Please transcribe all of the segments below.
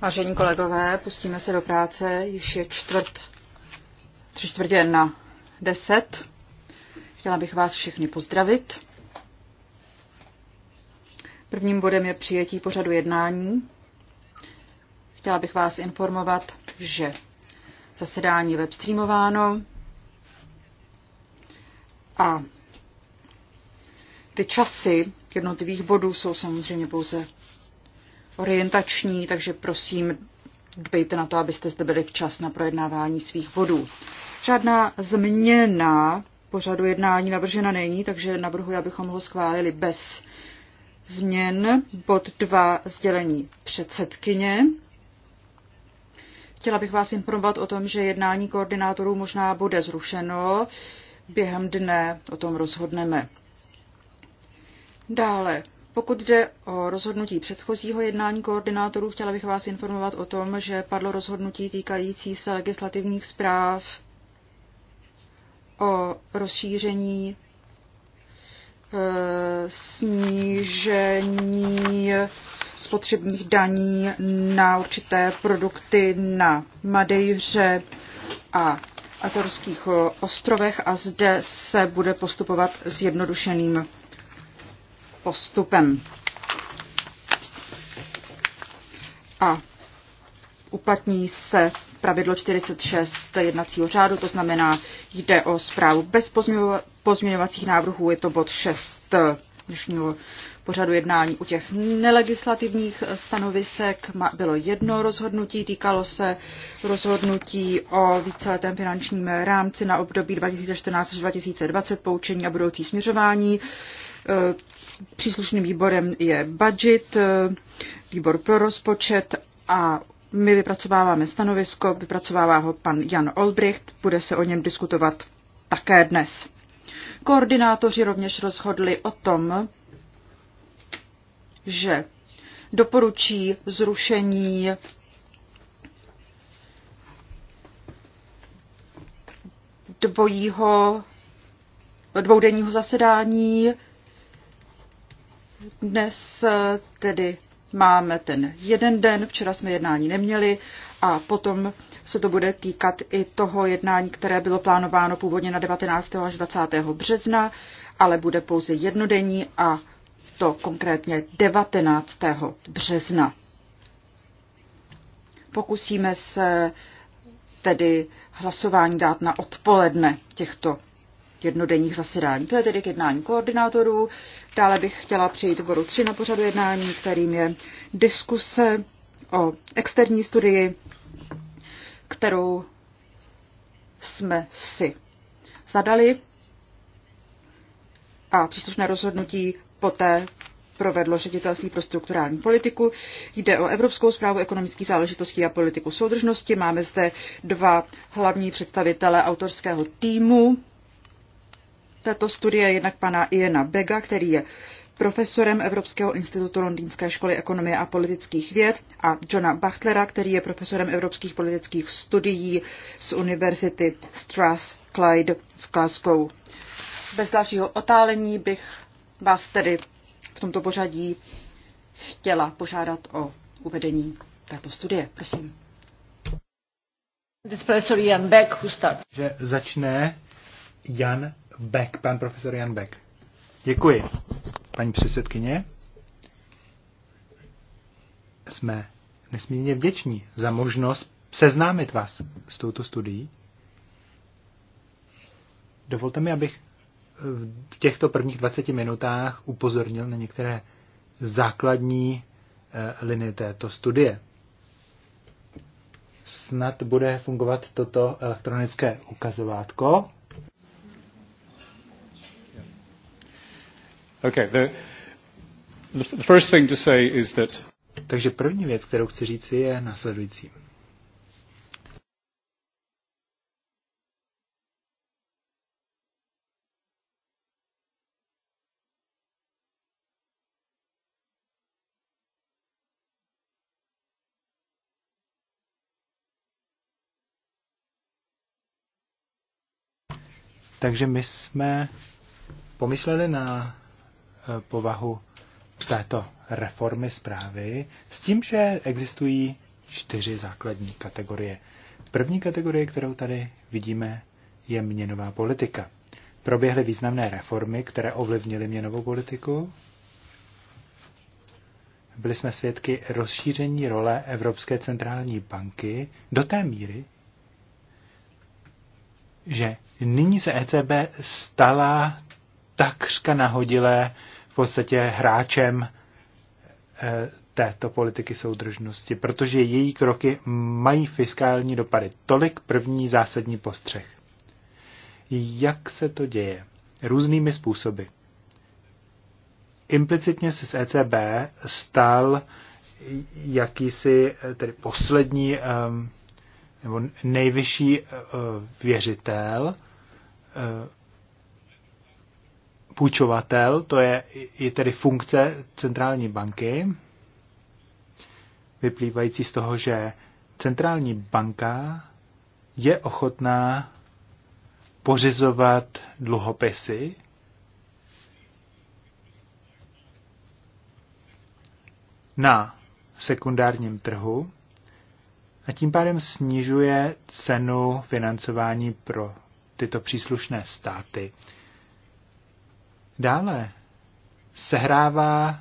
Vážení kolegové, pustíme se do práce, již je čtvrt, tři čtvrtě na deset. Chtěla bych vás všechny pozdravit. Prvním bodem je přijetí pořadu jednání. Chtěla bych vás informovat, že zasedání je webstreamováno a ty časy jednotlivých bodů jsou samozřejmě pouze orientační, takže prosím, dbejte na to, abyste zde byli včas na projednávání svých bodů. Žádná změna pořadu jednání navržena není, takže navrhuji, abychom ho schválili bez změn. Bod 2 sdělení předsedkyně. Chtěla bych vás informovat o tom, že jednání koordinátorů možná bude zrušeno. Během dne o tom rozhodneme. Dále, pokud jde o rozhodnutí předchozího jednání koordinátorů, chtěla bych vás informovat o tom, že padlo rozhodnutí týkající se legislativních zpráv o rozšíření e, snížení spotřebních daní na určité produkty na Madejře a Azorských ostrovech a zde se bude postupovat s jednodušeným postupem. A uplatní se pravidlo 46 jednacího řádu, to znamená, jde o zprávu bez pozměňovacích návrhů, je to bod 6 dnešního pořadu jednání. U těch nelegislativních stanovisek bylo jedno rozhodnutí, týkalo se rozhodnutí o víceletém finančním rámci na období 2014 až 2020, poučení a budoucí směřování. Příslušným výborem je budget, eh, výbor pro rozpočet a my vypracováváme stanovisko, vypracovává ho pan Jan Olbricht, bude se o něm diskutovat také dnes. Koordinátoři rovněž rozhodli o tom, že doporučí zrušení dvojího dvoudenního zasedání dnes eh, tedy máme ten jeden den, včera jsme jednání neměli a potom se to bude týkat i toho jednání, které bylo plánováno původně na 19. až 20. března, ale bude pouze jednodenní a to konkrétně 19. března. Pokusíme se tedy hlasování dát na odpoledne těchto jednodenních zasedání. To je tedy k jednání koordinátorů. Dále bych chtěla přejít k bodu 3 na pořadu jednání, kterým je diskuse o externí studii, kterou jsme si zadali a příslušné rozhodnutí poté provedlo ředitelství pro strukturální politiku. Jde o Evropskou zprávu ekonomických záležitostí a politiku soudržnosti. Máme zde dva hlavní představitele autorského týmu této studie jednak pana Iena Bega, který je profesorem Evropského institutu Londýnské školy ekonomie a politických věd a Johna Bachtlera, který je profesorem evropských politických studií z Univerzity Strathclyde v Glasgow. Bez dalšího otálení bych vás tedy v tomto pořadí chtěla požádat o uvedení této studie. Prosím. This professor Jan Beck, who Že začne Jan Beck, pan profesor Jan Beck. Děkuji, paní předsedkyně. Jsme nesmírně vděční za možnost seznámit vás s touto studií. Dovolte mi, abych v těchto prvních 20 minutách upozornil na některé základní eh, linie této studie. Snad bude fungovat toto elektronické ukazovátko. Okay, the, the first thing to say is that... Takže první věc, kterou chci říci, je následující. Takže my jsme pomysleli na povahu této reformy zprávy s tím, že existují čtyři základní kategorie. První kategorie, kterou tady vidíme, je měnová politika. Proběhly významné reformy, které ovlivnily měnovou politiku. Byli jsme svědky rozšíření role Evropské centrální banky do té míry, že nyní se ECB stala takřka nahodilé v podstatě hráčem eh, této politiky soudržnosti, protože její kroky mají fiskální dopady. Tolik první zásadní postřeh. Jak se to děje? Různými způsoby. Implicitně se z ECB stal jakýsi tedy poslední nebo nejvyšší eh, věřitel eh, půjčovatel, to je, je tedy funkce centrální banky, vyplývající z toho, že centrální banka je ochotná pořizovat dluhopisy, na sekundárním trhu a tím pádem snižuje cenu financování pro tyto příslušné státy. Dále sehrává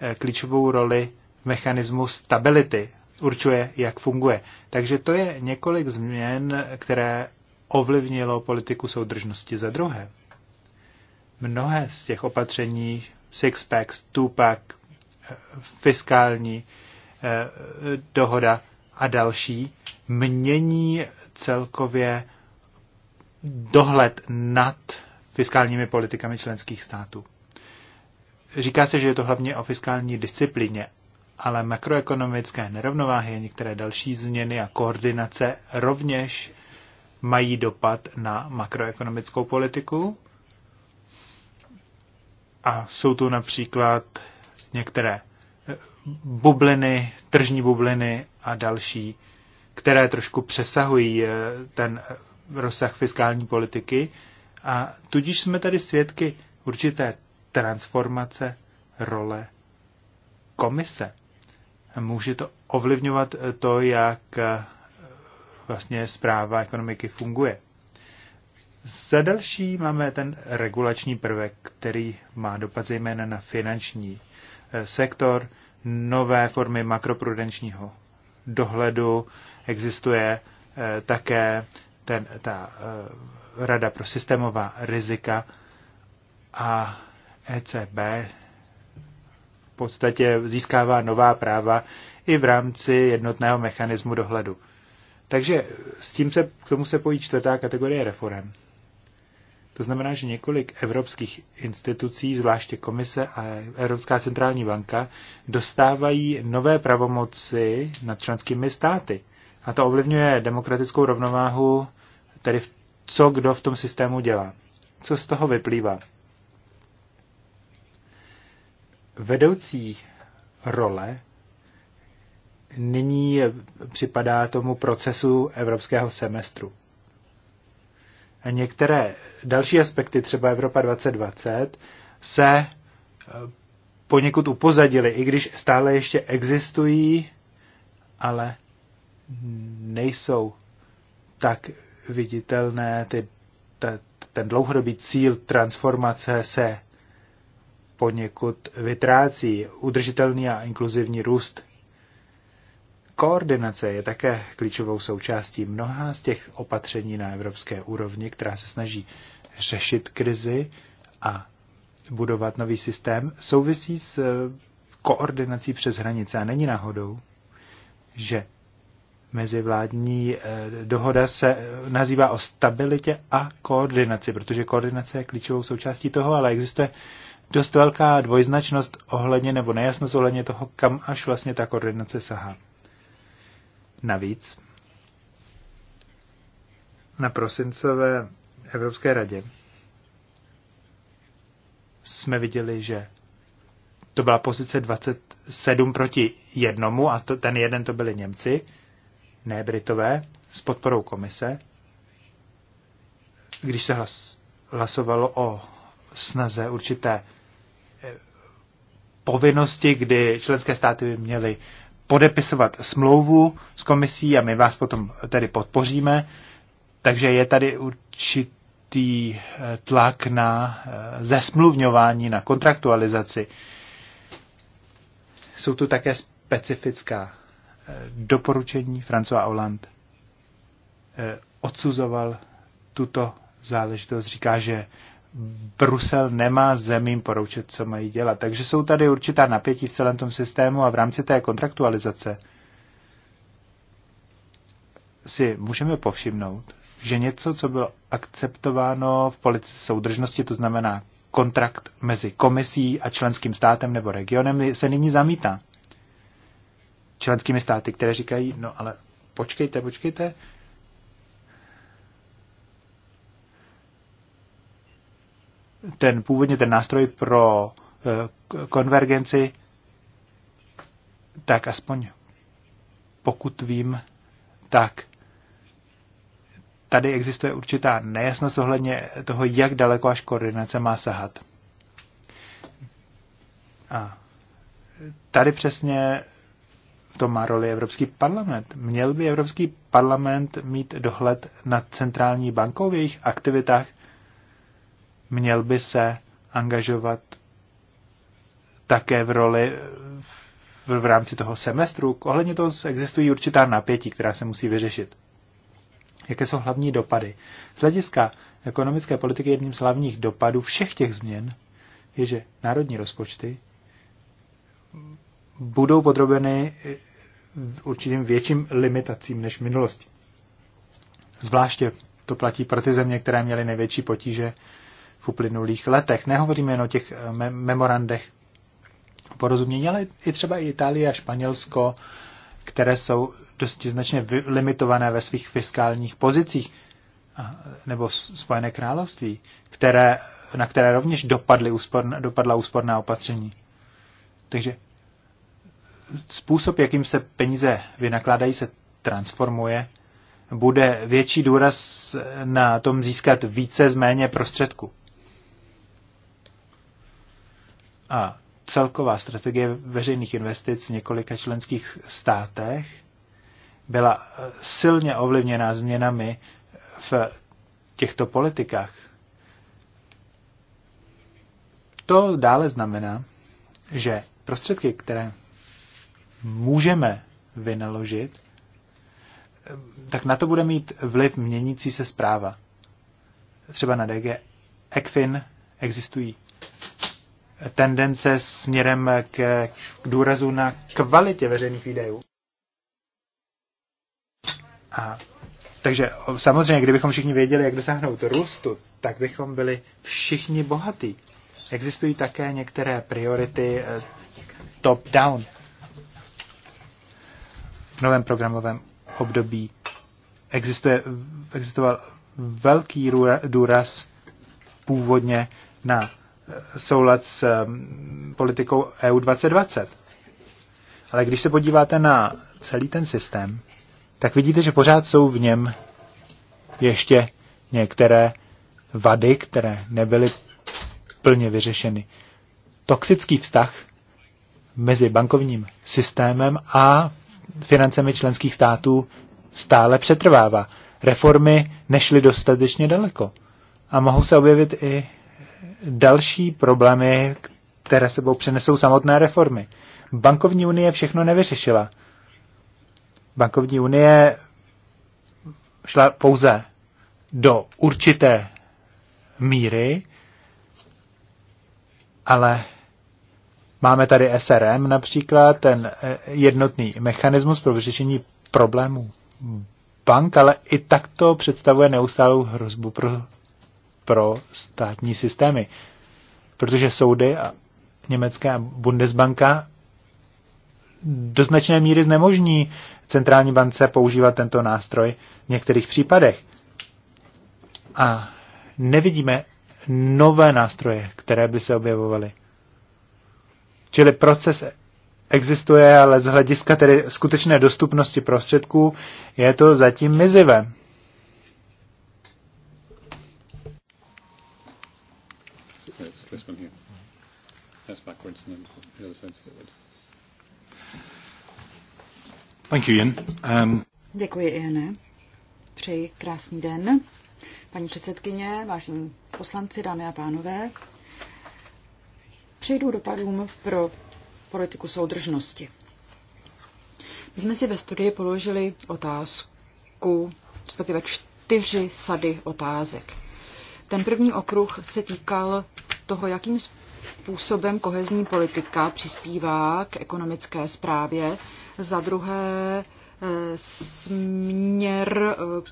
eh, klíčovou roli mechanismus stability, určuje, jak funguje. Takže to je několik změn, které ovlivnilo politiku soudržnosti za druhé. Mnohé z těch opatření, six-pack, two-pack, eh, fiskální eh, dohoda a další, mění celkově dohled nad fiskálními politikami členských států. Říká se, že je to hlavně o fiskální disciplíně, ale makroekonomické nerovnováhy a některé další změny a koordinace rovněž mají dopad na makroekonomickou politiku. A jsou tu například některé eh, bubliny, tržní bubliny a další, které trošku přesahují eh, ten eh, rozsah fiskální politiky a tudíž jsme tady svědky určité transformace role komise. Může to ovlivňovat to, jak eh, vlastně zpráva ekonomiky funguje. Za další máme ten regulační prvek, který má dopad zejména na finanční eh, sektor, nové formy makroprudenčního dohledu, existuje eh, také ten, ta Rada pro systémová rizika a ECB v podstatě získává nová práva i v rámci jednotného mechanismu dohledu. Takže s tím se, k tomu se pojí čtvrtá kategorie reform. To znamená, že několik evropských institucí, zvláště komise a Evropská centrální banka, dostávají nové pravomoci nad členskými státy. A to ovlivňuje demokratickou rovnováhu tedy v co kdo v tom systému dělá. Co z toho vyplývá? Vedoucí role nyní připadá tomu procesu evropského semestru. A některé další aspekty, třeba Evropa 2020, se eh, poněkud upozadily, i když stále ještě existují, ale nejsou tak viditelné, ty, ta, ten dlouhodobý cíl transformace se poněkud vytrácí. Udržitelný a inkluzivní růst. Koordinace je také klíčovou součástí mnoha z těch opatření na evropské úrovni, která se snaží řešit krizi a budovat nový systém, souvisí s eh, koordinací přes hranice. A není náhodou, že mezivládní eh, dohoda se nazývá o stabilitě a koordinaci, protože koordinace je klíčovou součástí toho, ale existuje dost velká dvojznačnost ohledně nebo nejasnost ohledně toho, kam až vlastně ta koordinace sahá. Navíc na prosincové Evropské radě jsme viděli, že to byla pozice 27 proti jednomu a to, ten jeden to byli Němci, ne Britové, s podporou komise, když se hlas, hlasovalo o snaze určité eh, povinnosti, kdy členské státy by měly podepisovat smlouvu s komisí a my vás potom tedy podpoříme. Takže je tady určitý eh, tlak na eh, zesmluvňování, na kontraktualizaci. Jsou tu také specifická doporučení François Hollande eh, odsuzoval tuto záležitost. Říká, že Brusel nemá zemím poroučet, co mají dělat. Takže jsou tady určitá napětí v celém tom systému a v rámci té kontraktualizace si můžeme povšimnout, že něco, co bylo akceptováno v politice soudržnosti, to znamená kontrakt mezi komisí a členským státem nebo regionem, se nyní zamítá členskými státy, které říkají, no ale počkejte, počkejte, ten původně ten nástroj pro eh, konvergenci, tak aspoň pokud vím, tak tady existuje určitá nejasnost ohledně toho, jak daleko až koordinace má sahat. A tady přesně to má roli Evropský parlament. Měl by Evropský parlament mít dohled nad centrální bankou v jejich aktivitách? Měl by se angažovat také v roli v, v rámci toho semestru? Ohledně toho existují určitá napětí, která se musí vyřešit. Jaké jsou hlavní dopady? Z hlediska ekonomické politiky jedním z hlavních dopadů všech těch změn je, že národní rozpočty budou podrobeny určitým větším limitacím než v minulosti. Zvláště to platí pro ty země, které měly největší potíže v uplynulých letech. Nehovoříme jen o těch eh, me- memorandech porozumění, ale i třeba i Itálie a Španělsko, které jsou dosti značně limitované ve svých fiskálních pozicích, nebo Spojené království, které, na které rovněž dopadly úsporn, dopadla úsporná opatření. Takže způsob, jakým se peníze vynakládají, se transformuje. Bude větší důraz na tom získat více z méně prostředků. A celková strategie veřejných investic v několika členských státech byla silně ovlivněná změnami v těchto politikách. To dále znamená, že prostředky, které můžeme vynaložit, tak na to bude mít vliv měnící se zpráva. Třeba na DG ECFIN existují tendence směrem k, k důrazu na kvalitě veřejných výdajů. A, takže samozřejmě, kdybychom všichni věděli, jak dosáhnout růstu, tak bychom byli všichni bohatí. Existují také některé priority eh, top-down v novém programovém období existuje, existoval velký důraz původně na eh, soulad s ehm, politikou EU 2020. Ale když se podíváte na celý ten systém, tak vidíte, že pořád jsou v něm ještě některé vady, které nebyly plně vyřešeny. Toxický vztah mezi bankovním systémem a financemi členských států stále přetrvává. Reformy nešly dostatečně daleko. A mohou se objevit i další problémy, které sebou přenesou samotné reformy. Bankovní unie všechno nevyřešila. Bankovní unie šla pouze do určité míry, ale Máme tady SRM například, ten eh, jednotný mechanismus pro vyřešení problémů bank, ale i tak to představuje neustálou hrozbu pro, pro státní systémy. Protože soudy a německá Bundesbanka do značné míry znemožní centrální bance používat tento nástroj v některých případech. A nevidíme nové nástroje, které by se objevovaly. Čili proces existuje, ale z hlediska tedy skutečné dostupnosti prostředků je to zatím mizivé. Thank you, Ian. Um... Děkuji, Iane. Přeji krásný den. Paní předsedkyně, vážení poslanci, dámy a pánové, přejdu dopadům pro politiku soudržnosti. My jsme si ve studii položili otázku, respektive čtyři sady otázek. Ten první okruh se týkal toho, jakým způsobem kohezní politika přispívá k ekonomické zprávě. Za druhé eh, směr eh,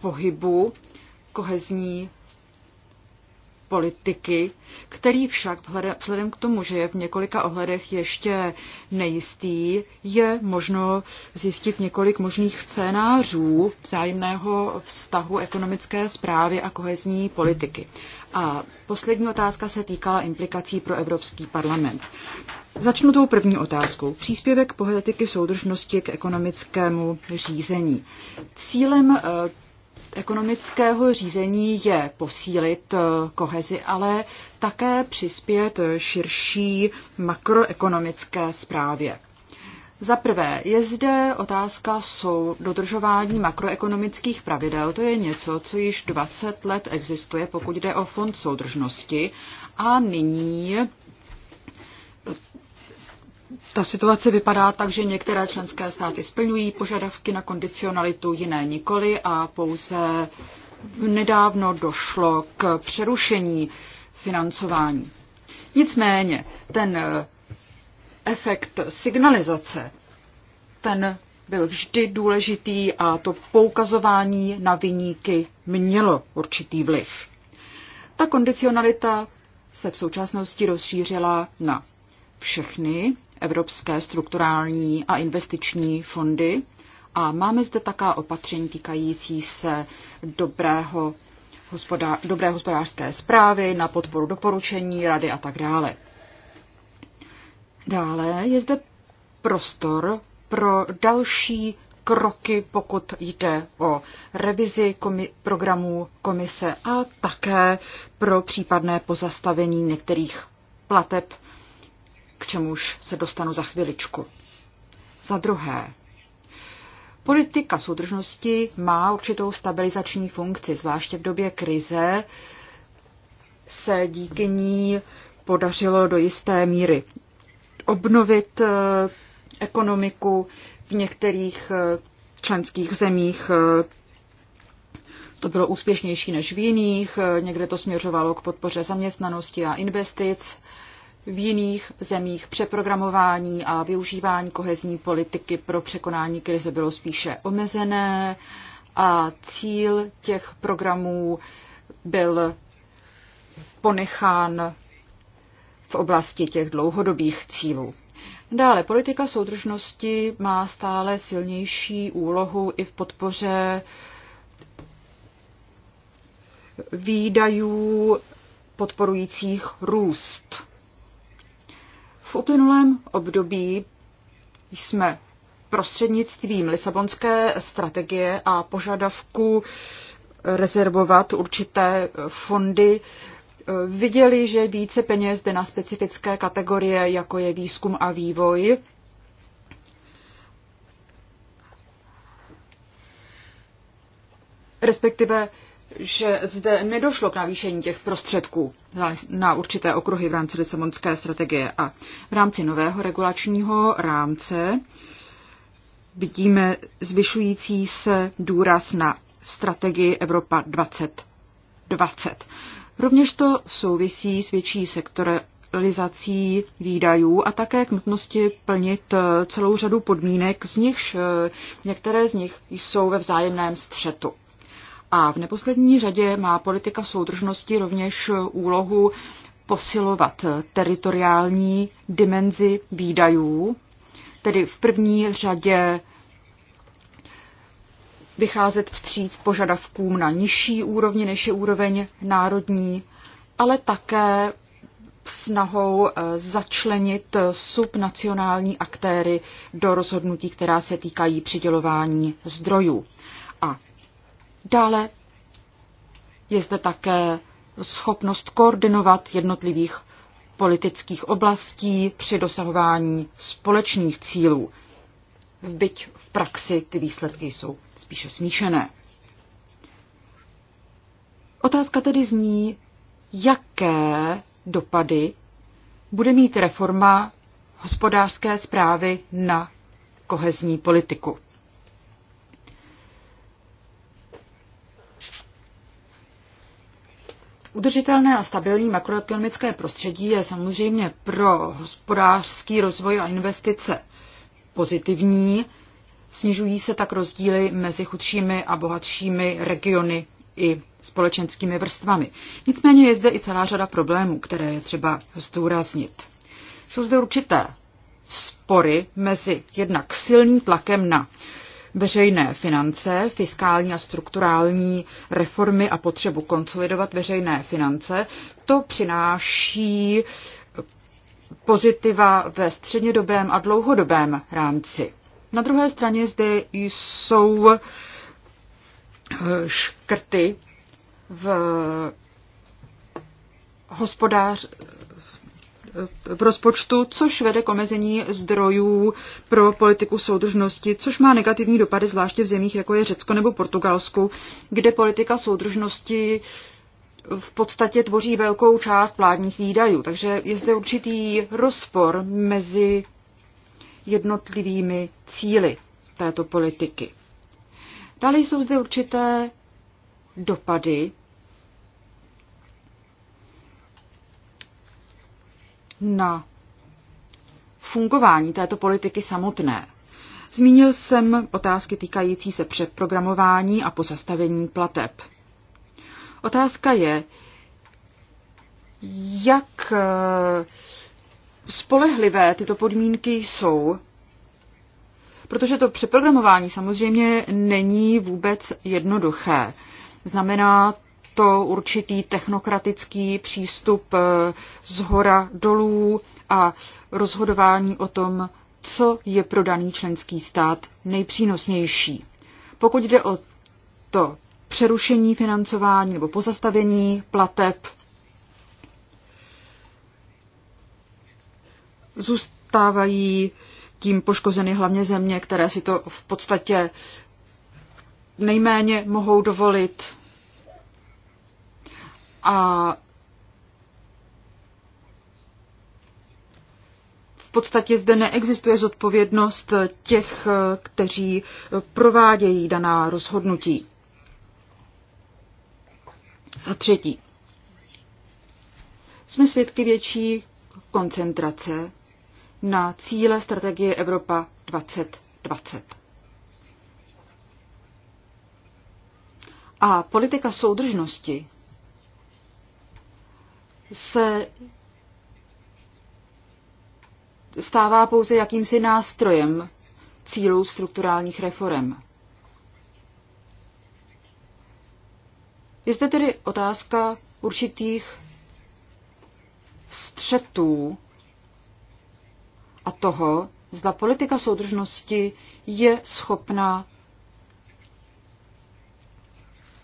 pohybu kohezní politiky, který však vzhledem k tomu, že je v několika ohledech ještě nejistý, je možno zjistit několik možných scénářů vzájemného vztahu ekonomické zprávy a kohezní politiky. A poslední otázka se týkala implikací pro Evropský parlament. Začnu tou první otázkou. Příspěvek politiky soudržnosti k ekonomickému řízení. Cílem eh, ekonomického řízení je posílit eh, kohezi, ale také přispět širší makroekonomické zprávě. Za prvé je zde otázka sou dodržování makroekonomických pravidel. To je něco, co již 20 let existuje, pokud jde o fond soudržnosti. A nyní ta situace vypadá tak, že některé členské státy splňují požadavky na kondicionalitu, jiné nikoli a pouze nedávno došlo k přerušení financování. Nicméně ten eh, efekt signalizace, ten byl vždy důležitý a to poukazování na vyníky mělo určitý vliv. Ta kondicionalita se v současnosti rozšířila na všechny evropské strukturální a investiční fondy. A máme zde taká opatření týkající se dobrého hospodář, dobré hospodářské zprávy, na podporu doporučení, rady a tak dále. Dále je zde prostor pro další kroky, pokud jde o revizi komi- programů komise a také pro případné pozastavení některých plateb k čemuž se dostanu za chviličku. Za druhé, politika soudržnosti má určitou stabilizační funkci, zvláště v době krize se díky ní podařilo do jisté míry obnovit eh, ekonomiku v některých eh, členských zemích. Eh, to bylo úspěšnější než v jiných, někde to směřovalo k podpoře zaměstnanosti a investic v jiných zemích přeprogramování a využívání kohezní politiky pro překonání krize bylo spíše omezené a cíl těch programů byl ponechán v oblasti těch dlouhodobých cílů. Dále politika soudržnosti má stále silnější úlohu i v podpoře výdajů podporujících růst. V uplynulém období jsme prostřednictvím Lisabonské strategie a požadavku rezervovat určité fondy eh, viděli, že více peněz jde na specifické kategorie, jako je výzkum a vývoj. Respektive že zde nedošlo k navýšení těch prostředků na určité okruhy v rámci Lisabonské strategie a v rámci nového regulačního rámce vidíme zvyšující se důraz na strategii Evropa 2020. Rovněž to souvisí s větší sektorizací výdajů a také k nutnosti plnit celou řadu podmínek, z nichž eh, některé z nich jsou ve vzájemném střetu. A v neposlední řadě má politika soudržnosti rovněž úlohu posilovat teritoriální dimenzi výdajů, tedy v první řadě vycházet vstříc požadavkům na nižší úrovni než je úroveň národní, ale také snahou eh, začlenit subnacionální aktéry do rozhodnutí, která se týkají přidělování zdrojů. A Dále je zde také schopnost koordinovat jednotlivých politických oblastí při dosahování společných cílů. Byť v praxi ty výsledky jsou spíše smíšené. Otázka tedy zní, jaké dopady bude mít reforma hospodářské zprávy na kohezní politiku. Udržitelné a stabilní makroekonomické prostředí je samozřejmě pro hospodářský rozvoj a investice pozitivní. Snižují se tak rozdíly mezi chudšími a bohatšími regiony i společenskými vrstvami. Nicméně je zde i celá řada problémů, které je třeba zdůraznit. Jsou zde určité spory mezi jednak silným tlakem na veřejné finance, fiskální a strukturální reformy a potřebu konsolidovat veřejné finance, to přináší pozitiva ve střednědobém a dlouhodobém rámci. Na druhé straně zde jsou eh, škrty v hospodář, v rozpočtu, což vede k omezení zdrojů pro politiku soudržnosti, což má negativní dopady zvláště v zemích, jako je Řecko nebo Portugalsku, kde politika soudržnosti v podstatě tvoří velkou část vládních výdajů. Takže je zde určitý rozpor mezi jednotlivými cíly této politiky. Dále jsou zde určité dopady na fungování této politiky samotné. Zmínil jsem otázky týkající se přeprogramování a pozastavení plateb. Otázka je, jak eh, spolehlivé tyto podmínky jsou, protože to přeprogramování samozřejmě není vůbec jednoduché. Znamená to určitý technokratický přístup eh, z hora dolů a rozhodování o tom, co je pro daný členský stát nejpřínosnější. Pokud jde o to přerušení financování nebo pozastavení plateb, zůstávají tím poškozeny hlavně země, které si to v podstatě nejméně mohou dovolit. A v podstatě zde neexistuje zodpovědnost těch, kteří provádějí daná rozhodnutí. Za třetí, jsme svědky větší koncentrace na cíle strategie Evropa 2020. A politika soudržnosti se stává pouze jakýmsi nástrojem cílů strukturálních reform. Je zde tedy otázka určitých střetů a toho, zda politika soudržnosti je schopna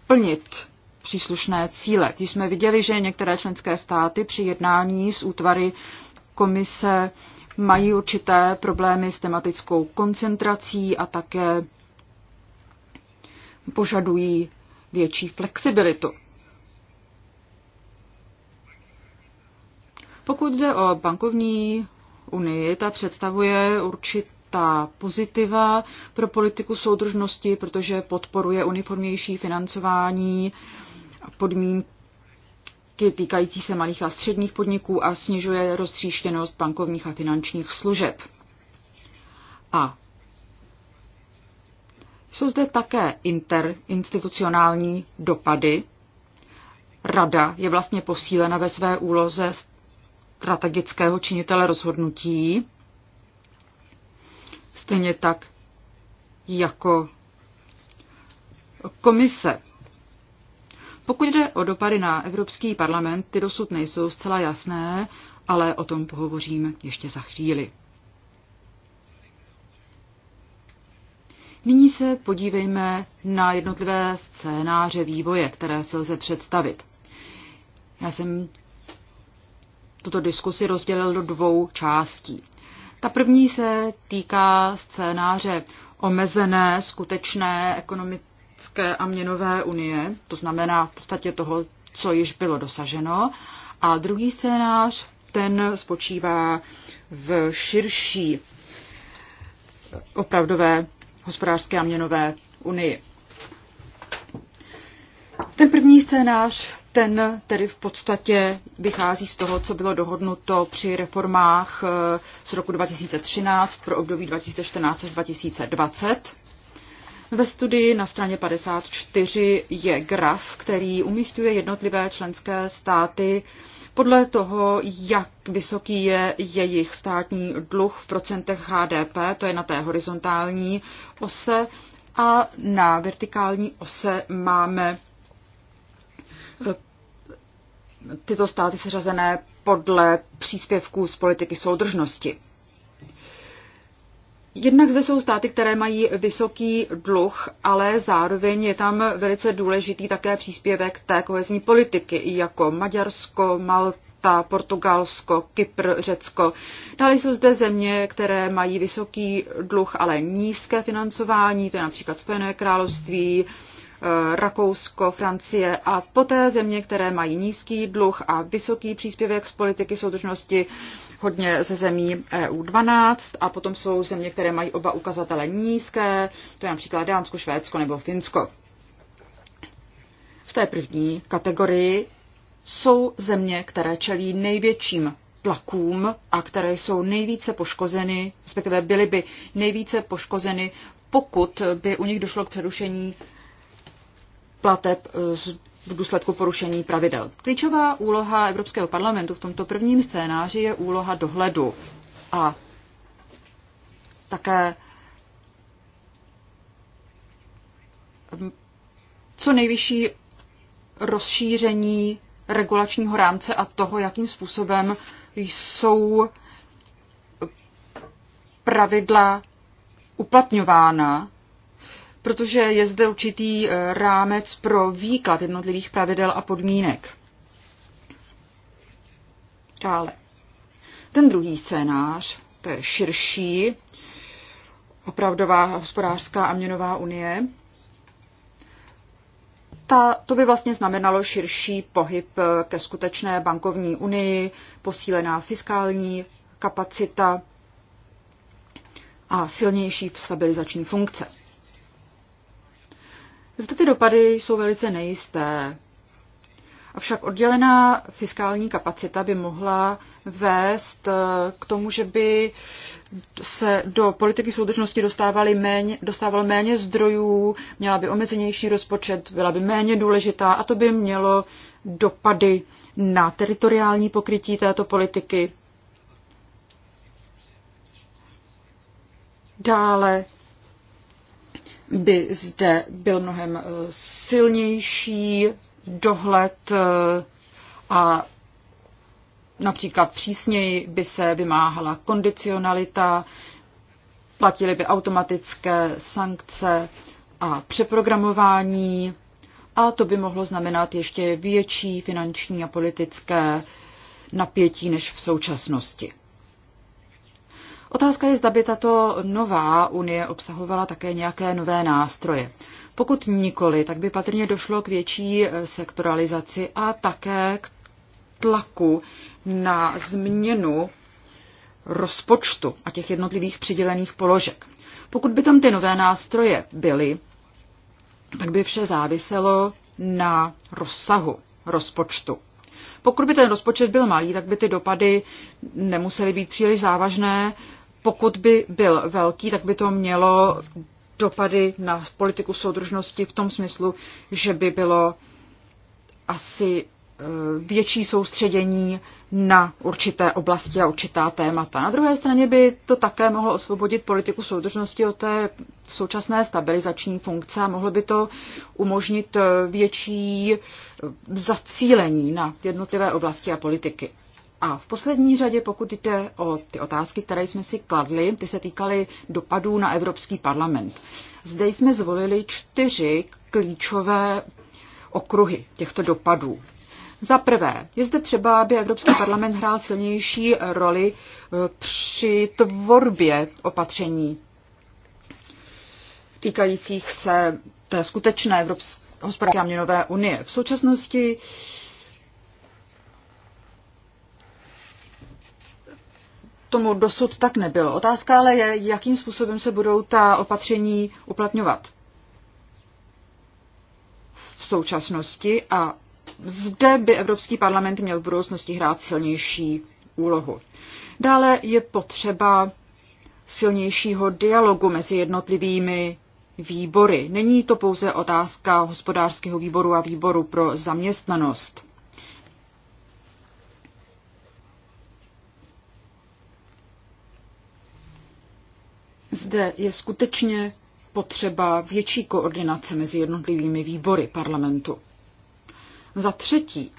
plnit příslušné cíle. Když jsme viděli, že některé členské státy při jednání s útvary komise mají určité problémy s tematickou koncentrací a také požadují větší flexibilitu. Pokud jde o bankovní unii, ta představuje určitá pozitiva pro politiku soudržnosti, protože podporuje uniformnější financování uh, podmínky týkající se malých a středních podniků a snižuje roztříštěnost bankovních a finančních služeb. A jsou zde také interinstitucionální dopady. Rada je vlastně posílena ve své úloze strategického činitele rozhodnutí, stejně tak jako komise. Pokud jde o dopady na Evropský parlament, ty dosud nejsou zcela jasné, ale o tom pohovořím ještě za chvíli. Nyní se podívejme na jednotlivé scénáře vývoje, které se lze představit. Já jsem tuto diskusi rozdělil do dvou částí. Ta první se týká scénáře omezené skutečné ekonomické hospodářské a měnové unie, to znamená v podstatě toho, co již bylo dosaženo. A druhý scénář, ten spočívá v širší opravdové hospodářské a měnové unii. Ten první scénář, ten tedy v podstatě vychází z toho, co bylo dohodnuto při reformách eh, z roku 2013 pro období 2014 až 2020. Ve studii na straně 54 je graf, který umístuje jednotlivé členské státy podle toho, jak vysoký je jejich státní dluh v procentech HDP, to je na té horizontální ose, a na vertikální ose máme eh, tyto státy seřazené podle příspěvků z politiky soudržnosti. Jednak zde jsou státy, které mají vysoký dluh, ale zároveň je tam velice důležitý také příspěvek té kohezní politiky, jako Maďarsko, Malta, Portugalsko, Kypr, Řecko. Dále jsou zde země, které mají vysoký dluh, ale nízké financování, to je například Spojené království, eh, Rakousko, Francie a poté země, které mají nízký dluh a vysoký příspěvek z politiky soudržnosti, hodně ze zemí EU 12 a potom jsou země, které mají oba ukazatele nízké, to je například Dánsko, Švédsko nebo Finsko. V té první kategorii jsou země, které čelí největším tlakům a které jsou nejvíce poškozeny, respektive byly by nejvíce poškozeny, pokud by u nich došlo k přerušení plateb z v důsledku porušení pravidel. Klíčová úloha Evropského parlamentu v tomto prvním scénáři je úloha dohledu a také mm, co nejvyšší rozšíření regulačního rámce a toho, jakým způsobem jsou pravidla uplatňována protože je zde určitý eh, rámec pro výklad jednotlivých pravidel a podmínek. Dále. Ten druhý scénář, to je širší, opravdová hospodářská a měnová unie. Ta, to by vlastně znamenalo širší pohyb eh, ke skutečné bankovní unii, posílená fiskální kapacita a silnější stabilizační funkce. Zde ty dopady jsou velice nejisté. Avšak oddělená fiskální kapacita by mohla vést eh, k tomu, že by se do politiky soudržnosti dostávali méně, dostával méně zdrojů, měla by omezenější rozpočet, byla by méně důležitá a to by mělo dopady na teritoriální pokrytí této politiky. Dále by zde byl mnohem eh, silnější dohled eh, a například přísněji by se vymáhala kondicionalita, platily by automatické sankce a přeprogramování a to by mohlo znamenat ještě větší finanční a politické napětí než v současnosti. Otázka je, zda by tato nová unie obsahovala také nějaké nové nástroje. Pokud nikoli, tak by patrně došlo k větší eh, sektoralizaci a také k tlaku na změnu rozpočtu a těch jednotlivých přidělených položek. Pokud by tam ty nové nástroje byly, tak by vše záviselo na rozsahu rozpočtu. Pokud by ten rozpočet byl malý, tak by ty dopady nemusely být příliš závažné pokud by byl velký, tak by to mělo dopady na politiku soudržnosti v tom smyslu, že by bylo asi eh, větší soustředění na určité oblasti a určitá témata. Na druhé straně by to také mohlo osvobodit politiku soudržnosti od té současné stabilizační funkce a mohlo by to umožnit eh, větší eh, zacílení na jednotlivé oblasti a politiky. A v poslední řadě, pokud jde o ty otázky, které jsme si kladli, ty se týkaly dopadů na Evropský parlament. Zde jsme zvolili čtyři klíčové okruhy těchto dopadů. Za prvé, je zde třeba, aby Evropský parlament hrál silnější roli eh, při tvorbě opatření týkajících se té skutečné Evropské hospodářské a měnové unie. V současnosti tomu dosud tak nebylo. Otázka ale je, jakým způsobem se budou ta opatření uplatňovat v současnosti a zde by Evropský parlament měl v budoucnosti hrát silnější úlohu. Dále je potřeba silnějšího dialogu mezi jednotlivými výbory. Není to pouze otázka hospodářského výboru a výboru pro zaměstnanost. Zde je skutečně potřeba větší koordinace mezi jednotlivými výbory parlamentu. Za třetí,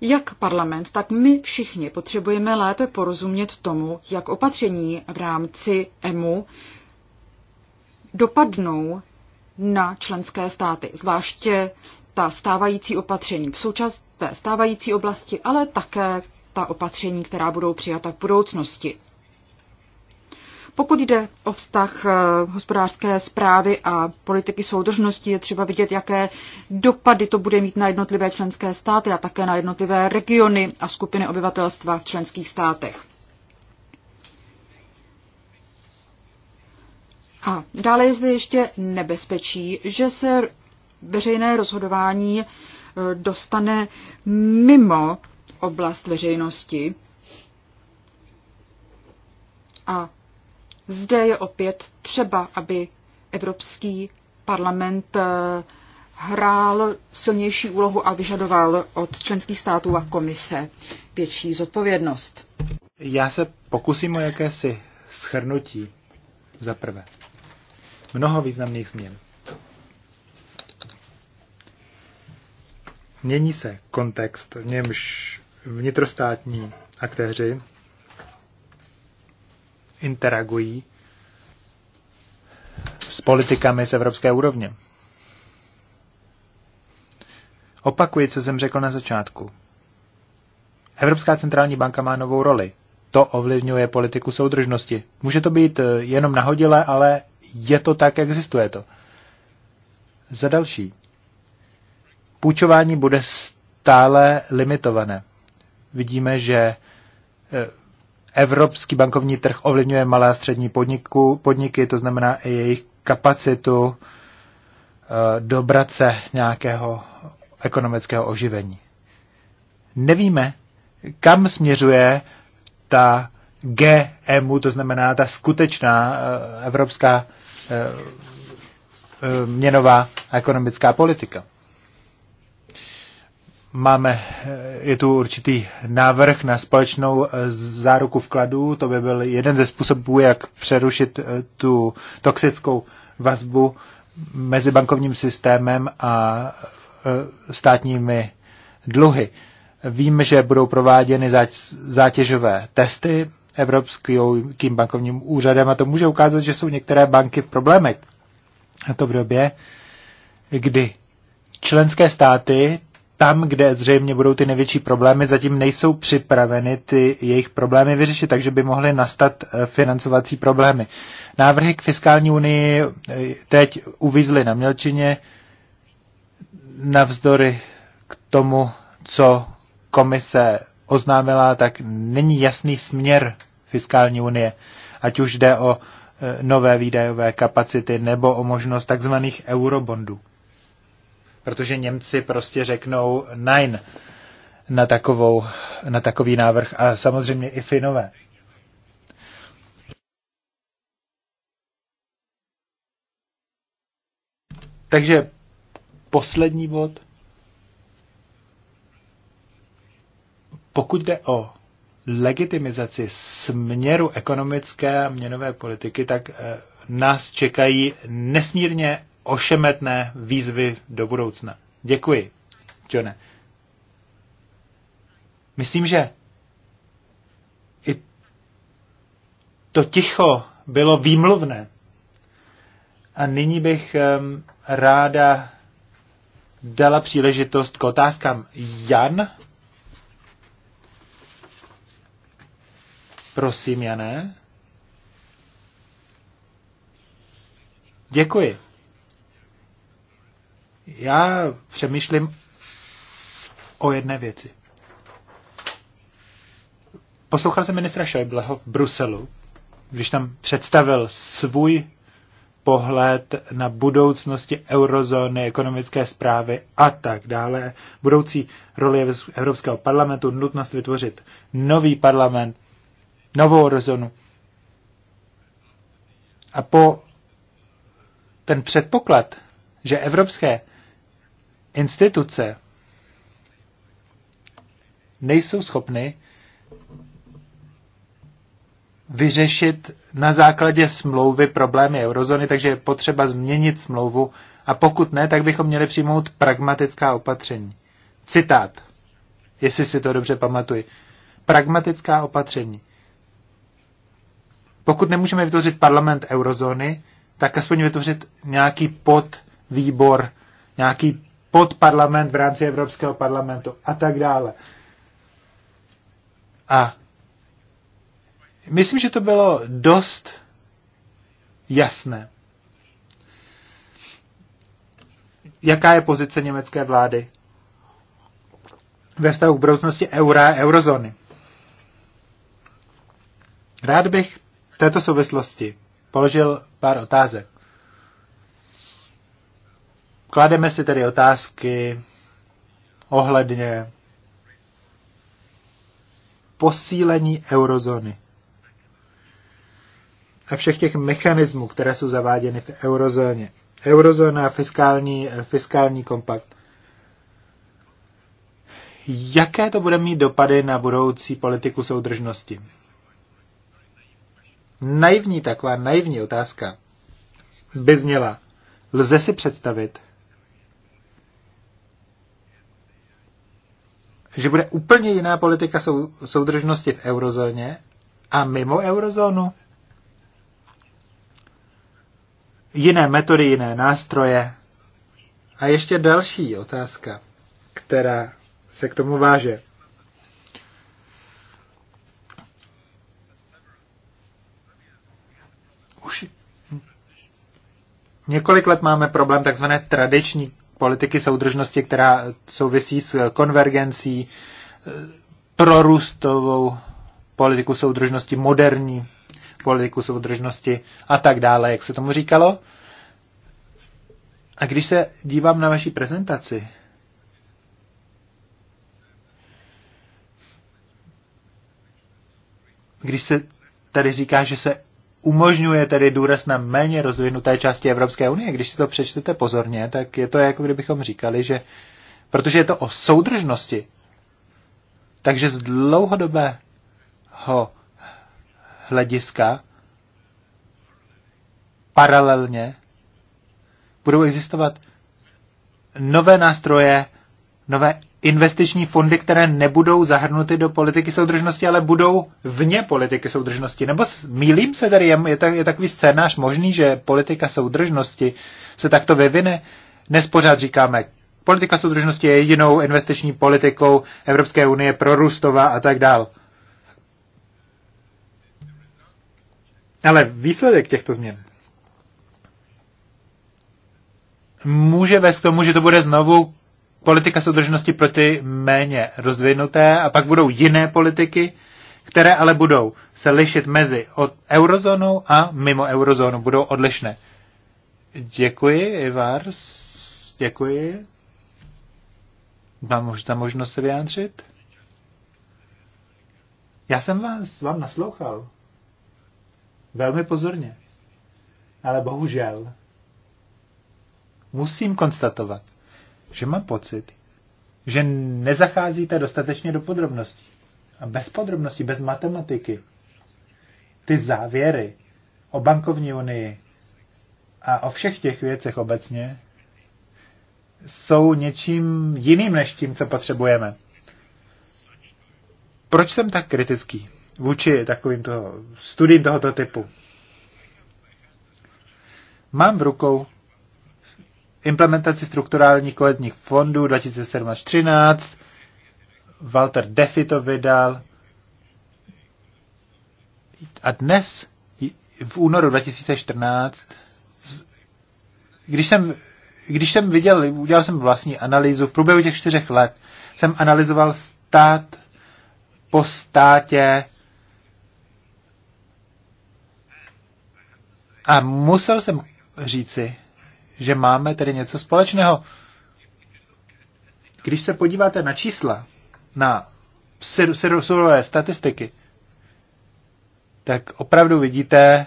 jak parlament, tak my všichni potřebujeme lépe porozumět tomu, jak opatření v rámci EMU dopadnou na členské státy, zvláště ta stávající opatření v současné stávající oblasti, ale také ta opatření, která budou přijata v budoucnosti. Pokud jde o vztah eh, hospodářské zprávy a politiky soudržnosti, je třeba vidět, jaké dopady to bude mít na jednotlivé členské státy a také na jednotlivé regiony a skupiny obyvatelstva v členských státech. A dále je zde ještě nebezpečí, že se veřejné rozhodování eh, dostane mimo oblast veřejnosti a zde je opět třeba, aby Evropský parlament eh, hrál silnější úlohu a vyžadoval od členských států a komise větší zodpovědnost. Já se pokusím o jakési schrnutí za prvé. Mnoho významných změn. Mění se kontext, v němž vnitrostátní aktéři interagují s politikami z evropské úrovně. Opakuji, co jsem řekl na začátku. Evropská centrální banka má novou roli. To ovlivňuje politiku soudržnosti. Může to být eh, jenom nahodilé, ale je to tak, existuje to. Za další. Půjčování bude stále limitované. Vidíme, že eh, evropský bankovní trh ovlivňuje malé a střední podniku, podniky, to znamená i jejich kapacitu eh, dobrat se nějakého ekonomického oživení. Nevíme, kam směřuje ta GMU, e to znamená ta skutečná eh, evropská eh, měnová ekonomická politika. Máme, je tu určitý návrh na společnou eh, záruku vkladů, to by byl jeden ze způsobů, jak přerušit eh, tu toxickou vazbu mezi bankovním systémem a eh, státními dluhy. Vím, že budou prováděny zátěžové testy Evropským bankovním úřadem a to může ukázat, že jsou některé banky v problémech. A to v době, kdy členské státy tam, kde zřejmě budou ty největší problémy, zatím nejsou připraveny ty jejich problémy vyřešit, takže by mohly nastat eh, financovací problémy. Návrhy k fiskální unii eh, teď uvízly na mělčině, navzdory k tomu, co komise oznámila, tak není jasný směr fiskální unie, ať už jde o eh, nové výdajové kapacity nebo o možnost takzvaných eurobondů protože Němci prostě řeknou nein na, takovou, na takový návrh a samozřejmě i Finové. Takže poslední bod. Pokud jde o legitimizaci směru ekonomické a měnové politiky, tak eh, nás čekají nesmírně ošemetné výzvy do budoucna. Děkuji, Johne. Myslím, že i to ticho bylo výmluvné. A nyní bych um, ráda dala příležitost k otázkám. Jan? Prosím, Jané. Děkuji. Já přemýšlím o jedné věci. Poslouchal jsem ministra Schäubleho v Bruselu, když tam představil svůj pohled na budoucnosti eurozóny, ekonomické zprávy a tak dále, budoucí roli Evropského parlamentu, nutnost vytvořit nový parlament, novou eurozónu. A po ten předpoklad že evropské instituce nejsou schopny vyřešit na základě smlouvy problémy eurozóny, takže je potřeba změnit smlouvu a pokud ne, tak bychom měli přijmout pragmatická opatření. Citát, jestli si to dobře pamatuji. Pragmatická opatření. Pokud nemůžeme vytvořit parlament eurozóny, tak aspoň vytvořit nějaký pod výbor, nějaký podparlament v rámci Evropského parlamentu a tak dále. A myslím, že to bylo dost jasné. Jaká je pozice německé vlády ve vztahu k budoucnosti eura a eurozóny? Rád bych v této souvislosti položil pár otázek. Klademe si tedy otázky ohledně posílení eurozóny a všech těch mechanismů, které jsou zaváděny v eurozóně. Eurozóna, fiskální, fiskální kompakt. Jaké to bude mít dopady na budoucí politiku soudržnosti? Naivní taková, naivní otázka by zněla. Lze si představit, že bude úplně jiná politika sou, soudržnosti v eurozóně a mimo eurozónu. Jiné metody, jiné nástroje. A ještě další otázka, která se k tomu váže. Už několik let máme problém takzvané tradiční politiky soudržnosti, která souvisí s konvergencí, eh, prorůstovou politiku soudržnosti, moderní politiku soudržnosti a tak dále, jak se tomu říkalo. A když se dívám na vaši prezentaci, když se tady říká, že se umožňuje tedy důraz na méně rozvinuté části Evropské unie. Když si to přečtete pozorně, tak je to jako kdybychom říkali, že protože je to o soudržnosti, takže z dlouhodobého hlediska paralelně budou existovat nové nástroje, nové investiční fondy, které nebudou zahrnuty do politiky soudržnosti, ale budou vně politiky soudržnosti. Nebo mýlím se tady, je, je, tak, je takový scénář možný, že politika soudržnosti se takto vyvine? Dnes pořád říkáme, politika soudržnosti je jedinou investiční politikou Evropské unie, pro Rustova a tak dál. Ale výsledek těchto změn může vést k tomu, že to bude znovu politika soudržnosti pro ty méně rozvinuté a pak budou jiné politiky, které ale budou se lišit mezi od eurozónou a mimo eurozónu, budou odlišné. Děkuji, Ivars. Děkuji. Mám za možnost se vyjádřit? Já jsem vás, vám naslouchal. Velmi pozorně. Ale bohužel musím konstatovat, že mám pocit, že nezacházíte dostatečně do podrobností. A bez podrobností, bez matematiky, ty závěry o bankovní unii a o všech těch věcech obecně jsou něčím jiným než tím, co potřebujeme. Proč jsem tak kritický vůči takovým toho, studiím tohoto typu? Mám v rukou implementaci strukturálních kohezních fondů 2007 2013. Walter Defi to vydal. A dnes, v únoru 2014, když jsem, když jsem viděl, udělal jsem vlastní analýzu, v průběhu těch čtyřech let jsem analyzoval stát po státě a musel jsem říci, že máme tedy něco společného. Když se podíváte na čísla, na surové statistiky, tak opravdu vidíte,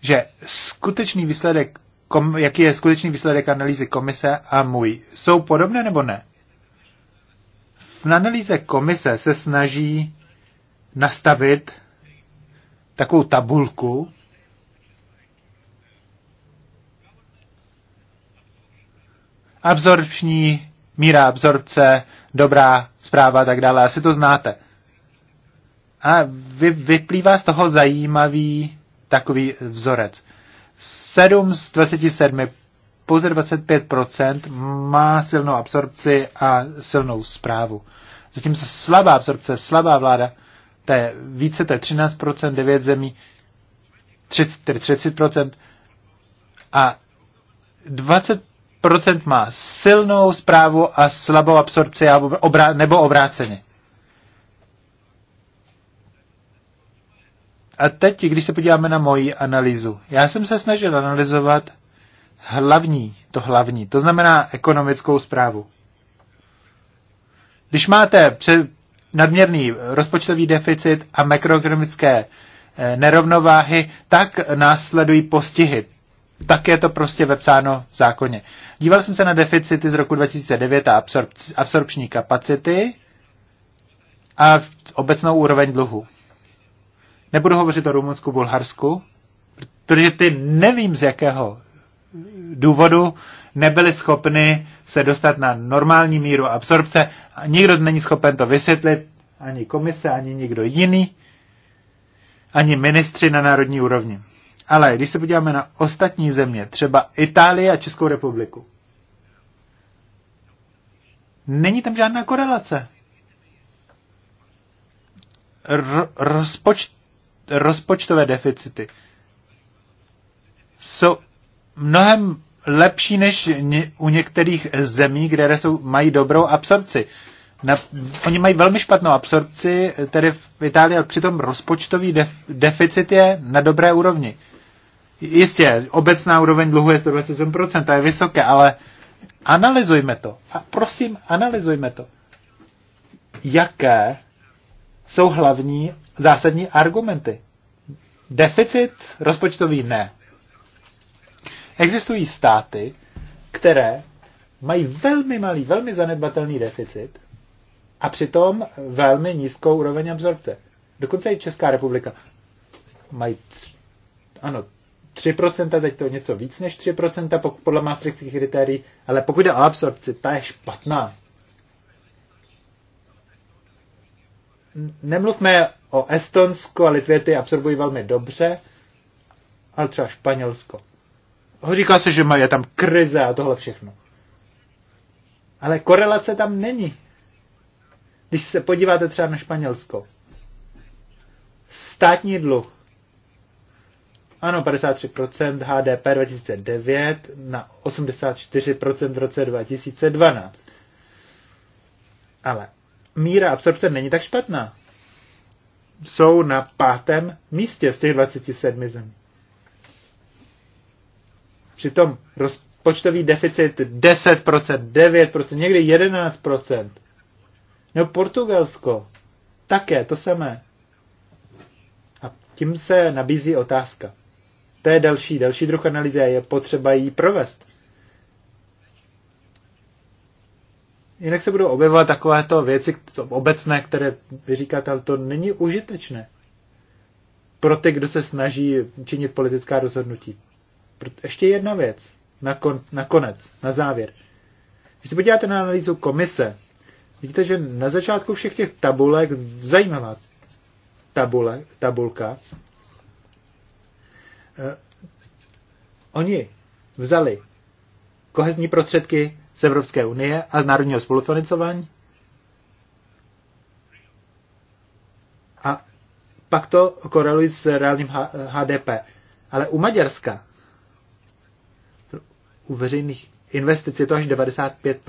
že skutečný výsledek, kom, jaký je skutečný výsledek analýzy komise a můj, jsou podobné nebo ne? V analýze komise se snaží nastavit takovou tabulku, absorpční míra absorpce, dobrá zpráva a tak dále. Asi to znáte. A vy, vyplývá z toho zajímavý takový vzorec. 7 z 27, pouze 25% má silnou absorpci a silnou zprávu. Zatímco slabá absorpce, slabá vláda, to je více, to je 13%, 9 zemí, 30, 30% a 20 procent má silnou zprávu a slabou absorpci nebo obráceně. A teď, když se podíváme na moji analýzu, já jsem se snažil analyzovat hlavní, to hlavní, to znamená ekonomickou zprávu. Když máte před, nadměrný rozpočtový deficit a makroekonomické eh, nerovnováhy, tak následují postihy tak je to prostě vepsáno v zákoně. Díval jsem se na deficity z roku 2009 a absorp- absorpční kapacity a obecnou úroveň dluhu. Nebudu hovořit o Rumunsku, Bulharsku, protože ty nevím z jakého důvodu nebyly schopny se dostat na normální míru absorpce. Nikdo není schopen to vysvětlit, ani komise, ani nikdo jiný, ani ministři na národní úrovni. Ale když se podíváme na ostatní země, třeba Itálii a Českou republiku, není tam žádná korelace. Ro- rozpoč- rozpočtové deficity jsou mnohem lepší než u některých zemí, které jsou, mají dobrou absorpci. Na, oni mají velmi špatnou absorpci, tedy v Itálii, ale přitom rozpočtový def, deficit je na dobré úrovni. Jistě, obecná úroveň dluhu je 127%, to je vysoké, ale analyzujme to. A prosím, analyzujme to. Jaké jsou hlavní zásadní argumenty? Deficit rozpočtový ne. Existují státy, které mají velmi malý, velmi zanedbatelný deficit a přitom velmi nízkou úroveň absorpce. Dokonce i Česká republika mají, tři, ano, 3%, teď to něco víc než 3%, podle maastrichtských kritérií, ale pokud jde o absorpci, ta je špatná. Nemluvme o Estonsko a Litvě, ty absorbují velmi dobře, ale třeba Španělsko. říká se, že je tam krize a tohle všechno. Ale korelace tam není. Když se podíváte třeba na Španělsko, státní dluh. Ano, 53% HDP 2009 na 84% v roce 2012. Ale míra absorpce není tak špatná. Jsou na pátém místě z těch 27 zemí. Přitom rozpočtový deficit 10%, 9%, někdy 11%. No Portugalsko, také to samé. A tím se nabízí otázka. To je další, další druh analýzy a je potřeba ji provést. Jinak se budou objevovat takovéto věci obecné, které vy říkáte, ale to není užitečné pro ty, kdo se snaží činit politická rozhodnutí. Ještě jedna věc, na nakonec, na závěr. Když se podíváte na analýzu komise Vidíte, že na začátku všech těch tabulek, zajímavá tabule, tabulka, eh, oni vzali kohezní prostředky z Evropské unie a z národního spolufinancování a pak to korelují s reálným HDP. Ale u Maďarska, u veřejných investic je to až 95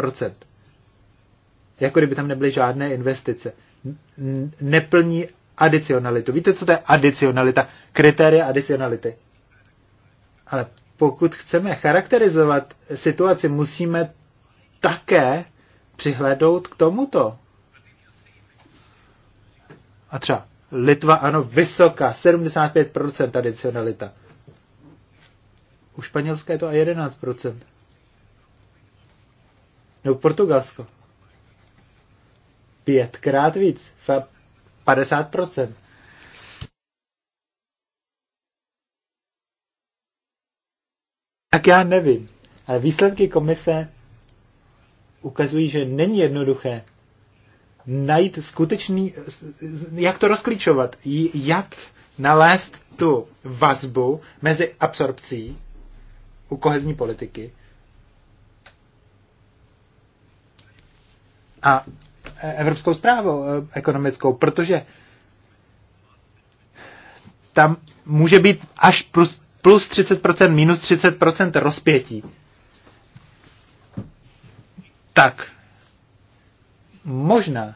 jako kdyby tam nebyly žádné investice. Neplní adicionalitu. Víte, co to je adicionalita? Kritéria adicionality. Ale pokud chceme charakterizovat situaci, musíme také přihlédnout k tomuto. A třeba Litva, ano, vysoká, 75% adicionalita. U Španělska je to a 11%. Nebo Portugalsko pětkrát víc, 50%. Tak já nevím, ale výsledky komise ukazují, že není jednoduché najít skutečný, jak to rozklíčovat, jak nalézt tu vazbu mezi absorpcí u kohezní politiky a evropskou zprávou eh, ekonomickou, protože tam může být až plus, plus 30%, minus 30% rozpětí. Tak, možná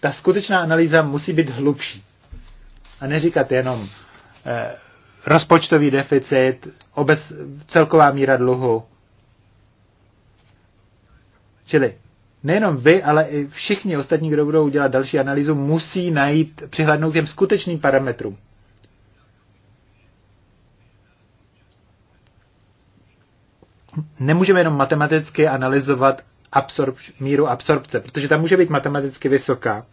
ta skutečná analýza musí být hlubší. A neříkat jenom eh, rozpočtový deficit, obec, celková míra dluhu. Čili nejenom vy, ale i všichni ostatní, kdo budou dělat další analýzu, musí najít, přihlednout těm skutečným parametrům. Nemůžeme jenom matematicky analyzovat absorb, míru absorpce, protože ta může být matematicky vysoká.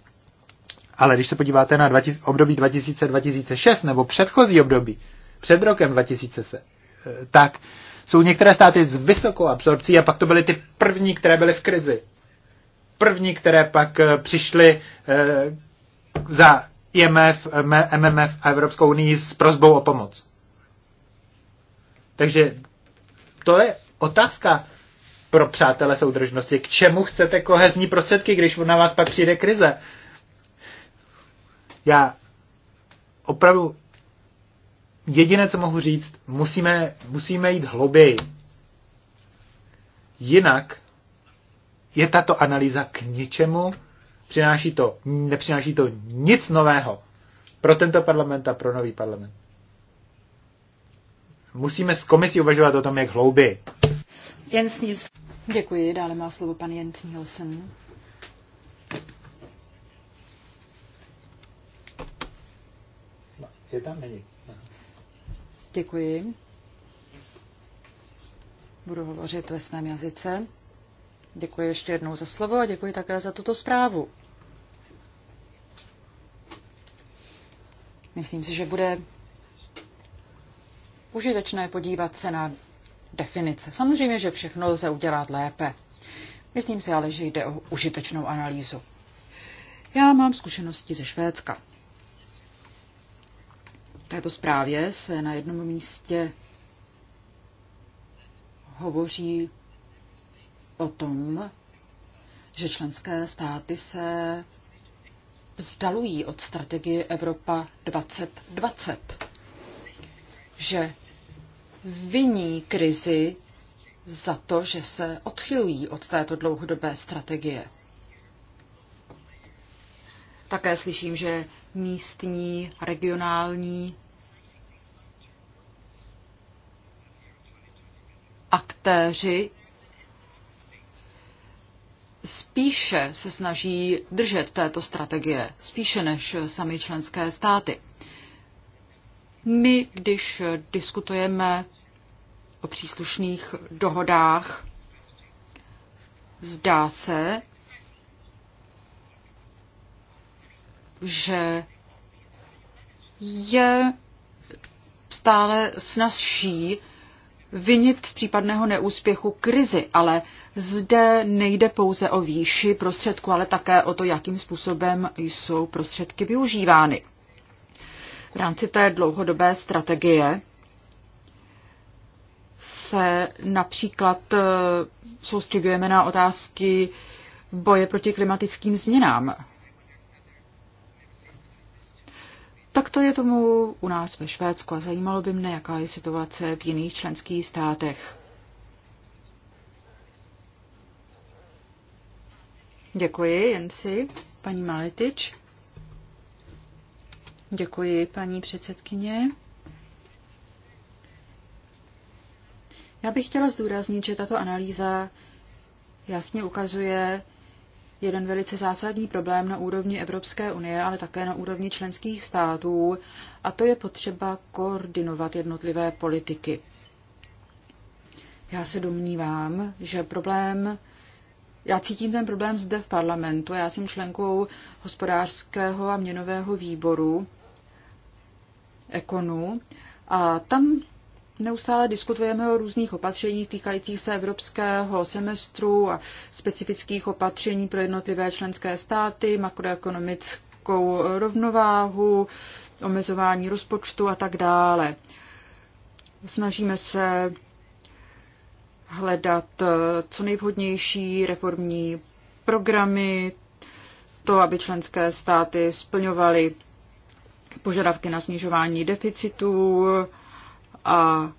Ale když se podíváte na 20, období 2000-2006 nebo předchozí období, před rokem 2000, eh, tak jsou některé státy s vysokou absorpcí a pak to byly ty první, které byly v krizi první, které pak eh, přišly eh, za IMF, MMF a Evropskou unii s prozbou o pomoc. Takže to je otázka pro přátele soudržnosti. K čemu chcete kohezní prostředky, když na vás pak přijde krize? Já opravdu jediné, co mohu říct, musíme, musíme jít hlouběji. Jinak je tato analýza k ničemu? Přináší to, nepřináší to nic nového pro tento parlament a pro nový parlament. Musíme s komisí uvažovat o tom, jak hlouby. Jens Nielsen. Děkuji. Dále má slovo pan Jens Nielsen. je tam není. Děkuji. Budu hovořit ve svém jazyce. Děkuji ještě jednou za slovo a děkuji také za tuto zprávu. Myslím si, že bude užitečné podívat se na definice. Samozřejmě, že všechno lze udělat lépe. Myslím si ale, že jde o užitečnou analýzu. Já mám zkušenosti ze Švédska. V této zprávě se na jednom místě hovoří o tom, že členské státy se vzdalují od strategie Evropa 2020, že viní krizi za to, že se odchylují od této dlouhodobé strategie. Také slyším, že místní, regionální aktéři spíše se snaží držet této strategie, spíše než sami členské státy. My, když diskutujeme o příslušných dohodách, zdá se, že je stále snazší vinit z případného neúspěchu krizi, ale zde nejde pouze o výši prostředku, ale také o to, jakým způsobem jsou prostředky využívány. V rámci té dlouhodobé strategie se například eh, soustředujeme na otázky boje proti klimatickým změnám. Tak to je tomu u nás ve Švédsku a zajímalo by mne, jaká je situace v jiných členských státech. Děkuji, Jensi. Paní Maletič. Děkuji, paní předsedkyně. Já bych chtěla zdůraznit, že tato analýza jasně ukazuje, jeden velice zásadní problém na úrovni Evropské unie, ale také na úrovni členských států, a to je potřeba koordinovat jednotlivé politiky. Já se domnívám, že problém já cítím ten problém zde v parlamentu. Já jsem členkou hospodářského a měnového výboru ekonu a tam Neustále diskutujeme o různých opatřeních týkajících se evropského semestru a specifických opatření pro jednotlivé členské státy, makroekonomickou rovnováhu, omezování rozpočtu a tak dále. Snažíme se hledat eh, co nejvhodnější reformní programy, to, aby členské státy splňovaly požadavky na snižování deficitu, a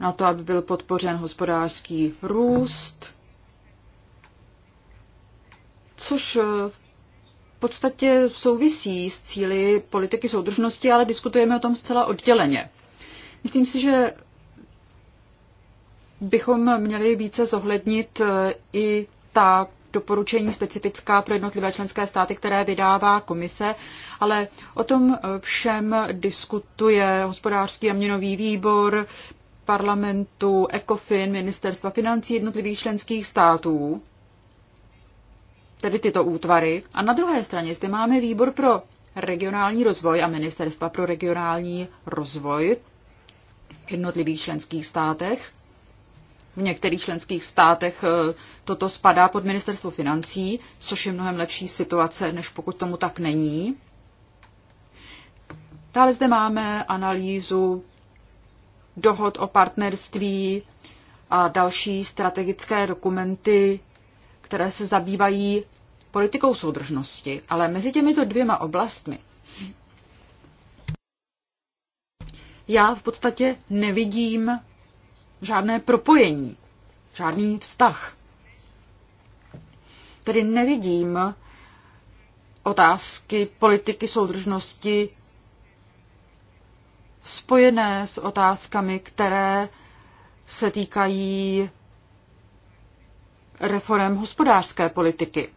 na to, aby byl podpořen hospodářský růst, což eh, v podstatě souvisí s cíly politiky soudržnosti, ale diskutujeme o tom zcela odděleně. Myslím si, že bychom měli více zohlednit eh, i ta doporučení specifická pro jednotlivé členské státy, které vydává komise, ale o tom eh, všem diskutuje hospodářský a měnový výbor parlamentu, ECOFIN, ministerstva financí jednotlivých členských států, tedy tyto útvary. A na druhé straně zde máme výbor pro regionální rozvoj a ministerstva pro regionální rozvoj v jednotlivých členských státech, v některých členských státech eh, toto spadá pod ministerstvo financí, což je mnohem lepší situace, než pokud tomu tak není. Dále zde máme analýzu dohod o partnerství a další strategické dokumenty, které se zabývají politikou soudržnosti. Ale mezi těmito dvěma oblastmi já v podstatě nevidím žádné propojení, žádný vztah. Tedy nevidím otázky politiky soudržnosti spojené s otázkami, které se týkají reform hospodářské politiky.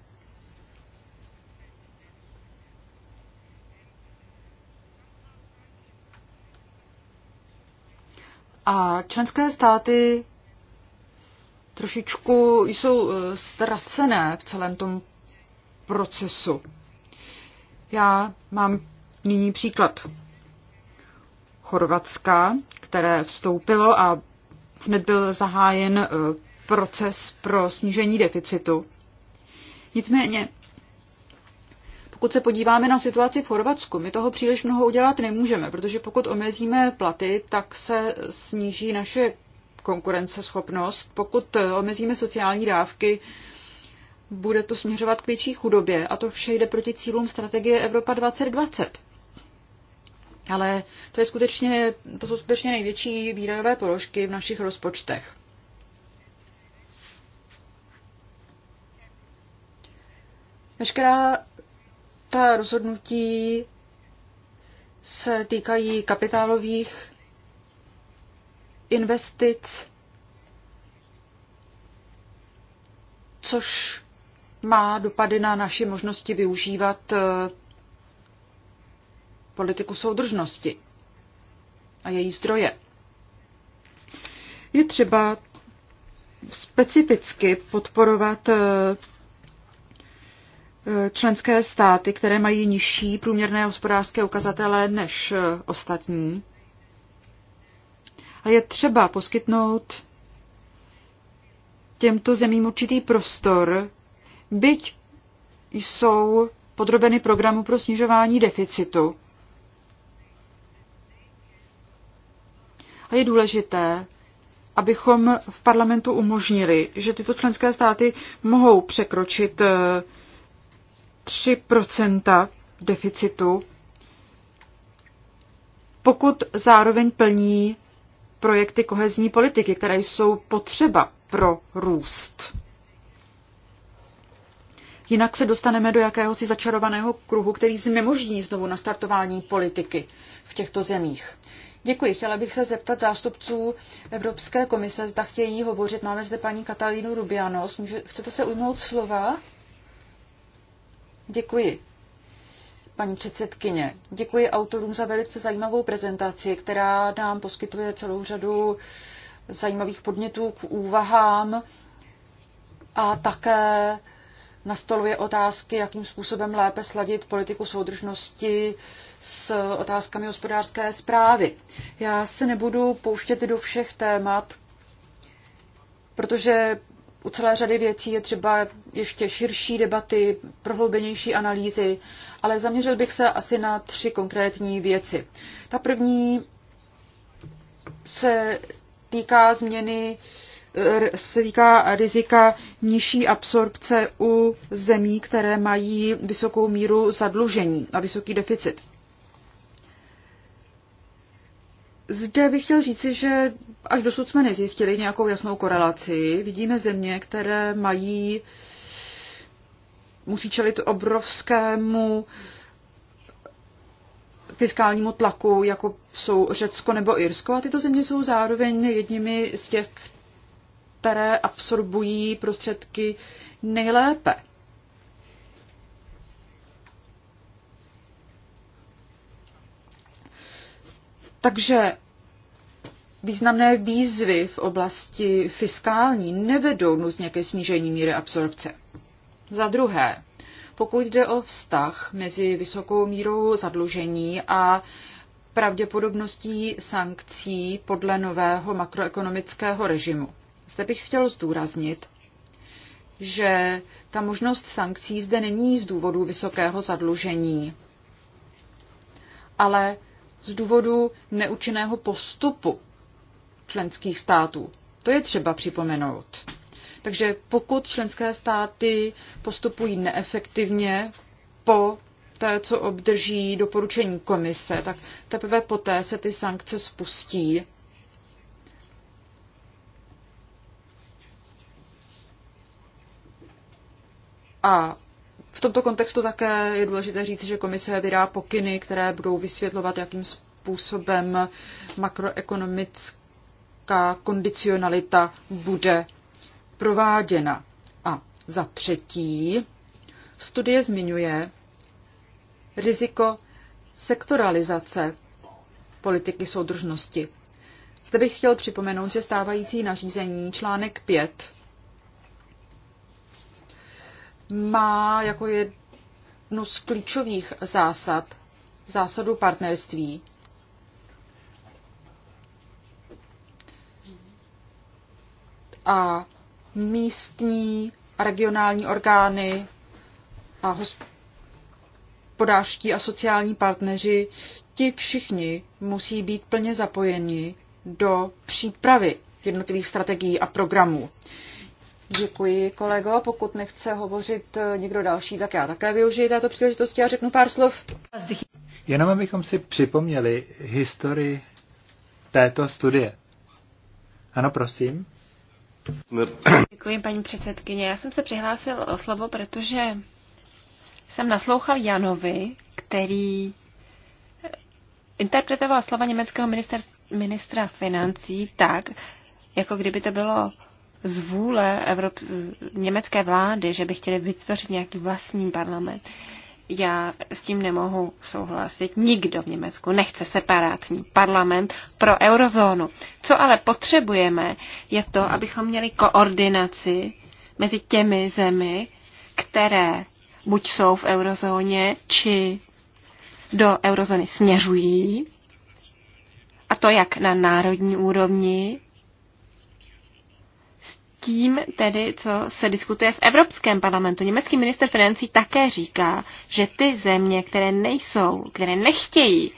A členské státy trošičku jsou eh, ztracené v celém tom procesu. Já mám nyní příklad Chorvatska, které vstoupilo a hned byl zahájen eh, proces pro snížení deficitu. Nicméně pokud se podíváme na situaci v Chorvatsku, my toho příliš mnoho udělat nemůžeme, protože pokud omezíme platy, tak se sníží naše konkurenceschopnost. Pokud omezíme sociální dávky, bude to směřovat k větší chudobě a to vše jde proti cílům strategie Evropa 2020. Ale to, je skutečně, to jsou skutečně největší výdajové položky v našich rozpočtech. Veškerá ta rozhodnutí se týkají kapitálových investic, což má dopady na naše možnosti využívat eh, politiku soudržnosti a její zdroje. Je třeba specificky podporovat eh, členské státy, které mají nižší průměrné hospodářské ukazatele než eh, ostatní. A je třeba poskytnout těmto zemím určitý prostor, byť jsou podrobeny programu pro snižování deficitu. A je důležité, abychom v parlamentu umožnili, že tyto členské státy mohou překročit eh, 3 deficitu, pokud zároveň plní projekty kohezní politiky, které jsou potřeba pro růst. Jinak se dostaneme do jakéhosi začarovaného kruhu, který znemožní znovu nastartování politiky v těchto zemích. Děkuji. Chtěla bych se zeptat zástupců Evropské komise, zda chtějí hovořit. Máme zde paní Katalínu Rubianos. Může, chcete se ujmout slova? Děkuji. Paní předsedkyně, děkuji autorům za velice zajímavou prezentaci, která nám poskytuje celou řadu zajímavých podnětů k úvahám a také nastoluje otázky, jakým způsobem lépe sladit politiku soudržnosti s otázkami hospodářské zprávy. Já se nebudu pouštět do všech témat, protože u celé řady věcí je třeba ještě širší debaty, prohloubenější analýzy, ale zaměřil bych se asi na tři konkrétní věci. Ta první se týká změny eh, se týká rizika nižší absorpce u zemí, které mají vysokou míru zadlužení a vysoký deficit. Zde bych chtěl říci, že až dosud jsme nezjistili nějakou jasnou korelaci. Vidíme země, které mají, musí čelit obrovskému fiskálnímu tlaku, jako jsou Řecko nebo Irsko, a tyto země jsou zároveň jedními z těch, které absorbují prostředky nejlépe. Takže významné výzvy v oblasti fiskální nevedou nutně ke snížení míry absorpce. Za druhé, pokud jde o vztah mezi vysokou mírou zadlužení a pravděpodobností sankcí podle nového makroekonomického režimu. Zde bych chtěl zdůraznit, že ta možnost sankcí zde není z důvodu vysokého zadlužení, ale z důvodu neúčinného postupu členských států. To je třeba připomenout. Takže pokud členské státy postupují neefektivně po té, co obdrží doporučení komise, tak teprve poté se ty sankce spustí. A v tomto kontextu také je důležité říci, že komise vydá pokyny, které budou vysvětlovat, jakým způsobem makroekonomická kondicionalita bude prováděna. A za třetí, studie zmiňuje riziko sektoralizace politiky soudržnosti. Zde bych chtěl připomenout, že stávající nařízení článek 5 má jako jednu z klíčových zásad zásadu partnerství. A místní a regionální orgány a hospodářští a sociální partneři, ti všichni musí být plně zapojeni do přípravy jednotlivých strategií a programů. Děkuji, kolego. Pokud nechce hovořit eh, někdo další, tak já také využiji této příležitosti a řeknu pár slov. Jenom abychom si připomněli historii této studie. Ano, prosím. Děkuji, paní předsedkyně. Já jsem se přihlásil o slovo, protože jsem naslouchal Janovi, který eh, interpretoval slova německého ministra financí tak, jako kdyby to bylo z vůle Evrop- německé vlády, že by chtěli vytvořit nějaký vlastní parlament. Já s tím nemohu souhlasit. Nikdo v Německu nechce separátní parlament pro eurozónu. Co ale potřebujeme, je to, abychom měli koordinaci mezi těmi zemi, které buď jsou v eurozóně, či do eurozóny směřují, a to jak na národní úrovni, tím tedy, co se diskutuje v Evropském parlamentu. Německý minister financí také říká, že ty země, které nejsou, které nechtějí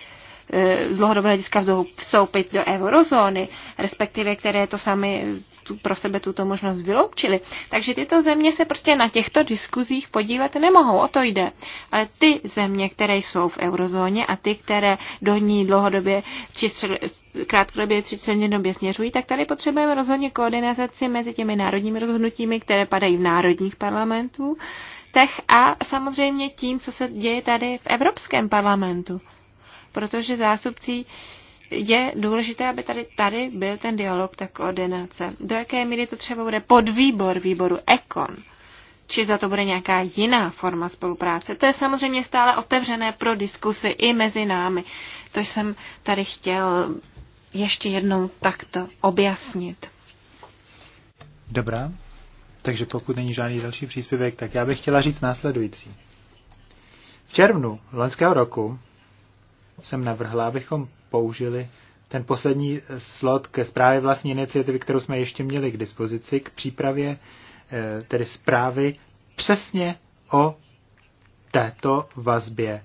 eh, z dlouhodobého hlediska vstoupit do eurozóny, respektive které to sami tu, pro sebe tuto možnost vyloučili. Takže tyto země se prostě na těchto diskuzích podívat nemohou, o to jde. Ale ty země, které jsou v eurozóně a ty, které do ní dlouhodobě či střed, krátkodobě či střednědobě směřují, tak tady potřebujeme rozhodně koordinaci mezi těmi národními rozhodnutími, které padají v národních parlamentů, tech a samozřejmě tím, co se děje tady v Evropském parlamentu. Protože zástupci je důležité, aby tady, tady byl ten dialog, ta koordinace. Do jaké míry to třeba bude podvýbor výboru EKON, či za to bude nějaká jiná forma spolupráce. To je samozřejmě stále otevřené pro diskusy i mezi námi. To jsem tady chtěl ještě jednou takto objasnit. Dobrá, takže pokud není žádný další příspěvek, tak já bych chtěla říct následující. V červnu loňského roku jsem navrhla, abychom použili ten poslední slot ke zprávě vlastní iniciativy, kterou jsme ještě měli k dispozici, k přípravě eh, tedy zprávy přesně o této vazbě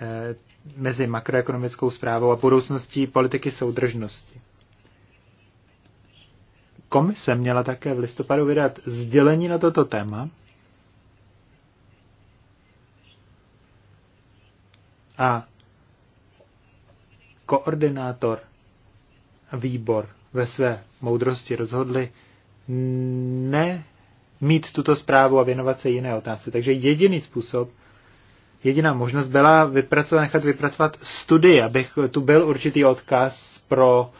eh, mezi makroekonomickou zprávou a budoucností politiky soudržnosti. Komise měla také v listopadu vydat sdělení na toto téma a koordinátor a výbor ve své moudrosti rozhodli ne mít tuto zprávu a věnovat se jiné otázce. Takže jediný způsob, jediná možnost byla vypracovat, nechat vypracovat studii, abych tu byl určitý odkaz pro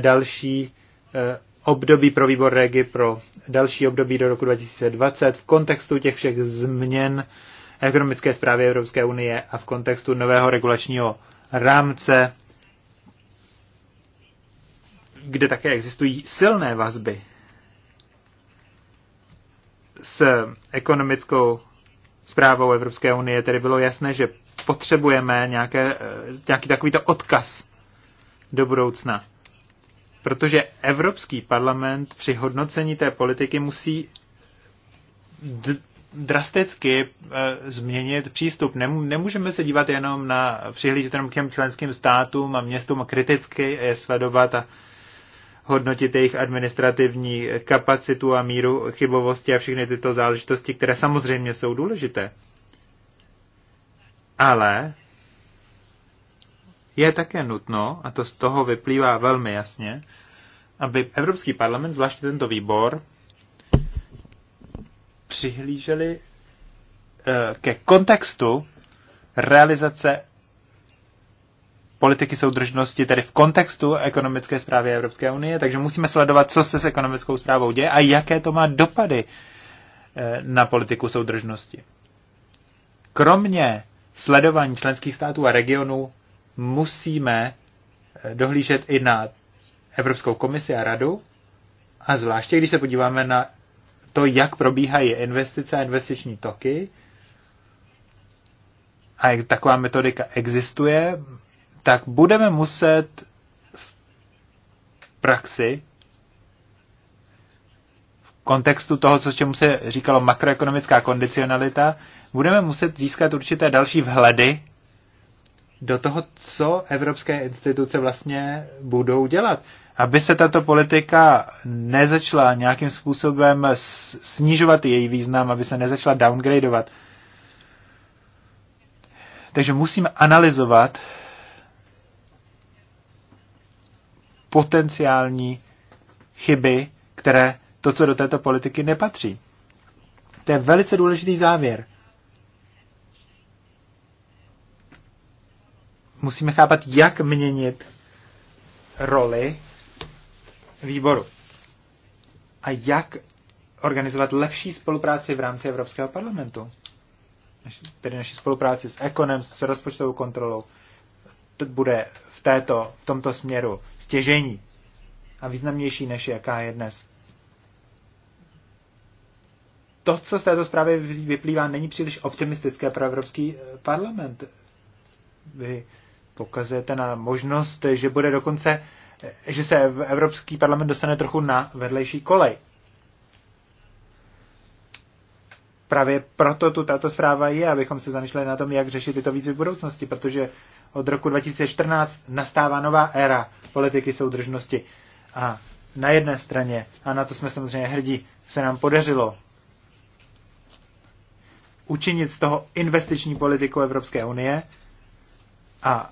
další eh, období pro výbor Regi, pro další období do roku 2020 v kontextu těch všech změn ekonomické zprávy Evropské unie a v kontextu nového regulačního rámce kde také existují silné vazby s ekonomickou zprávou Evropské unie, tedy bylo jasné, že potřebujeme nějaké, eh, nějaký takovýto odkaz do budoucna. Protože Evropský parlament při hodnocení té politiky musí drasticky e, změnit přístup. Nem, nemůžeme se dívat jenom na přihlížet jenom k těm členským státům a městům a kriticky je sledovat a hodnotit jejich administrativní kapacitu a míru chybovosti a všechny tyto záležitosti, které samozřejmě jsou důležité. Ale je také nutno, a to z toho vyplývá velmi jasně, aby Evropský parlament, zvláště tento výbor, přihlíželi eh, ke kontextu realizace politiky soudržnosti, tedy v kontextu ekonomické zprávy Evropské unie, takže musíme sledovat, co se s ekonomickou zprávou děje a jaké to má dopady eh, na politiku soudržnosti. Kromě sledování členských států a regionů musíme eh, dohlížet i na Evropskou komisi a radu a zvláště, když se podíváme na to, jak probíhají investice a investiční toky, a jak taková metodika existuje, tak budeme muset v praxi v kontextu toho, co čemu se říkalo makroekonomická kondicionalita, budeme muset získat určité další vhledy do toho, co evropské instituce vlastně budou dělat. Aby se tato politika nezačala nějakým způsobem snižovat její význam, aby se nezačala downgradovat. Takže musíme analyzovat potenciální chyby, které to, co do této politiky nepatří. To je velice důležitý závěr. Musíme chápat, jak měnit roli výboru a jak organizovat lepší spolupráci v rámci Evropského parlamentu. tedy naši spolupráci s Ekonem, s rozpočtovou kontrolou, to bude v, této, v tomto směru stěžení a významnější, než jaká je dnes. To, co z této zprávy vyplývá, není příliš optimistické pro Evropský eh, parlament. Vy pokazujete na možnost, že bude dokonce, eh, že se Evropský parlament dostane trochu na vedlejší kolej. právě proto tu tato zpráva je, abychom se zamýšleli na tom, jak řešit tyto výzvy v budoucnosti, protože od roku 2014 nastává nová éra politiky soudržnosti. A na jedné straně, a na to jsme samozřejmě hrdí, se nám podařilo učinit z toho investiční politiku Evropské unie, a,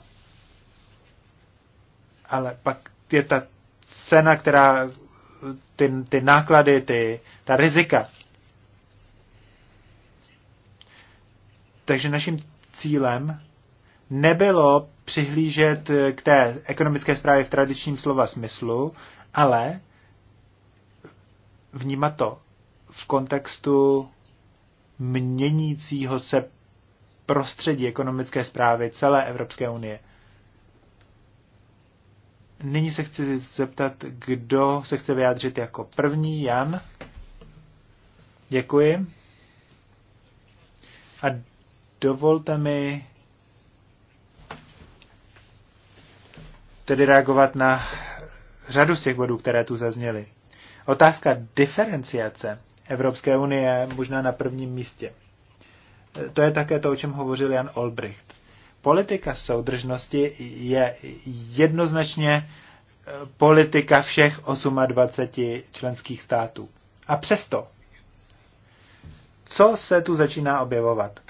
ale pak je ta cena, která ty, ty náklady, ty, ta rizika, Takže naším cílem nebylo přihlížet eh, k té ekonomické zprávě v tradičním slova smyslu, ale vnímat to v kontextu měnícího se prostředí ekonomické zprávy celé Evropské unie. Nyní se chci zeptat, kdo se chce vyjádřit jako první. Jan. Děkuji. A Dovolte mi tedy reagovat na řadu z těch bodů, které tu zazněly. Otázka diferenciace Evropské unie je možná na prvním místě. To je také to, o čem hovořil Jan Olbricht. Politika soudržnosti je jednoznačně eh, politika všech 28 členských států. A přesto, co se tu začíná objevovat?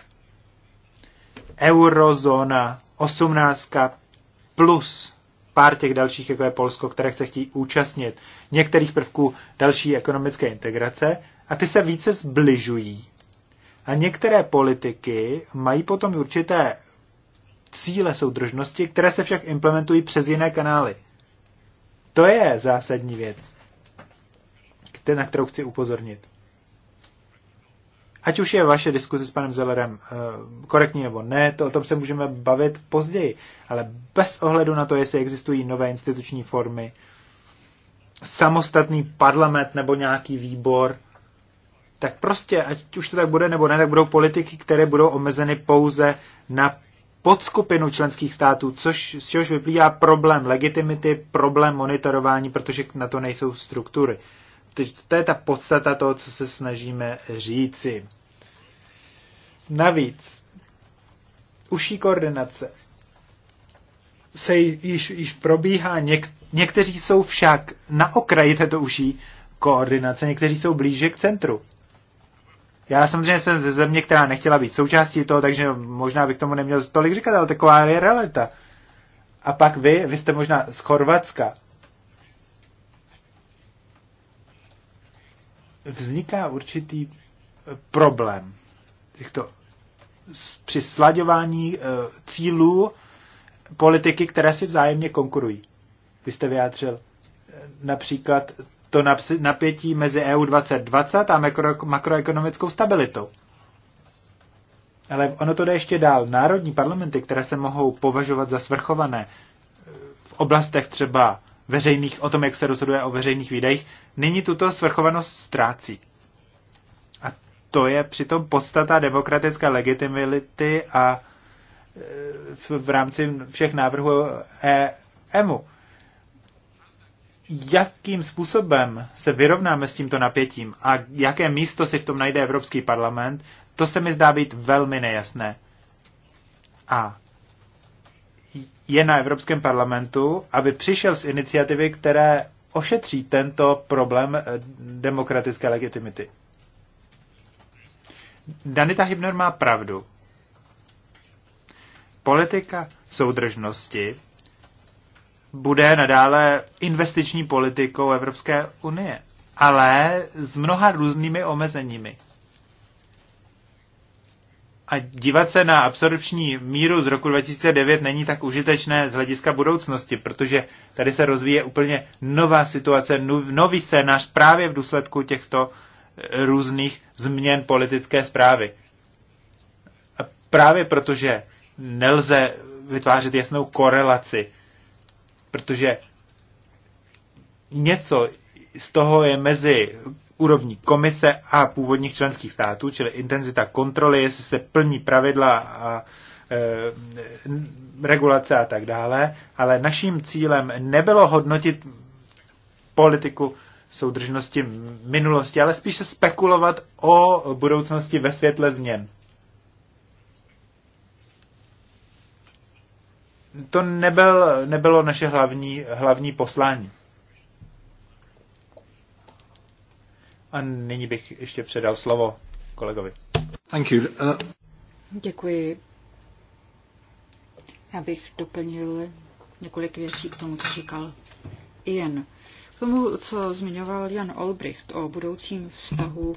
eurozóna, osmnáctka plus pár těch dalších, jako je Polsko, které chce chtít účastnit některých prvků další ekonomické integrace a ty se více zbližují. A některé politiky mají potom určité cíle soudržnosti, které se však implementují přes jiné kanály. To je zásadní věc, na kterou chci upozornit. Ať už je vaše diskuze s panem Zellerem eh, korektní nebo ne, to o tom se můžeme bavit později, ale bez ohledu na to, jestli existují nové instituční formy, samostatný parlament nebo nějaký výbor, tak prostě, ať už to tak bude nebo ne, tak budou politiky, které budou omezeny pouze na podskupinu členských států, což, z čehož vyplývá problém legitimity, problém monitorování, protože na to nejsou struktury. To je ta podstata toho, co se snažíme říci. Navíc uší koordinace se již, již probíhá, něk, někteří jsou však na okraji této uší koordinace, někteří jsou blíže k centru. Já samozřejmě jsem ze země, která nechtěla být součástí toho, takže možná bych tomu neměl tolik říkat, ale taková je realita. A pak vy, vy jste možná z Chorvatska. Vzniká určitý eh, problém těchto při slaďování eh, cílů politiky, které si vzájemně konkurují. Vy jste vyjádřil eh, například to napětí mezi EU 2020 a makro, makroekonomickou stabilitou. Ale ono to jde ještě dál. Národní parlamenty, které se mohou považovat za svrchované eh, v oblastech třeba veřejných, o tom, jak se rozhoduje o veřejných výdajích, nyní tuto svrchovanost ztrácí to je přitom podstata demokratické legitimity a e, v rámci všech návrhů e, EMu. Jakým způsobem se vyrovnáme s tímto napětím a jaké místo si v tom najde Evropský parlament, to se mi zdá být velmi nejasné. A je na Evropském parlamentu, aby přišel s iniciativy, které ošetří tento problém e, demokratické legitimity. Danita Hybner má pravdu. Politika soudržnosti bude nadále investiční politikou Evropské unie, ale s mnoha různými omezeními. A dívat se na absorpční míru z roku 2009 není tak užitečné z hlediska budoucnosti, protože tady se rozvíje úplně nová situace, nový scénář právě v důsledku těchto různých změn politické zprávy. A právě protože nelze vytvářet jasnou korelaci, protože něco z toho je mezi úrovní komise a původních členských států, čili intenzita kontroly, jestli se plní pravidla a e, regulace a tak dále, ale naším cílem nebylo hodnotit politiku soudržnosti minulosti, ale spíše spekulovat o budoucnosti ve světle změn. To nebyl, nebylo naše hlavní, hlavní poslání. A nyní bych ještě předal slovo kolegovi. Thank you. Uh... Děkuji. Já bych doplnil několik věcí k tomu, co říkal Ian tomu, co zmiňoval Jan Olbricht o budoucím vztahu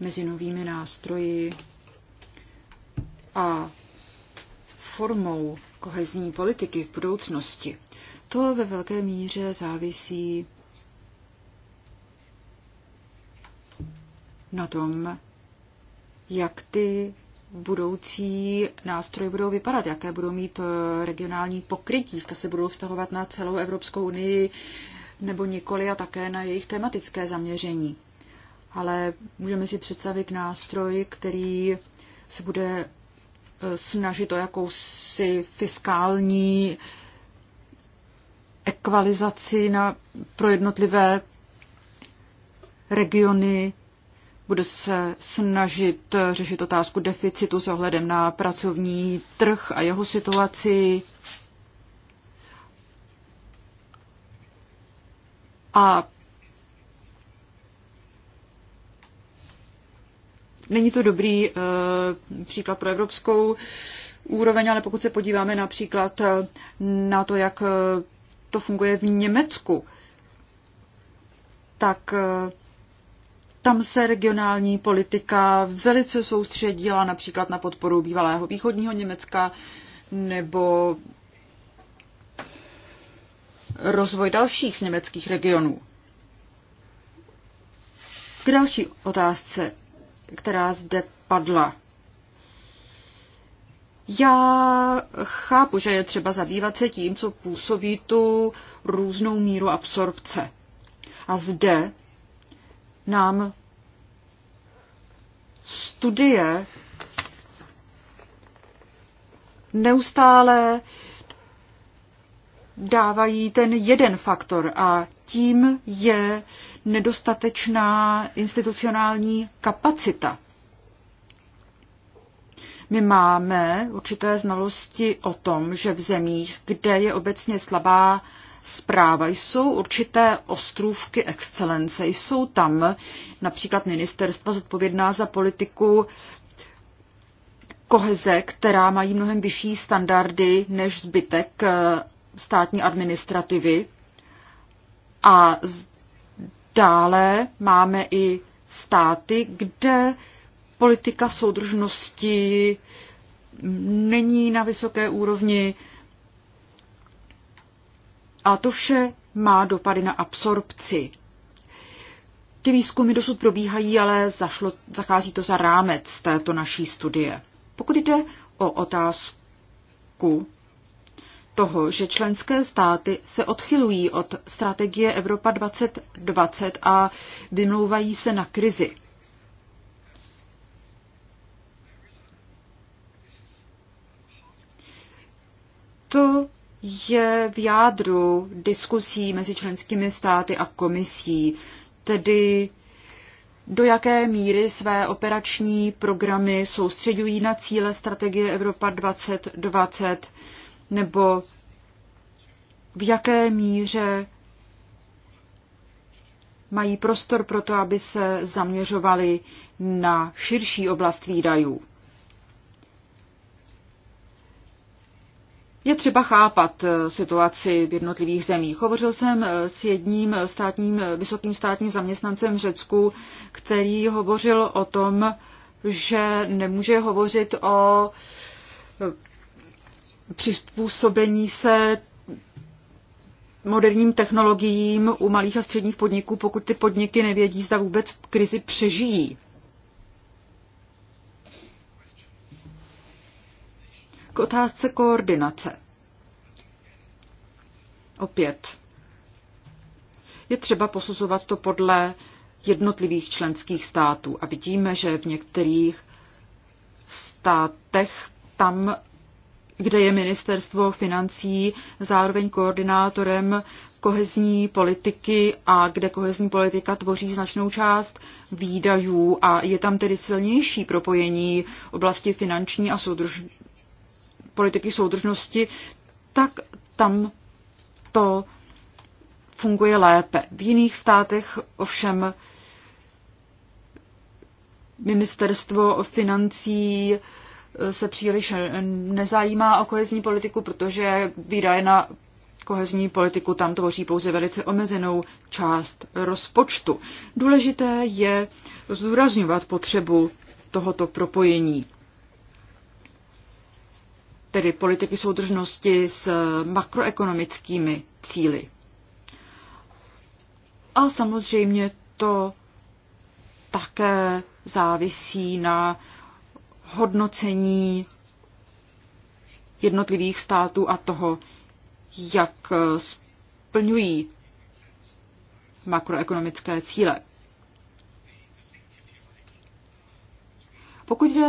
mezi novými nástroji a formou kohezní politiky v budoucnosti, to ve velké míře závisí na tom, jak ty budoucí nástroje budou vypadat, jaké budou mít regionální pokrytí, zda se budou vztahovat na celou Evropskou unii nebo nikoli a také na jejich tematické zaměření. Ale můžeme si představit nástroj, který se bude e, snažit o jakousi fiskální ekvalizaci na, pro jednotlivé regiony, bude se snažit řešit otázku deficitu s ohledem na pracovní trh a jeho situaci, A není to dobrý eh, příklad pro evropskou úroveň, ale pokud se podíváme například eh, na to, jak eh, to funguje v Německu, tak tam se regionální politika velice soustředila například na podporu bývalého východního Německa nebo rozvoj dalších německých regionů. K další otázce, která zde padla. Já chápu, že je třeba zabývat se tím, co působí tu různou míru absorpce. A zde nám studie neustále dávají ten jeden faktor a tím je nedostatečná institucionální kapacita. My máme určité znalosti o tom, že v zemích, kde je obecně slabá zpráva, jsou určité ostrůvky excelence. Jsou tam například ministerstva zodpovědná za politiku koheze, která mají mnohem vyšší standardy než zbytek eh, státní administrativy. A dále máme i státy, kde politika soudržnosti není na vysoké úrovni. A to vše má dopady na absorpci. Ty výzkumy dosud probíhají, ale zašlo, zachází to za rámec této naší studie. Pokud jde o otázku, toho, že členské státy se odchylují od strategie Evropa 2020 a vymlouvají se na krizi. To je v jádru diskusí mezi členskými státy a komisí, tedy do jaké míry své operační programy soustředují na cíle strategie Evropa 2020, nebo v jaké míře mají prostor pro to, aby se zaměřovali na širší oblast výdajů. Je třeba chápat eh, situaci v jednotlivých zemích. Hovořil jsem eh, s jedním státním, vysokým státním zaměstnancem v Řecku, který hovořil o tom, že nemůže hovořit o přizpůsobení se moderním technologiím u malých a středních podniků, pokud ty podniky nevědí, zda vůbec krizi přežijí. K otázce koordinace. Opět. Je třeba posuzovat to podle jednotlivých členských států a vidíme, že v některých státech tam kde je ministerstvo financí zároveň koordinátorem kohezní politiky a kde kohezní politika tvoří značnou část výdajů a je tam tedy silnější propojení oblasti finanční a soudruž... politiky soudržnosti, tak tam to funguje lépe. V jiných státech ovšem ministerstvo financí se příliš nezajímá o kohezní politiku, protože výdaje na kohezní politiku tam tvoří pouze velice omezenou část rozpočtu. Důležité je zdůrazňovat potřebu tohoto propojení tedy politiky soudržnosti s makroekonomickými cíly. A samozřejmě to také závisí na hodnocení jednotlivých států a toho, jak splňují makroekonomické cíle. Pokud jde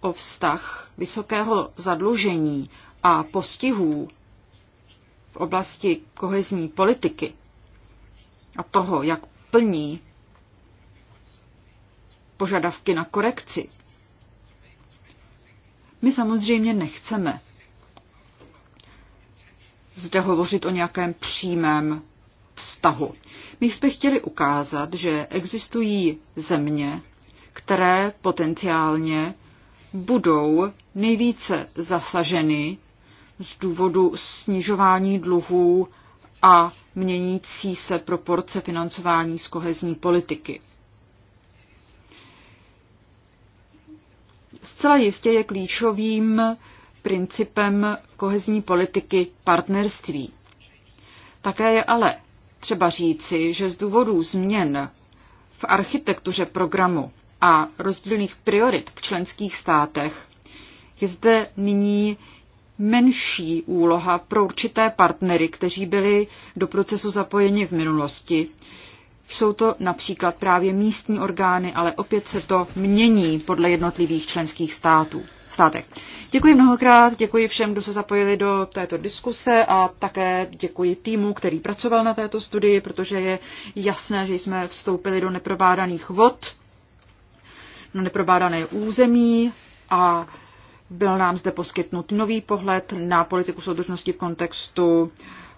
o vztah vysokého zadlužení a postihů v oblasti kohezní politiky a toho, jak plní požadavky na korekci, my samozřejmě nechceme zde hovořit o nějakém přímém vztahu. My jsme chtěli ukázat, že existují země, které potenciálně budou nejvíce zasaženy z důvodu snižování dluhů a měnící se proporce financování z kohezní politiky. zcela jistě je klíčovým principem kohezní politiky partnerství. Také je ale třeba říci, že z důvodu změn v architektuře programu a rozdílných priorit v členských státech je zde nyní menší úloha pro určité partnery, kteří byli do procesu zapojeni v minulosti, jsou to například právě místní orgány, ale opět se to mění podle jednotlivých členských států. Státek. Děkuji mnohokrát, děkuji všem, kdo se zapojili do této diskuse a také děkuji týmu, který pracoval na této studii, protože je jasné, že jsme vstoupili do neprobádaných vod, na neprobádané území a byl nám zde poskytnut nový pohled na politiku soudržnosti v kontextu uh,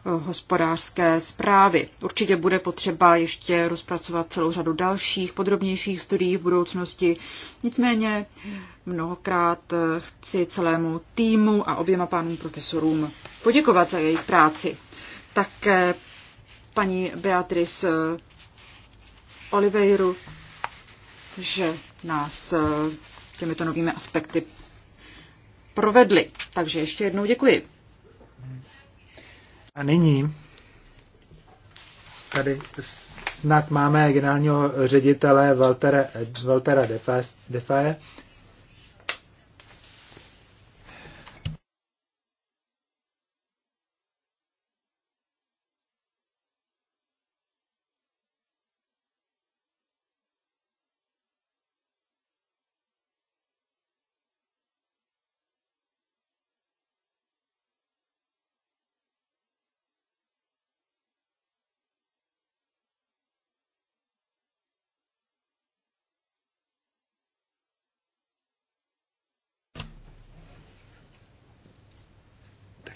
hospodářské zprávy. Určitě bude potřeba ještě rozpracovat celou řadu dalších podrobnějších studií v budoucnosti. Nicméně mnohokrát chci celému týmu a oběma pánům profesorům poděkovat za jejich práci. Také paní Beatrice Oliveiru, že nás těmito novými aspekty provedli. Takže ještě jednou děkuji. A nyní tady snad máme generálního ředitele Valtera Waltera Defae,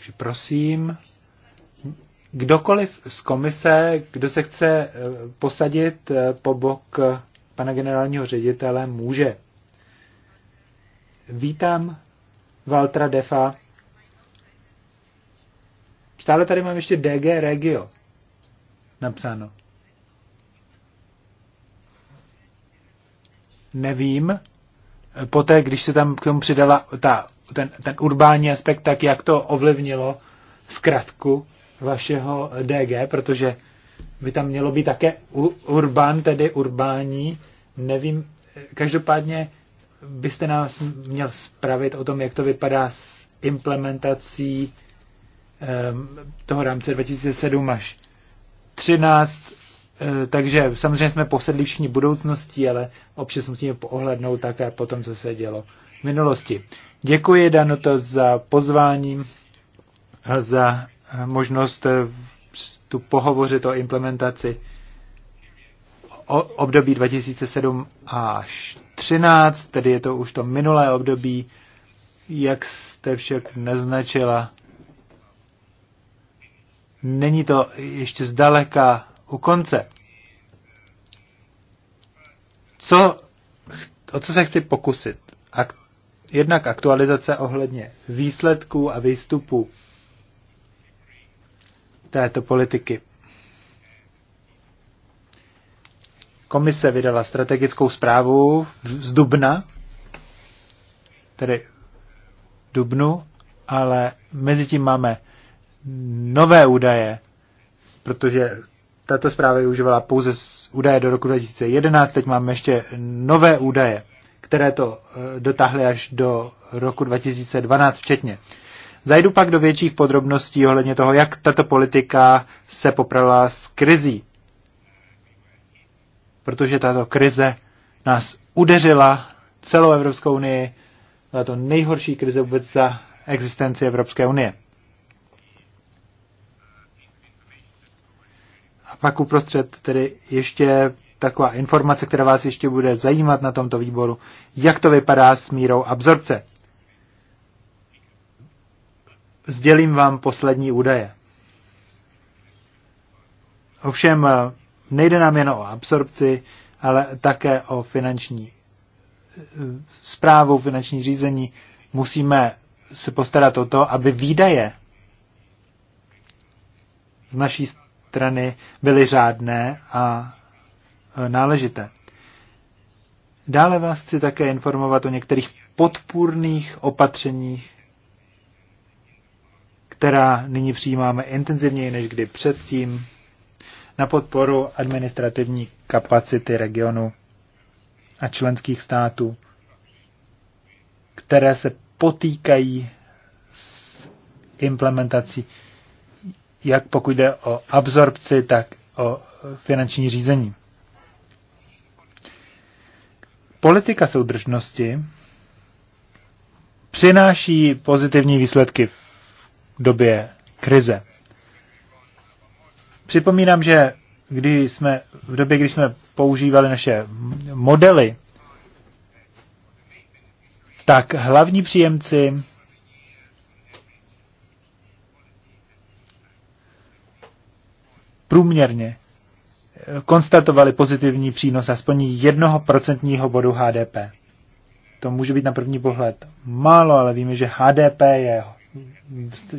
Takže prosím, kdokoliv z komise, kdo se chce eh, posadit eh, po bok pana generálního ředitele, může. Vítám Valtra Defa. Stále tady mám ještě DG Regio napsáno. Nevím, poté, když se tam k tomu přidala ta ten, ten urbální aspekt, tak jak to ovlivnilo zkratku vašeho DG, protože by tam mělo být také urbán tedy urbání, nevím, každopádně byste nás měl spravit o tom, jak to vypadá s implementací um, toho rámce 2007 až 13 Eh, takže samozřejmě jsme posedli všichni budoucností, ale občas musíme ohlednout také po tom, co se dělo v minulosti. Děkuji, Danuto, za pozvání a za možnost eh, tu pohovořit o implementaci o období 2007 až 2013, tedy je to už to minulé období, jak jste však naznačila. Není to ještě zdaleka u konce. Co, o co se chci pokusit? Ak, jednak aktualizace ohledně výsledků a výstupů této politiky. Komise vydala strategickou zprávu z Dubna, tedy Dubnu, ale mezi tím máme nové údaje, protože tato zpráva využívala pouze z údaje do roku 2011, teď máme ještě nové údaje, které to eh, dotáhly až do roku 2012 včetně. Zajdu pak do větších podrobností ohledně toho, jak tato politika se poprala s krizí. Protože tato krize nás udeřila celou Evropskou unii. Byla to nejhorší krize vůbec za existenci Evropské unie. A pak uprostřed tedy ještě taková informace, která vás ještě bude zajímat na tomto výboru, jak to vypadá s mírou absorpce. Sdělím vám poslední údaje. Ovšem nejde nám jen o absorpci, ale také o finanční zprávu, finanční řízení. Musíme se postarat o to, aby výdaje z naší strany byly řádné a e, náležité. Dále vás chci také informovat o některých podpůrných opatřeních, která nyní přijímáme intenzivněji než kdy předtím na podporu administrativní kapacity regionu a členských států, které se potýkají s implementací jak pokud jde o absorpci, tak o finanční řízení. Politika soudržnosti přináší pozitivní výsledky v době krize. Připomínám, že kdy jsme, v době, kdy jsme používali naše modely, tak hlavní příjemci průměrně eh, konstatovali pozitivní přínos aspoň jednoho procentního bodu HDP. To může být na první pohled málo, ale víme, že HDP je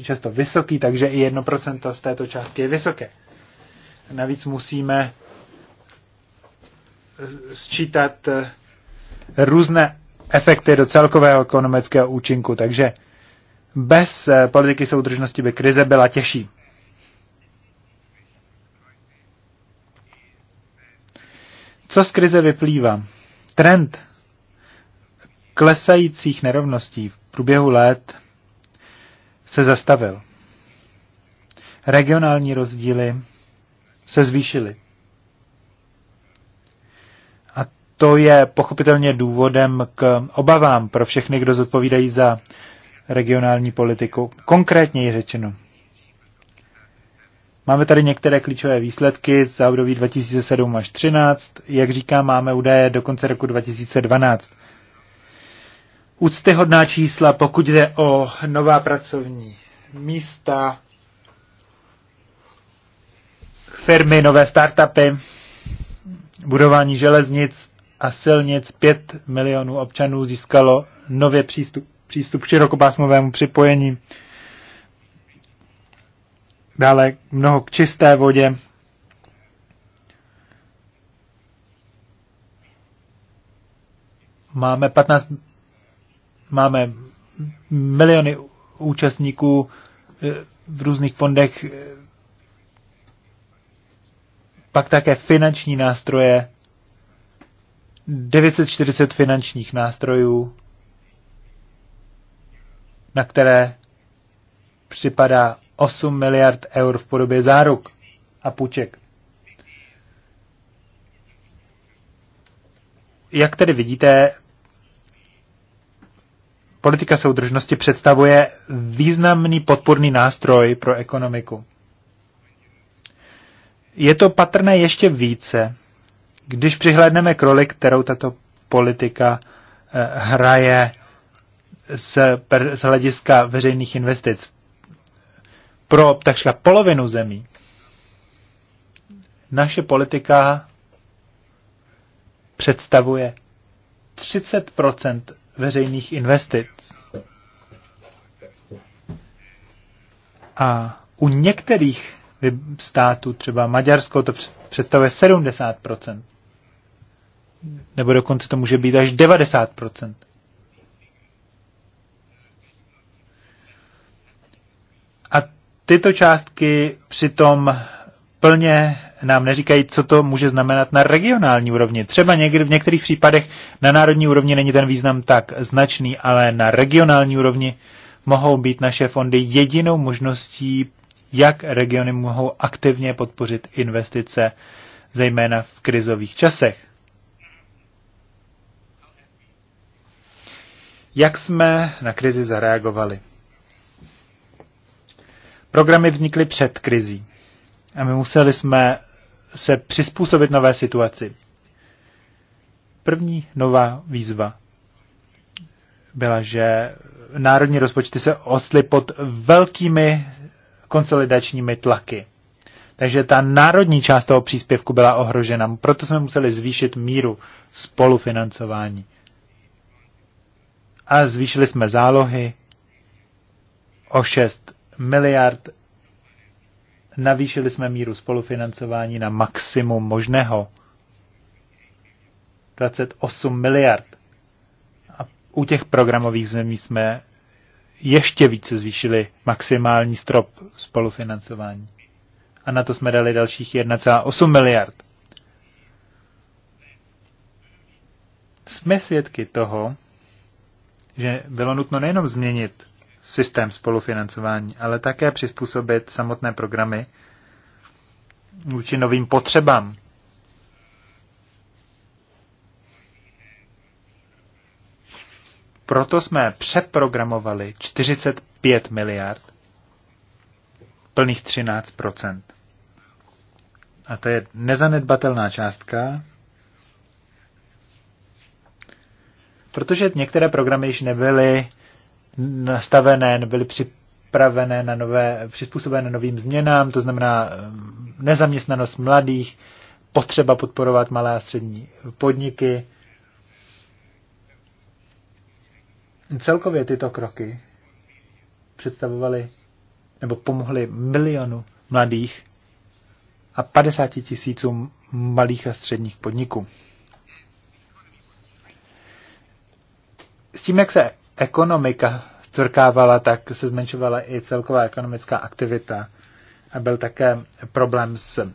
často vysoký, takže i 1% z této částky je vysoké. Navíc musíme eh, sčítat eh, různé efekty do celkového ekonomického účinku, takže bez politiky soudržnosti by krize byla těžší. Co z krize vyplývá? Trend klesajících nerovností v průběhu let se zastavil. Regionální rozdíly se zvýšily. A to je pochopitelně důvodem k obavám pro všechny, kdo zodpovídají za regionální politiku. Konkrétně je řečeno. Máme tady některé klíčové výsledky za období 2007 až 2013. Jak říkám, máme údaje do konce roku 2012. Úctyhodná čísla, pokud jde o nová pracovní místa, firmy, nové startupy, budování železnic a silnic 5 milionů občanů získalo nově přístup, přístup k širokopásmovému připojení dále mnoho k čisté vodě. Máme 15, máme miliony účastníků eh, v různých fondech, eh, pak také finanční nástroje, 940 finančních nástrojů, na které připadá 8 miliard eur v podobě záruk a půjček. Jak tedy vidíte, politika soudržnosti představuje významný podporný nástroj pro ekonomiku. Je to patrné ještě více, když přihlédneme k roli, kterou tato politika eh, hraje z, hlediska veřejných investic pro takřka polovinu zemí naše politika představuje 30 veřejných investic. A u některých států, třeba Maďarsko, to představuje 70 nebo dokonce to může být až 90 Tyto částky přitom plně nám neříkají, co to může znamenat na regionální úrovni. Třeba někdy, v některých případech na národní úrovni není ten význam tak značný, ale na regionální úrovni mohou být naše fondy jedinou možností, jak regiony mohou aktivně podpořit investice, zejména v krizových časech. Jak jsme na krizi zareagovali? Programy vznikly před krizí a my museli jsme se přizpůsobit nové situaci. První nová výzva byla, že národní rozpočty se ostly pod velkými konsolidačními tlaky. Takže ta národní část toho příspěvku byla ohrožena, proto jsme museli zvýšit míru spolufinancování. A zvýšili jsme zálohy o 6 miliard. Navýšili jsme míru spolufinancování na maximum možného. 28 miliard. A u těch programových zemí jsme ještě více zvýšili maximální strop spolufinancování. A na to jsme dali dalších 1,8 miliard. Jsme svědky toho, že bylo nutno nejenom změnit systém spolufinancování, ale také přizpůsobit samotné programy vůči novým potřebám. Proto jsme přeprogramovali 45 miliard, plných 13 A to je nezanedbatelná částka, protože některé programy již nebyly nastavené, byly připravené na nové, přizpůsobené novým změnám, to znamená eh, nezaměstnanost mladých, potřeba podporovat malé a střední podniky. Celkově tyto kroky představovaly nebo pomohly milionu mladých a 50 tisícům malých a středních podniků. S tím, jak se ekonomika cvrkávala, tak se zmenšovala i celková ekonomická aktivita. A byl také problém s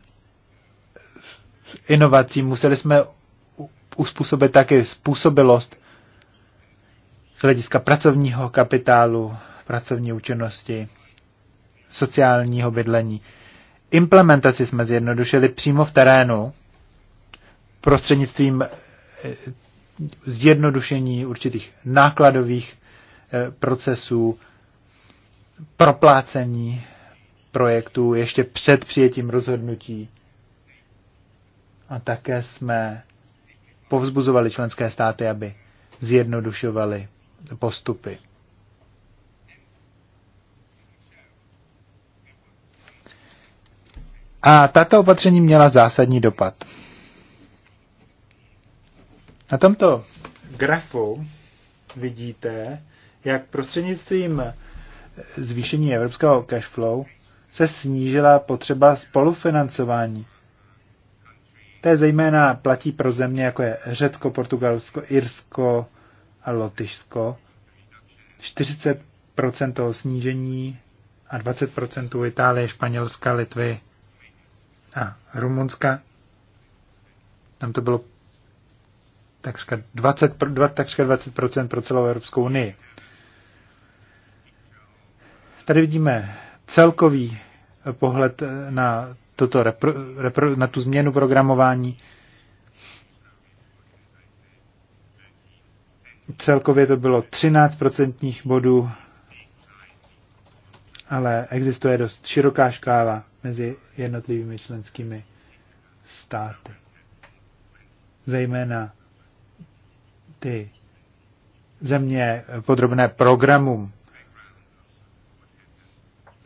inovací. Museli jsme uspůsobit taky způsobilost z hlediska pracovního kapitálu, pracovní účinnosti, sociálního bydlení. Implementaci jsme zjednodušili přímo v terénu prostřednictvím eh, zjednodušení určitých nákladových eh, procesů, proplácení projektů ještě před přijetím rozhodnutí. A také jsme povzbuzovali členské státy, aby zjednodušovali postupy. A tato opatření měla zásadní dopad. Na tomto grafu vidíte, jak prostřednictvím zvýšení evropského flow se snížila potřeba spolufinancování. To je zejména platí pro země, jako je Řecko, Portugalsko, Irsko a Lotyšsko. 40% toho snížení a 20% Itálie, Španělska, Litvy a Rumunska. Tam to bylo takřka 20, takřka 20% pro celou Evropskou unii. Tady vidíme celkový eh, pohled eh, na, toto repro, repro, na tu změnu programování. Celkově to bylo 13% bodů, ale existuje dost široká škála mezi jednotlivými členskými státy. Zejména ty země podrobné programům.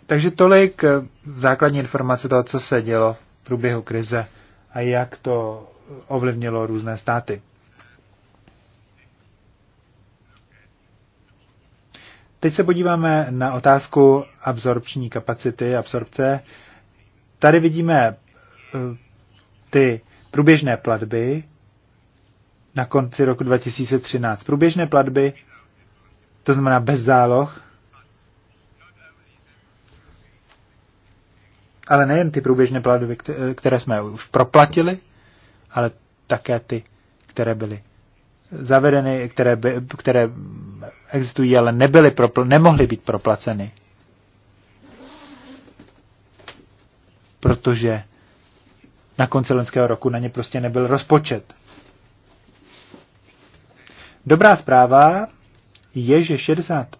Takže tolik eh, základní informace toho, co se dělo v průběhu krize a jak to ovlivnilo různé státy. Teď se podíváme na otázku absorpční kapacity, absorpce. Tady vidíme eh, ty průběžné platby, na konci roku 2013. Průběžné platby, to znamená bez záloh, ale nejen ty průběžné platby, které jsme už proplatili, ale také ty, které byly zavedeny, které, by, které existují, ale nebyly propl- nemohly být proplaceny. Protože na konci loňského roku na ně prostě nebyl rozpočet. Dobrá zpráva je, že 60,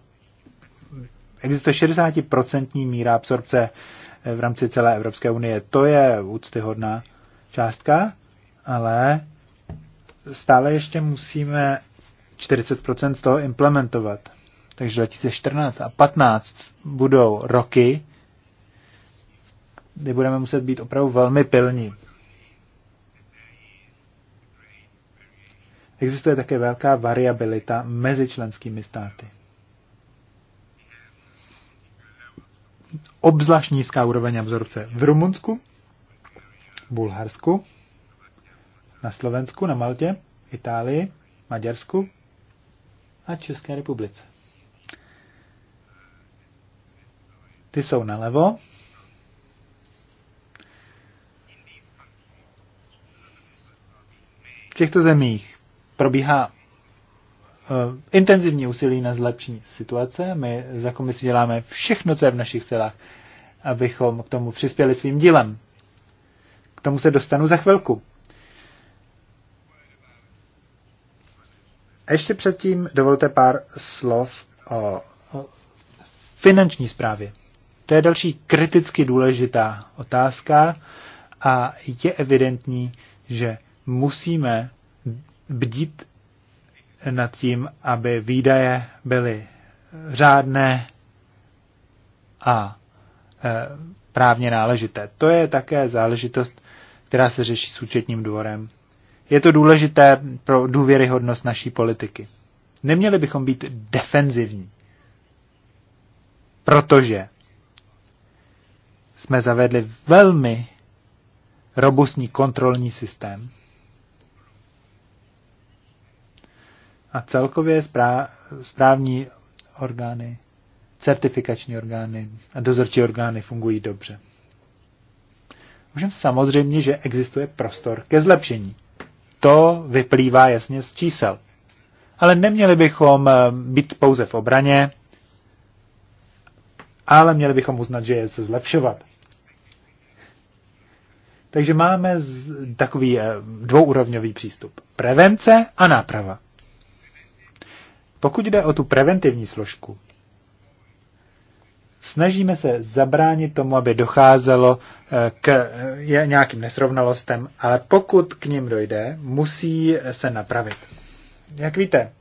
existuje 60% míra absorpce eh, v rámci celé Evropské unie. To je úctyhodná částka, ale stále ještě musíme 40% z toho implementovat. Takže 2014 a 15 budou roky, kdy budeme muset být opravdu velmi pilní. Existuje také velká variabilita mezi členskými státy. Obzvlášť nízká úroveň absorpce v Rumunsku, Bulharsku, na Slovensku, na Maltě, Itálii, Maďarsku a České republice. Ty jsou nalevo. V těchto zemích probíhá eh, intenzivní úsilí na zlepšení situace. My za komisi děláme všechno, co je v našich silách, abychom k tomu přispěli svým dílem. K tomu se dostanu za chvilku. A ještě předtím dovolte pár slov o, o finanční zprávě. To je další kriticky důležitá otázka a je evidentní, že musíme bdít nad tím, aby výdaje byly řádné a e, právně náležité. To je také záležitost, která se řeší s účetním dvorem. Je to důležité pro důvěryhodnost naší politiky. Neměli bychom být defenzivní, protože jsme zavedli velmi robustní kontrolní systém, A celkově správní orgány, certifikační orgány a dozorčí orgány fungují dobře. Ovšem samozřejmě, že existuje prostor ke zlepšení. To vyplývá jasně z čísel. Ale neměli bychom eh, být pouze v obraně, ale měli bychom uznat, že je co zlepšovat. Takže máme takový eh, dvouúrovňový přístup. Prevence a náprava. Pokud jde o tu preventivní složku, snažíme se zabránit tomu, aby docházelo eh, k eh, nějakým nesrovnalostem, ale pokud k ním dojde, musí se napravit. Jak víte,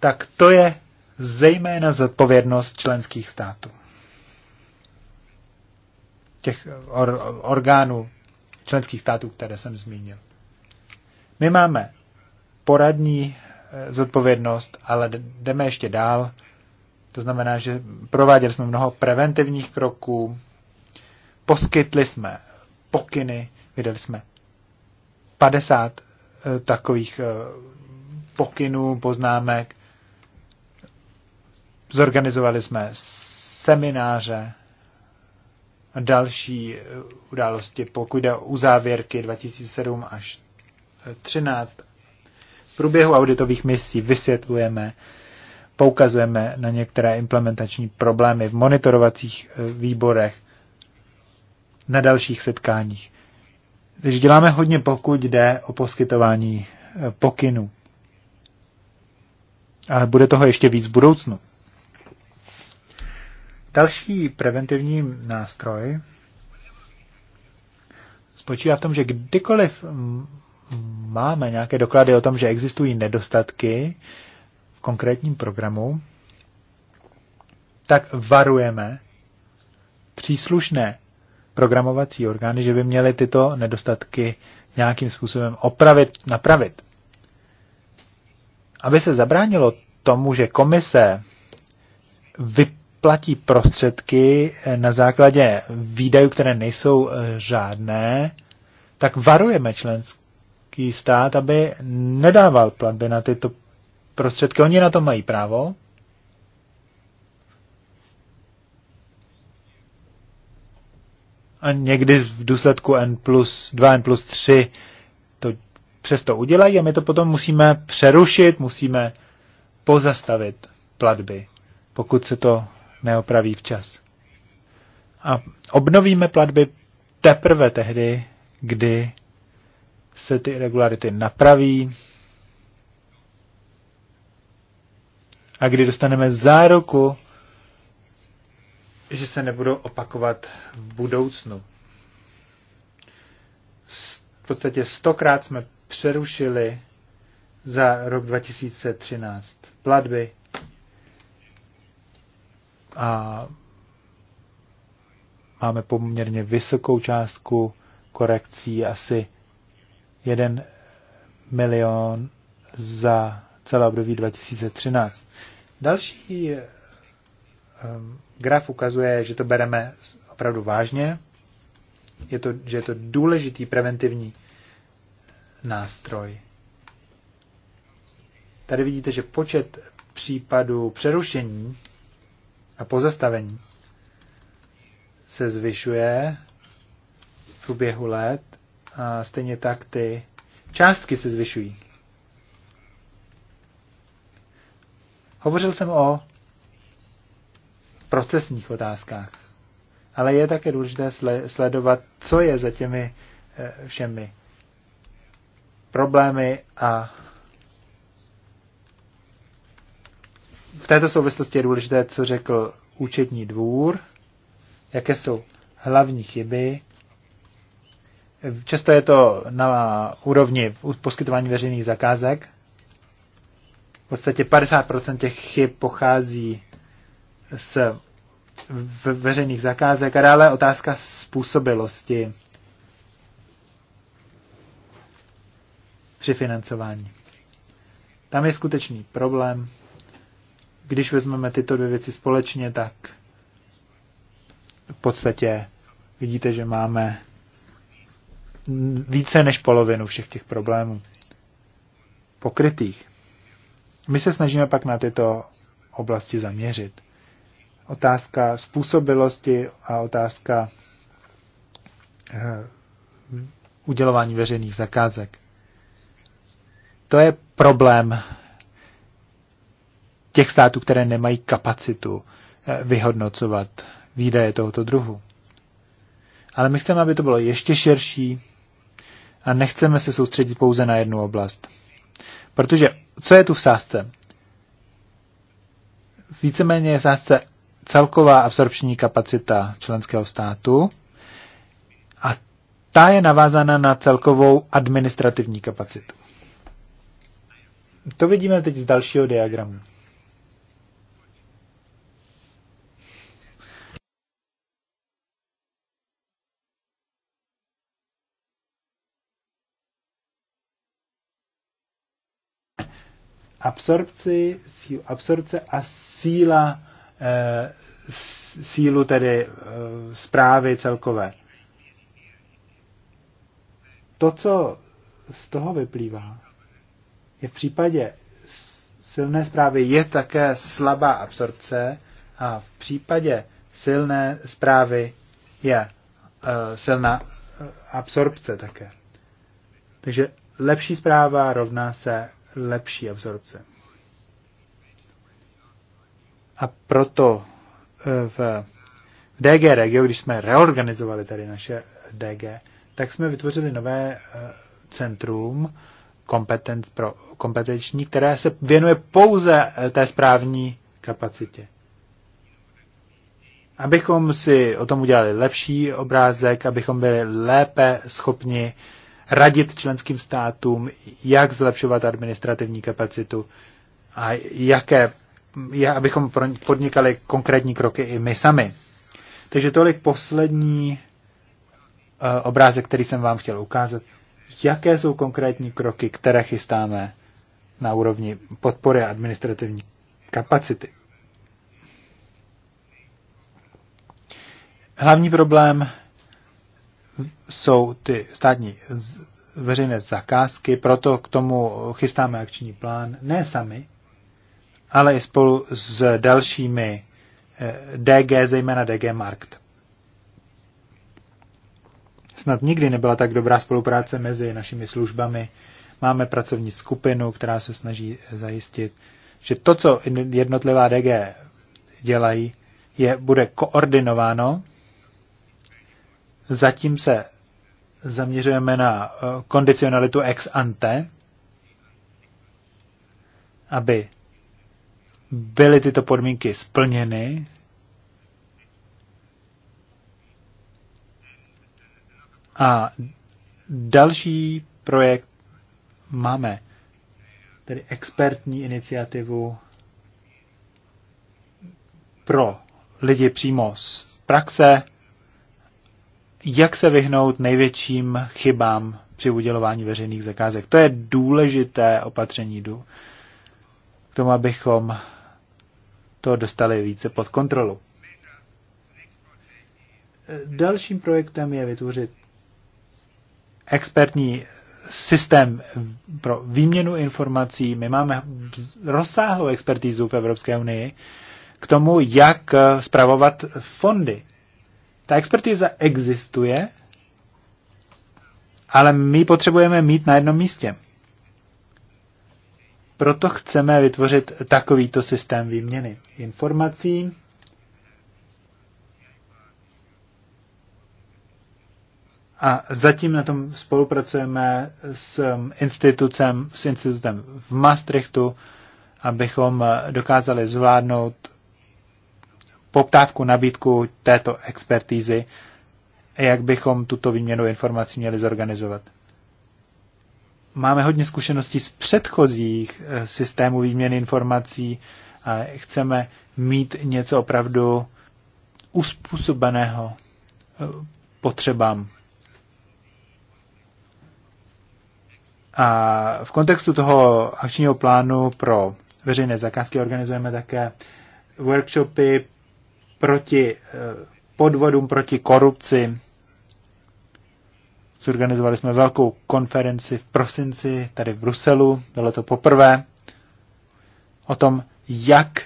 tak to je zejména zodpovědnost členských států. Těch or, orgánů členských států, které jsem zmínil. My máme poradní zodpovědnost, ale jdeme ještě dál. To znamená, že prováděli jsme mnoho preventivních kroků, poskytli jsme pokyny, vydali jsme 50 eh, takových eh, pokynů, poznámek, zorganizovali jsme semináře a další eh, události, pokud jde o uzávěrky 2007 až 13 průběhu auditových misí vysvětlujeme, poukazujeme na některé implementační problémy v monitorovacích eh, výborech, na dalších setkáních. Takže děláme hodně, pokud jde o poskytování eh, pokynů. Ale bude toho ještě víc v budoucnu. Další preventivní nástroj spočívá v tom, že kdykoliv máme nějaké doklady o tom, že existují nedostatky v konkrétním programu, tak varujeme příslušné programovací orgány, že by měly tyto nedostatky nějakým způsobem opravit, napravit. Aby se zabránilo tomu, že komise vyplatí prostředky na základě výdajů, které nejsou eh, žádné. tak varujeme členské americký stát, aby nedával platby na tyto prostředky. Oni na to mají právo. A někdy v důsledku N plus 2, N plus 3 to přesto udělají a my to potom musíme přerušit, musíme pozastavit platby, pokud se to neopraví včas. A obnovíme platby teprve tehdy, kdy se ty irregularity napraví a kdy dostaneme záruku, že se nebudou opakovat v budoucnu. V podstatě stokrát jsme přerušili za rok 2013 platby a máme poměrně vysokou částku korekcí, asi 1 milion za celé období 2013. Další ehm, graf ukazuje, že to bereme opravdu vážně, je to, že je to důležitý preventivní nástroj. Tady vidíte, že počet případů přerušení a pozastavení se zvyšuje v průběhu let a stejně tak ty částky se zvyšují. Hovořil jsem o procesních otázkách, ale je také důležité sledovat, co je za těmi eh, všemi problémy a v této souvislosti je důležité, co řekl účetní dvůr, jaké jsou hlavní chyby Často je to na úrovni poskytování veřejných zakázek. V podstatě 50% těch chyb pochází z veřejných zakázek a dále otázka způsobilosti při financování. Tam je skutečný problém. Když vezmeme tyto dvě věci společně, tak v podstatě vidíte, že máme více než polovinu všech těch problémů pokrytých. My se snažíme pak na tyto oblasti zaměřit. Otázka způsobilosti a otázka eh, udělování veřejných zakázek. To je problém těch států, které nemají kapacitu eh, vyhodnocovat výdaje tohoto druhu. Ale my chceme, aby to bylo ještě širší, a nechceme se soustředit pouze na jednu oblast. Protože co je tu v sázce? Víceméně je sázce celková absorpční kapacita členského státu a ta je navázána na celkovou administrativní kapacitu. To vidíme teď z dalšího diagramu. absorpci, sílu absorpce a síla, e, sílu tedy e, zprávy celkové. To, co z toho vyplývá, je v případě silné zprávy je také slabá absorpce a v případě silné zprávy je e, silná absorpce také. Takže lepší zpráva rovná se lepší absorpce. A proto eh, v DG Regio, když jsme reorganizovali tady naše DG, tak jsme vytvořili nové eh, centrum kompetenc pro, kompetenční, které se věnuje pouze eh, té správní kapacitě. Abychom si o tom udělali lepší obrázek, abychom byli lépe schopni radit členským státům, jak zlepšovat administrativní kapacitu a jaké, abychom podnikali konkrétní kroky i my sami. Takže tolik poslední eh, obrázek, který jsem vám chtěl ukázat. Jaké jsou konkrétní kroky, které chystáme na úrovni podpory administrativní kapacity? Hlavní problém jsou ty státní veřejné zakázky, proto k tomu chystáme akční plán, ne sami, ale i spolu s dalšími eh, DG, zejména DG Markt. Snad nikdy nebyla tak dobrá spolupráce mezi našimi službami. Máme pracovní skupinu, která se snaží zajistit, že to, co jednotlivá DG dělají, je, bude koordinováno Zatím se zaměřujeme na eh, kondicionalitu ex ante, aby byly tyto podmínky splněny. A další projekt máme, tedy expertní iniciativu pro lidi přímo z praxe, jak se vyhnout největším chybám při udělování veřejných zakázek. To je důležité opatření k tomu, abychom to dostali více pod kontrolu. Dalším projektem je vytvořit expertní systém pro výměnu informací. My máme rozsáhlou expertízu v Evropské unii k tomu, jak spravovat fondy ta expertíza existuje, ale my potřebujeme mít na jednom místě. Proto chceme vytvořit takovýto systém výměny informací. A zatím na tom spolupracujeme s, um, institucem, s institutem v Maastrichtu, abychom uh, dokázali zvládnout poptávku, nabídku této expertízy, jak bychom tuto výměnu informací měli zorganizovat. Máme hodně zkušeností z předchozích eh, systémů výměny informací a chceme mít něco opravdu uspůsobeného eh, potřebám. A v kontextu toho akčního plánu pro veřejné zakázky organizujeme také workshopy proti eh, podvodům, proti korupci. Zorganizovali jsme velkou konferenci v prosinci tady v Bruselu, bylo to poprvé, o tom, jak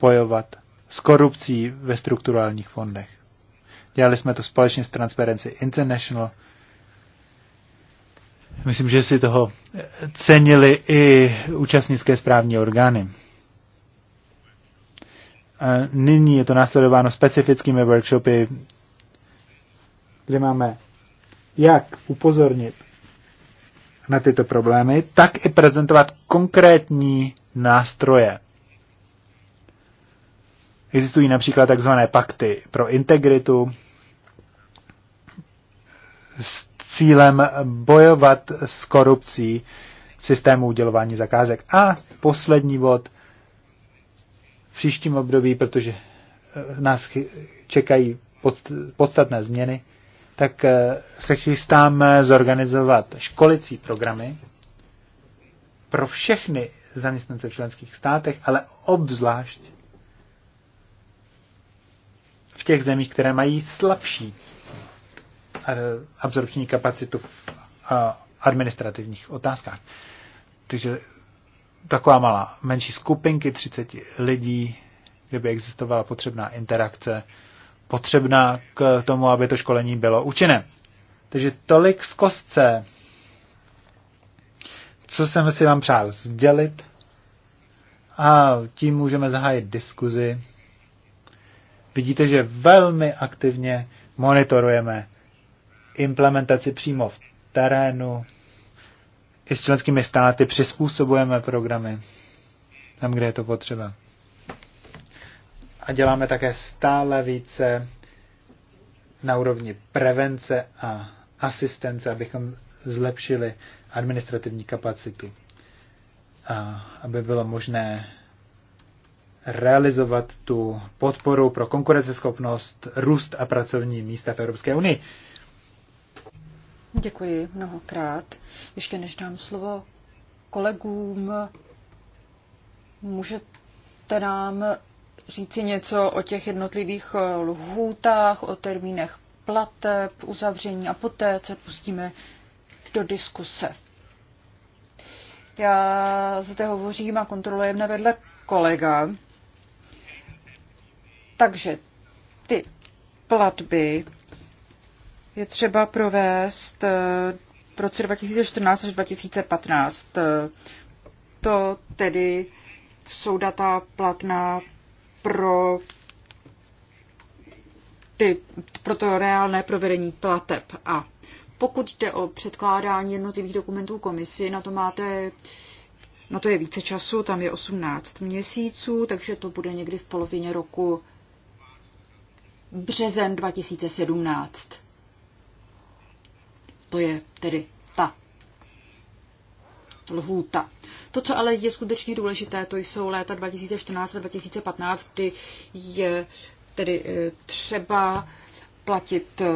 bojovat s korupcí ve strukturálních fondech. Dělali jsme to společně s Transparency International. Myslím, že si toho cenili i účastnické správní orgány. Nyní je to následováno specifickými workshopy, kde máme jak upozornit na tyto problémy, tak i prezentovat konkrétní nástroje. Existují například takzvané pakty pro integritu s cílem bojovat s korupcí v systému udělování zakázek. A poslední bod – v příštím období, protože eh, nás čekají podstatné změny, tak eh, se chystáme zorganizovat školicí programy pro všechny zaměstnance v členských státech, ale obzvlášť v těch zemích, které mají slabší eh, absorpční kapacitu v administrativních otázkách. Takže taková malá menší skupinky 30 lidí, kde by existovala potřebná interakce, potřebná k tomu, aby to školení bylo účinné. Takže tolik v kostce, co jsem si vám přál sdělit a tím můžeme zahájit diskuzi. Vidíte, že velmi aktivně monitorujeme implementaci přímo v terénu i s členskými státy přizpůsobujeme programy tam, kde je to potřeba. A děláme také stále více na úrovni prevence a asistence, abychom zlepšili administrativní kapacitu, a aby bylo možné realizovat tu podporu pro konkurenceschopnost, růst a pracovní místa v Evropské unii. Děkuji mnohokrát. Ještě než dám slovo kolegům, můžete nám říci něco o těch jednotlivých lhůtách, o termínech plateb, uzavření a poté se pustíme do diskuse. Já zde hovořím a kontroluji mne vedle kolega. Takže ty platby je třeba provést eh, v roce 2014 až 2015. Eh, to tedy jsou data platná pro, ty, pro to reálné provedení plateb. A pokud jde o předkládání jednotlivých dokumentů komisi, na to máte No to je více času, tam je 18 měsíců, takže to bude někdy v polovině roku březen 2017. To je tedy ta lhůta. To, co ale je skutečně důležité, to jsou léta 2014 a 2015, kdy je tedy eh, třeba platit eh,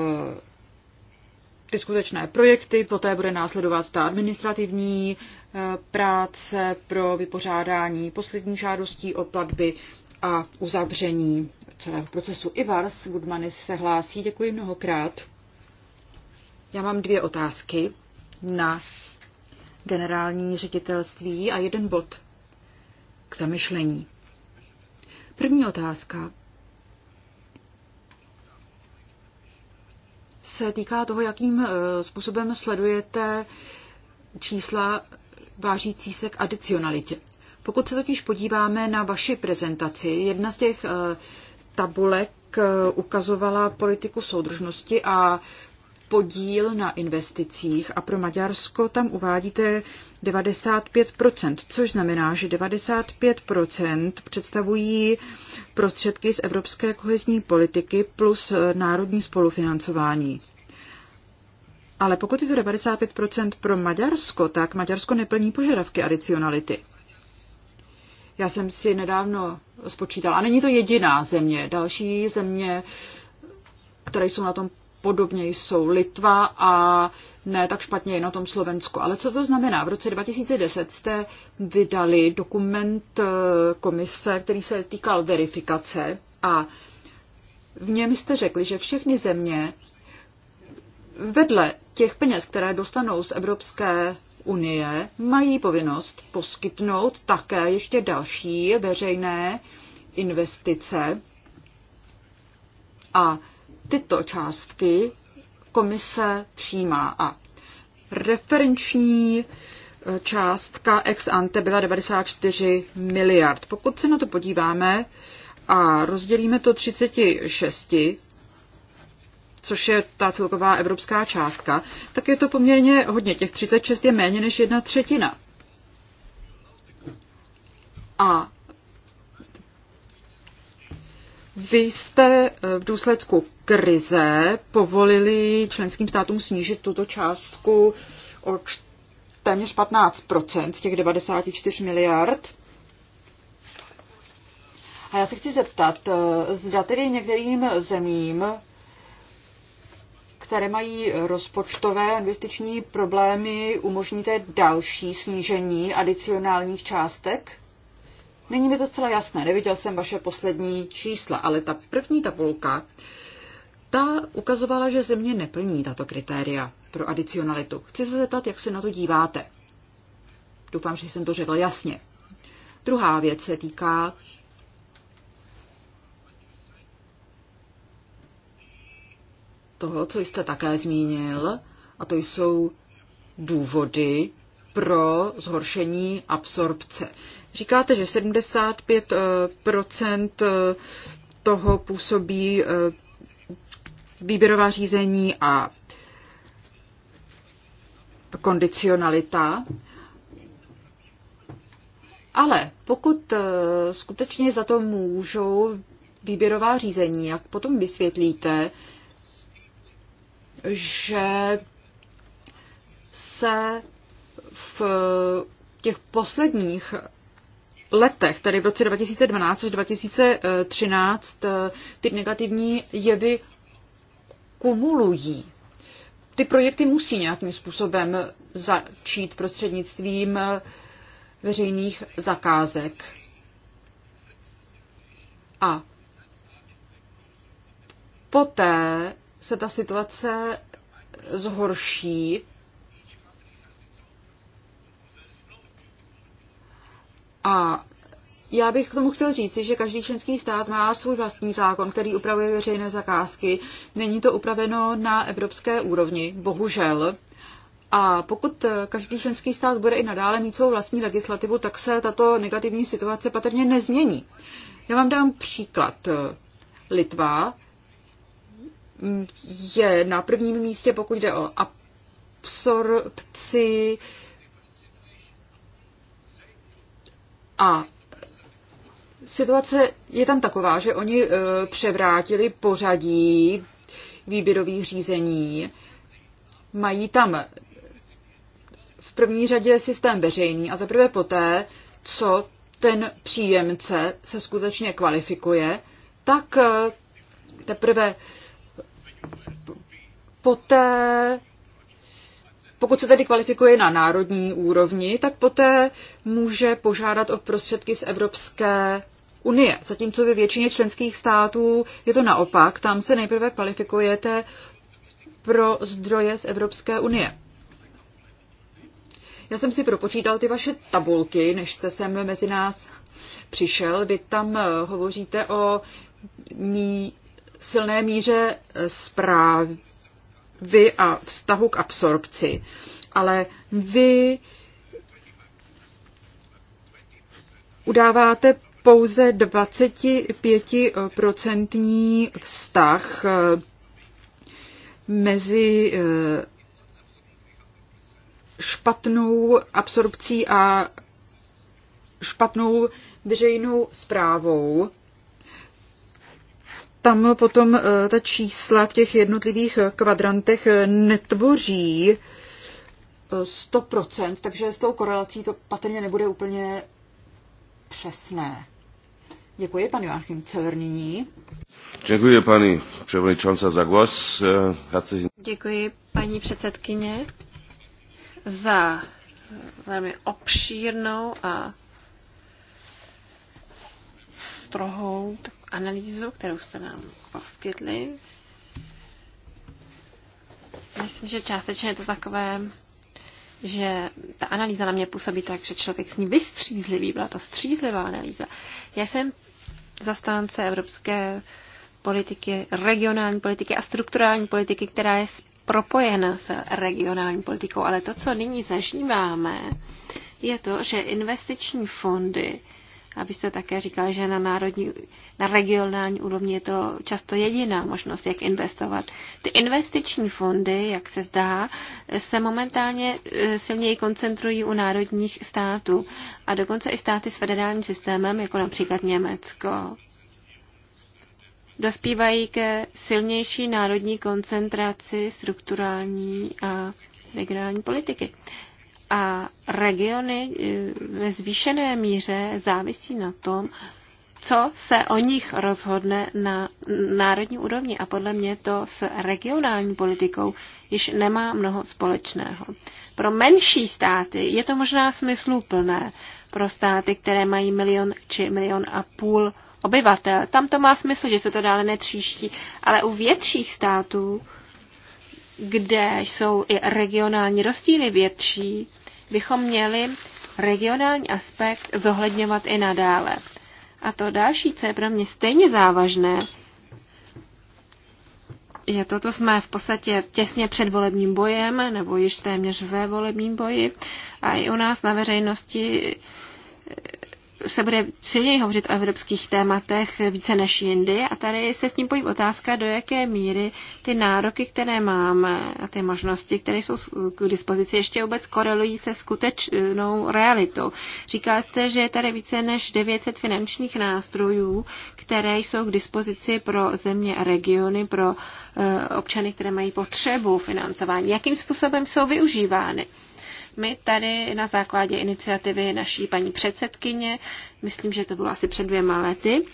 ty skutečné projekty, poté bude následovat ta administrativní eh, práce pro vypořádání poslední žádostí o platby a uzavření celého procesu. Ivars Goodmanis se hlásí, děkuji mnohokrát. Já mám dvě otázky na generální ředitelství a jeden bod k zamyšlení. První otázka se týká toho, jakým eh, způsobem sledujete čísla vážící se k adicionalitě. Pokud se totiž podíváme na vaši prezentaci, jedna z těch eh, tabulek eh, ukazovala politiku soudržnosti a podíl na investicích a pro Maďarsko tam uvádíte 95%, což znamená, že 95% představují prostředky z evropské kohezní politiky plus eh, národní spolufinancování. Ale pokud je to 95% pro Maďarsko, tak Maďarsko neplní požadavky adicionality. Já jsem si nedávno spočítal, a není to jediná země, další země, které jsou na tom podobně jsou Litva a ne tak špatně je na tom Slovensko. Ale co to znamená? V roce 2010 jste vydali dokument eh, komise, který se týkal verifikace a v něm jste řekli, že všechny země vedle těch peněz, které dostanou z Evropské unie, mají povinnost poskytnout také ještě další veřejné investice. A tyto částky komise přijímá a referenční e, částka ex ante byla 94 miliard. Pokud se na to podíváme a rozdělíme to 36, což je ta celková evropská částka, tak je to poměrně hodně. Těch 36 je méně než jedna třetina. A vy jste eh, v důsledku krize povolili členským státům snížit tuto částku o téměř 15 z těch 94 miliard. A já se chci zeptat, eh, zda tedy některým zemím, které mají rozpočtové investiční problémy, umožníte další snížení adicionálních částek? Není mi to zcela jasné, neviděl jsem vaše poslední čísla, ale ta první tabulka, ta ukazovala, že země neplní tato kritéria pro adicionalitu. Chci se zeptat, jak se na to díváte. Doufám, že jsem to řekl jasně. Druhá věc se týká toho, co jste také zmínil, a to jsou důvody pro zhoršení absorpce. Říkáte, že 75 eh, eh, toho působí eh, výběrová řízení a kondicionalita. Ale pokud skutečně za to můžou výběrová řízení, jak potom vysvětlíte, že se v těch posledních letech, tedy v roce 2012 až 2013, eh, ty negativní jevy kumulují. Ty projekty musí nějakým způsobem začít prostřednictvím eh, veřejných zakázek. A poté se ta situace zhorší A já bych k tomu chtěl říci, že každý členský stát má svůj vlastní zákon, který upravuje veřejné zakázky. Není to upraveno na evropské úrovni, bohužel. A pokud každý členský stát bude i nadále mít svou vlastní legislativu, tak se tato negativní situace patrně nezmění. Já vám dám příklad. Litva je na prvním místě, pokud jde o absorpci A situace je tam taková, že oni e, převrátili pořadí výběrových řízení, mají tam v první řadě systém veřejný a teprve poté, co ten příjemce se skutečně kvalifikuje, tak e, teprve poté pokud se tedy kvalifikuje na národní úrovni, tak poté může požádat o prostředky z Evropské unie. Zatímco ve většině členských států je to naopak, tam se nejprve kvalifikujete pro zdroje z Evropské unie. Já jsem si propočítal ty vaše tabulky, než jste sem mezi nás přišel. Vy tam eh, hovoříte o mí, silné míře zpráv, eh, vy a vztahu k absorpci, ale vy udáváte pouze 25% vztah eh, mezi eh, špatnou absorpcí a špatnou veřejnou zprávou tam potom eh, ta čísla v těch jednotlivých eh, kvadrantech eh, netvoří 100%, takže s tou korelací to patrně nebude úplně přesné. Děkuji, pan Joachim Celernění. Děkuji, paní převodničance, za głos. Děkuji, paní předsedkyně, za velmi obšírnou a strohou analýzu, kterou jste nám poskytli. Myslím, že částečně je to takové, že ta analýza na mě působí tak, že člověk s ní vystřízlivý, byla to střízlivá analýza. Já jsem zastánce evropské politiky, regionální politiky a strukturální politiky, která je propojena s regionální politikou. Ale to, co nyní zažíváme, je to, že investiční fondy abyste také říkali, že na, národní, na regionální úrovni je to často jediná možnost, jak investovat. Ty investiční fondy, jak se zdá, se momentálně eh, silněji koncentrují u národních států a dokonce i státy s federálním systémem, jako například Německo, dospívají ke silnější národní koncentraci strukturální a regionální politiky. A regiony eh, ve zvýšené míře závisí na tom, co se o nich rozhodne na národní úrovni. A podle mě to s regionální politikou již nemá mnoho společného. Pro menší státy je to možná smysluplné. Pro státy, které mají milion či milion a půl obyvatel, tam to má smysl, že se to dále netříští. Ale u větších států, kde jsou i regionální rozdíly větší, bychom měli regionální aspekt zohledňovat i nadále. A to další, co je pro mě stejně závažné, to, toto jsme v podstatě těsně před volebním bojem, nebo již téměř ve volebním boji, a i u nás na veřejnosti se bude silněji hovořit o evropských tématech více než jindy a tady se s ním pojí otázka, do jaké míry ty nároky, které máme a ty možnosti, které jsou k dispozici, ještě vůbec korelují se skutečnou realitou. Říkal jste, že je tady více než 900 finančních nástrojů, které jsou k dispozici pro země a regiony, pro eh, občany, které mají potřebu financování. Jakým způsobem jsou využívány? My tady na základě iniciativy naší paní předsedkyně, myslím, že to bylo asi před dvěma lety,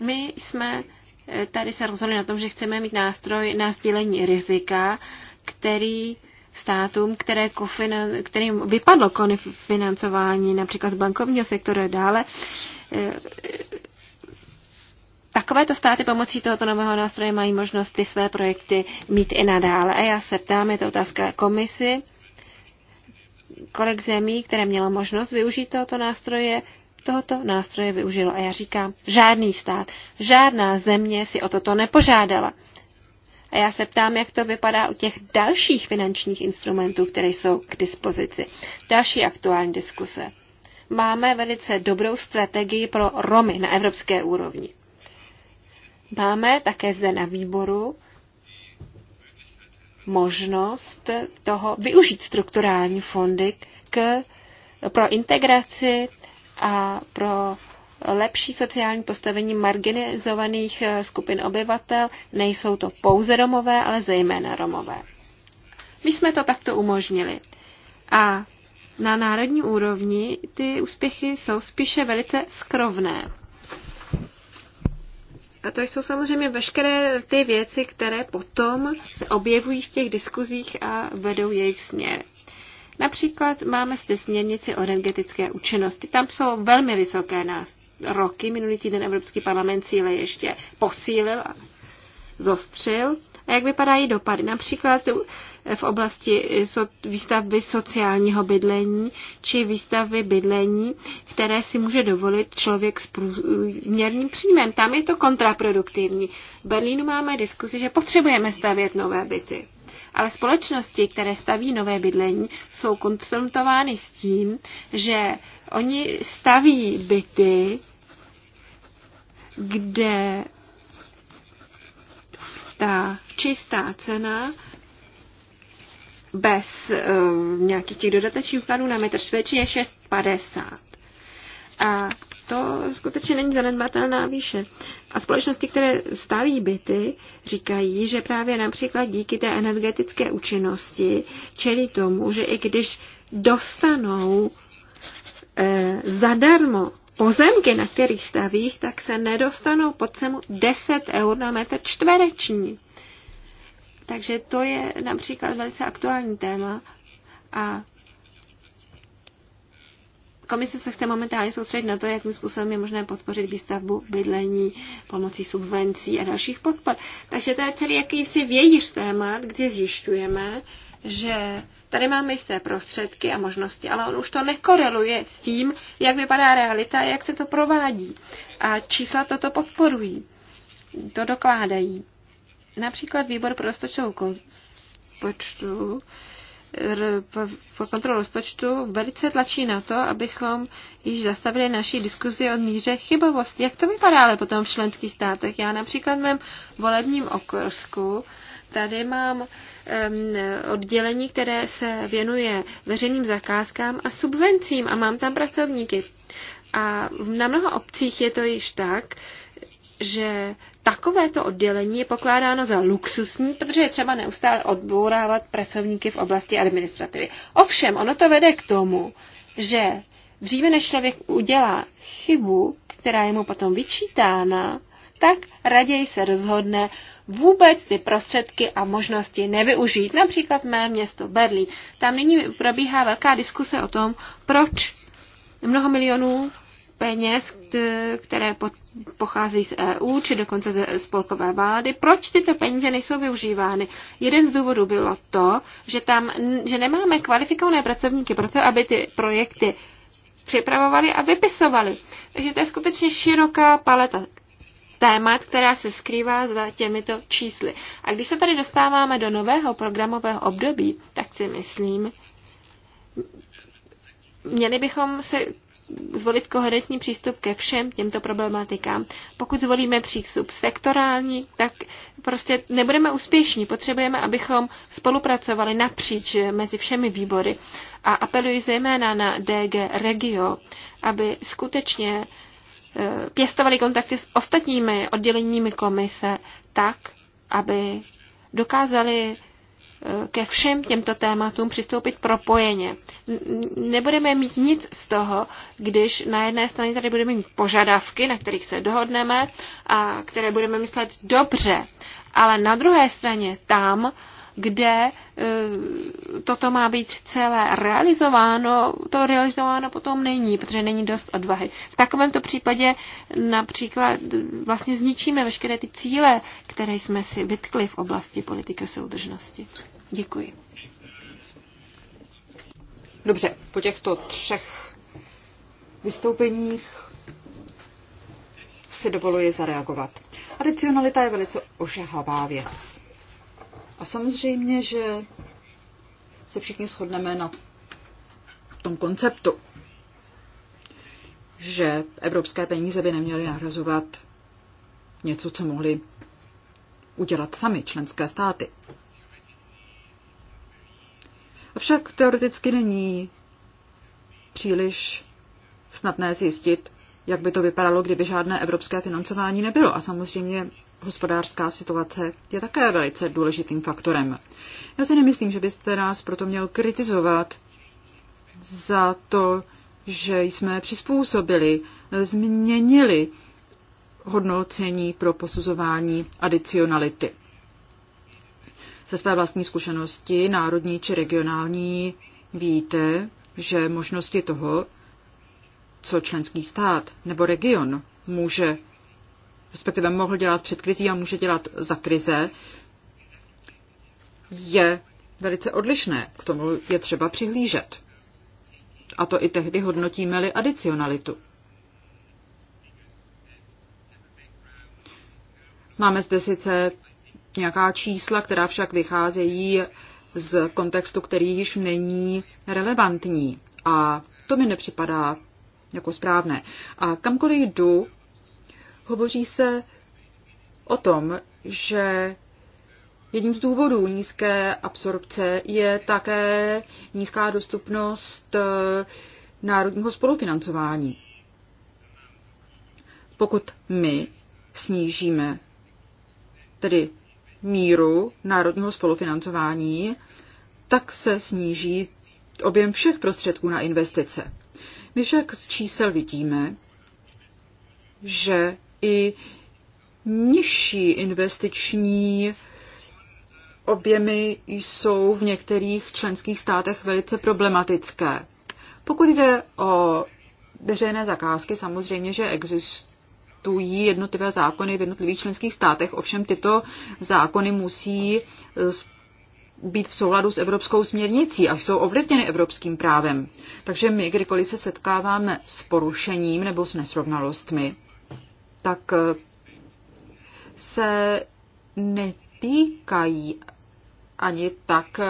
my jsme eh, tady se rozhodli na tom, že chceme mít nástroj na sdílení rizika, který státům, které kofinan- kterým vypadlo financování například z bankovního sektoru a dále, eh, takovéto státy pomocí tohoto nového nástroje mají možnost ty své projekty mít i nadále. A já se ptám, je to otázka komisi, kolik zemí, které mělo možnost využít tohoto nástroje, tohoto nástroje využilo. A já říkám, žádný stát, žádná země si o toto nepožádala. A já se ptám, jak to vypadá u těch dalších finančních instrumentů, které jsou k dispozici. Další aktuální diskuse. Máme velice dobrou strategii pro Romy na evropské úrovni. Máme také zde na výboru možnost toho využít strukturální fondy k, pro integraci a pro lepší sociální postavení marginalizovaných eh, skupin obyvatel. Nejsou to pouze Romové, ale zejména Romové. My jsme to takto umožnili. A na národní úrovni ty úspěchy jsou spíše velice skrovné. A to jsou samozřejmě veškeré ty věci, které potom se objevují v těch diskuzích a vedou jejich směr. Například máme zde směrnici o energetické účinnosti. Tam jsou velmi vysoké nás roky. Minulý týden Evropský parlament cíle ještě posílil a zostřil a jak vypadají dopady. Například v oblasti výstavby sociálního bydlení či výstavby bydlení, které si může dovolit člověk s průměrným příjmem. Tam je to kontraproduktivní. V Berlínu máme diskusi, že potřebujeme stavět nové byty. Ale společnosti, které staví nové bydlení, jsou konfrontovány s tím, že oni staví byty, kde ta čistá cena bez uh, nějakých těch dodatečných vkladů na metr čtvereční je 6,50. A to skutečně není zanedbatelná výše. A společnosti, které staví byty, říkají, že právě například díky té energetické účinnosti čelí tomu, že i když dostanou eh, zadarmo pozemky, na kterých stavích, tak se nedostanou pod cenu 10 eur na metr čtvereční. Takže to je například velice aktuální téma a Komise se chce momentálně soustředit na to, jakým způsobem je možné podpořit výstavbu bydlení pomocí subvencí a dalších podpor. Takže to je celý jakýsi vějíř témat, kde zjišťujeme, že tady máme jisté prostředky a možnosti, ale on už to nekoreluje s tím, jak vypadá realita a jak se to provádí. A čísla toto podporují, to dokládají. Například výbor pro rozpočtovou počtu po kontrolu rozpočtu velice tlačí na to, abychom již zastavili naší diskuzi o míře chybovosti. Jak to vypadá ale potom v členských státech? Já například v mém volebním okrsku Tady mám oddělení, které se věnuje veřejným zakázkám a subvencím a mám tam pracovníky. A na mnoha obcích je to již tak, že takovéto oddělení je pokládáno za luxusní, protože je třeba neustále odbourávat pracovníky v oblasti administrativy. Ovšem, ono to vede k tomu, že dříve než člověk udělá chybu, která je mu potom vyčítána, tak raději se rozhodne vůbec ty prostředky a možnosti nevyužít. Například mé město Berlín. Tam nyní probíhá velká diskuse o tom, proč mnoho milionů peněz, které pochází z EU či dokonce ze spolkové vlády, proč tyto peníze nejsou využívány. Jeden z důvodů bylo to, že, tam, že nemáme kvalifikované pracovníky pro to, aby ty projekty připravovali a vypisovali. Takže to je skutečně široká paleta témat, která se skrývá za těmito čísly. A když se tady dostáváme do nového programového období, tak si myslím, měli bychom se zvolit koherentní přístup ke všem těmto problematikám. Pokud zvolíme přístup sektorální, tak prostě nebudeme úspěšní. Potřebujeme, abychom spolupracovali napříč mezi všemi výbory. A apeluji zejména na DG Regio, aby skutečně pěstovali kontakty s ostatními odděleními komise tak, aby dokázali eh, ke všem těmto tématům přistoupit propojeně. Nebudeme mít nic z toho, když na jedné straně tady budeme mít požadavky, na kterých se dohodneme a které budeme myslet dobře, ale na druhé straně tam kde e, toto má být celé realizováno, to realizováno potom není, protože není dost odvahy. V takovémto případě například vlastně zničíme veškeré ty cíle, které jsme si vytkli v oblasti politiky soudržnosti. Děkuji. Dobře, po těchto třech vystoupeních si dovoluji zareagovat. Adicionalita je velice ožehavá věc. A samozřejmě, že se všichni shodneme na tom konceptu, že evropské peníze by neměly nahrazovat něco, co mohly udělat sami členské státy. Avšak teoreticky není příliš snadné zjistit, jak by to vypadalo, kdyby žádné evropské financování nebylo. A samozřejmě hospodářská situace je také velice důležitým faktorem. Já si nemyslím, že byste nás proto měl kritizovat za to, že jsme přizpůsobili, změnili hodnocení pro posuzování adicionality. Ze své vlastní zkušenosti, národní či regionální, víte, že možnosti toho, co členský stát nebo region může respektive mohl dělat před krizí a může dělat za krize, je velice odlišné. K tomu je třeba přihlížet. A to i tehdy hodnotíme-li adicionalitu. Máme zde sice nějaká čísla, která však vycházejí z kontextu, který již není relevantní. A to mi nepřipadá jako správné. A kamkoliv jdu, Hovoří se o tom, že jedním z důvodů nízké absorpce je také nízká dostupnost eh, národního spolufinancování. Pokud my snížíme tedy míru národního spolufinancování, tak se sníží objem všech prostředků na investice. My však z čísel vidíme, že i nižší investiční objemy jsou v některých členských státech velice problematické. Pokud jde o veřejné zakázky, samozřejmě, že existují jednotlivé zákony v jednotlivých členských státech, ovšem tyto zákony musí eh, být v souladu s evropskou směrnicí a jsou ovlivněny evropským právem. Takže my, kdykoliv se setkáváme s porušením nebo s nesrovnalostmi, tak eh, se netýkají ani tak eh,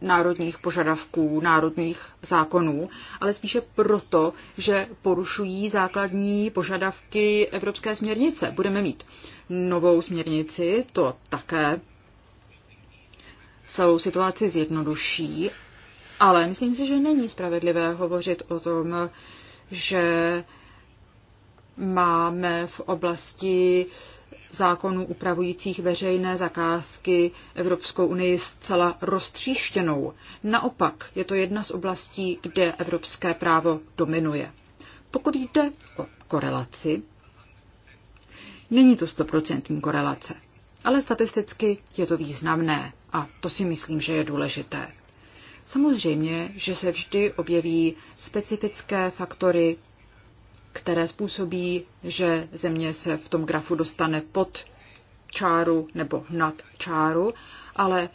národních požadavků, národních zákonů, ale spíše proto, že porušují základní požadavky evropské směrnice. Budeme mít novou směrnici, to také celou situaci zjednoduší, ale myslím si, že není spravedlivé hovořit o tom, že máme v oblasti zákonů upravujících veřejné zakázky Evropskou unii zcela roztříštěnou. Naopak je to jedna z oblastí, kde evropské právo dominuje. Pokud jde o korelaci, není to stoprocentní korelace, ale statisticky je to významné a to si myslím, že je důležité. Samozřejmě, že se vždy objeví specifické faktory které způsobí, že země se v tom grafu dostane pod čáru nebo nad čáru, ale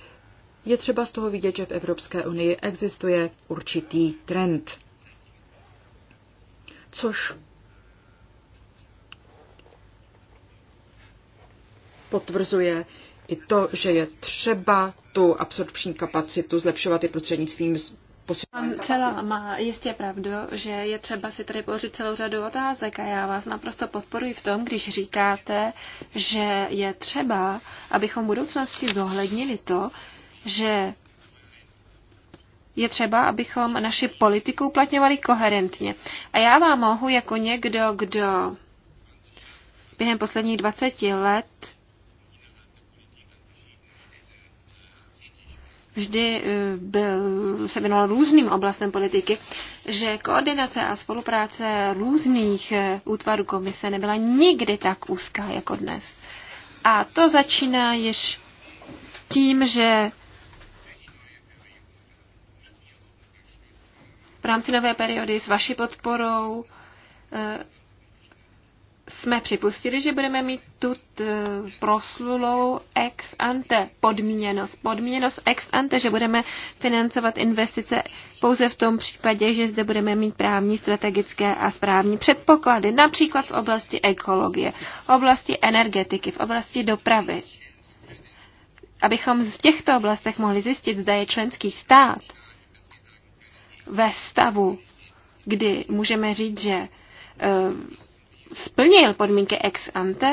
je třeba z toho vidět, že v Evropské unii existuje určitý trend, což potvrzuje i to, že je třeba tu absorpční kapacitu zlepšovat i prostřednictvím Pan celá má jistě pravdu, že je třeba si tady položit celou řadu otázek a já vás naprosto podporuji v tom, když říkáte, že je třeba, abychom v budoucnosti zohlednili to, že je třeba, abychom naši politiku uplatňovali koherentně. A já vám mohu jako někdo, kdo během posledních 20 let vždy eh, byl, se věnoval různým oblastem politiky, že koordinace a spolupráce různých eh, útvarů komise nebyla nikdy tak úzká jako dnes. A to začíná již tím, že v rámci nové periody s vaší podporou eh, jsme připustili, že budeme mít tu eh, proslulou ex ante podmíněnost. Podmíněnost ex ante, že budeme financovat investice pouze v tom případě, že zde budeme mít právní, strategické a správní předpoklady, například v oblasti ekologie, v oblasti energetiky, v oblasti dopravy. Abychom v těchto oblastech mohli zjistit, zda je členský stát ve stavu, kdy můžeme říct, že eh, splnil podmínky ex ante,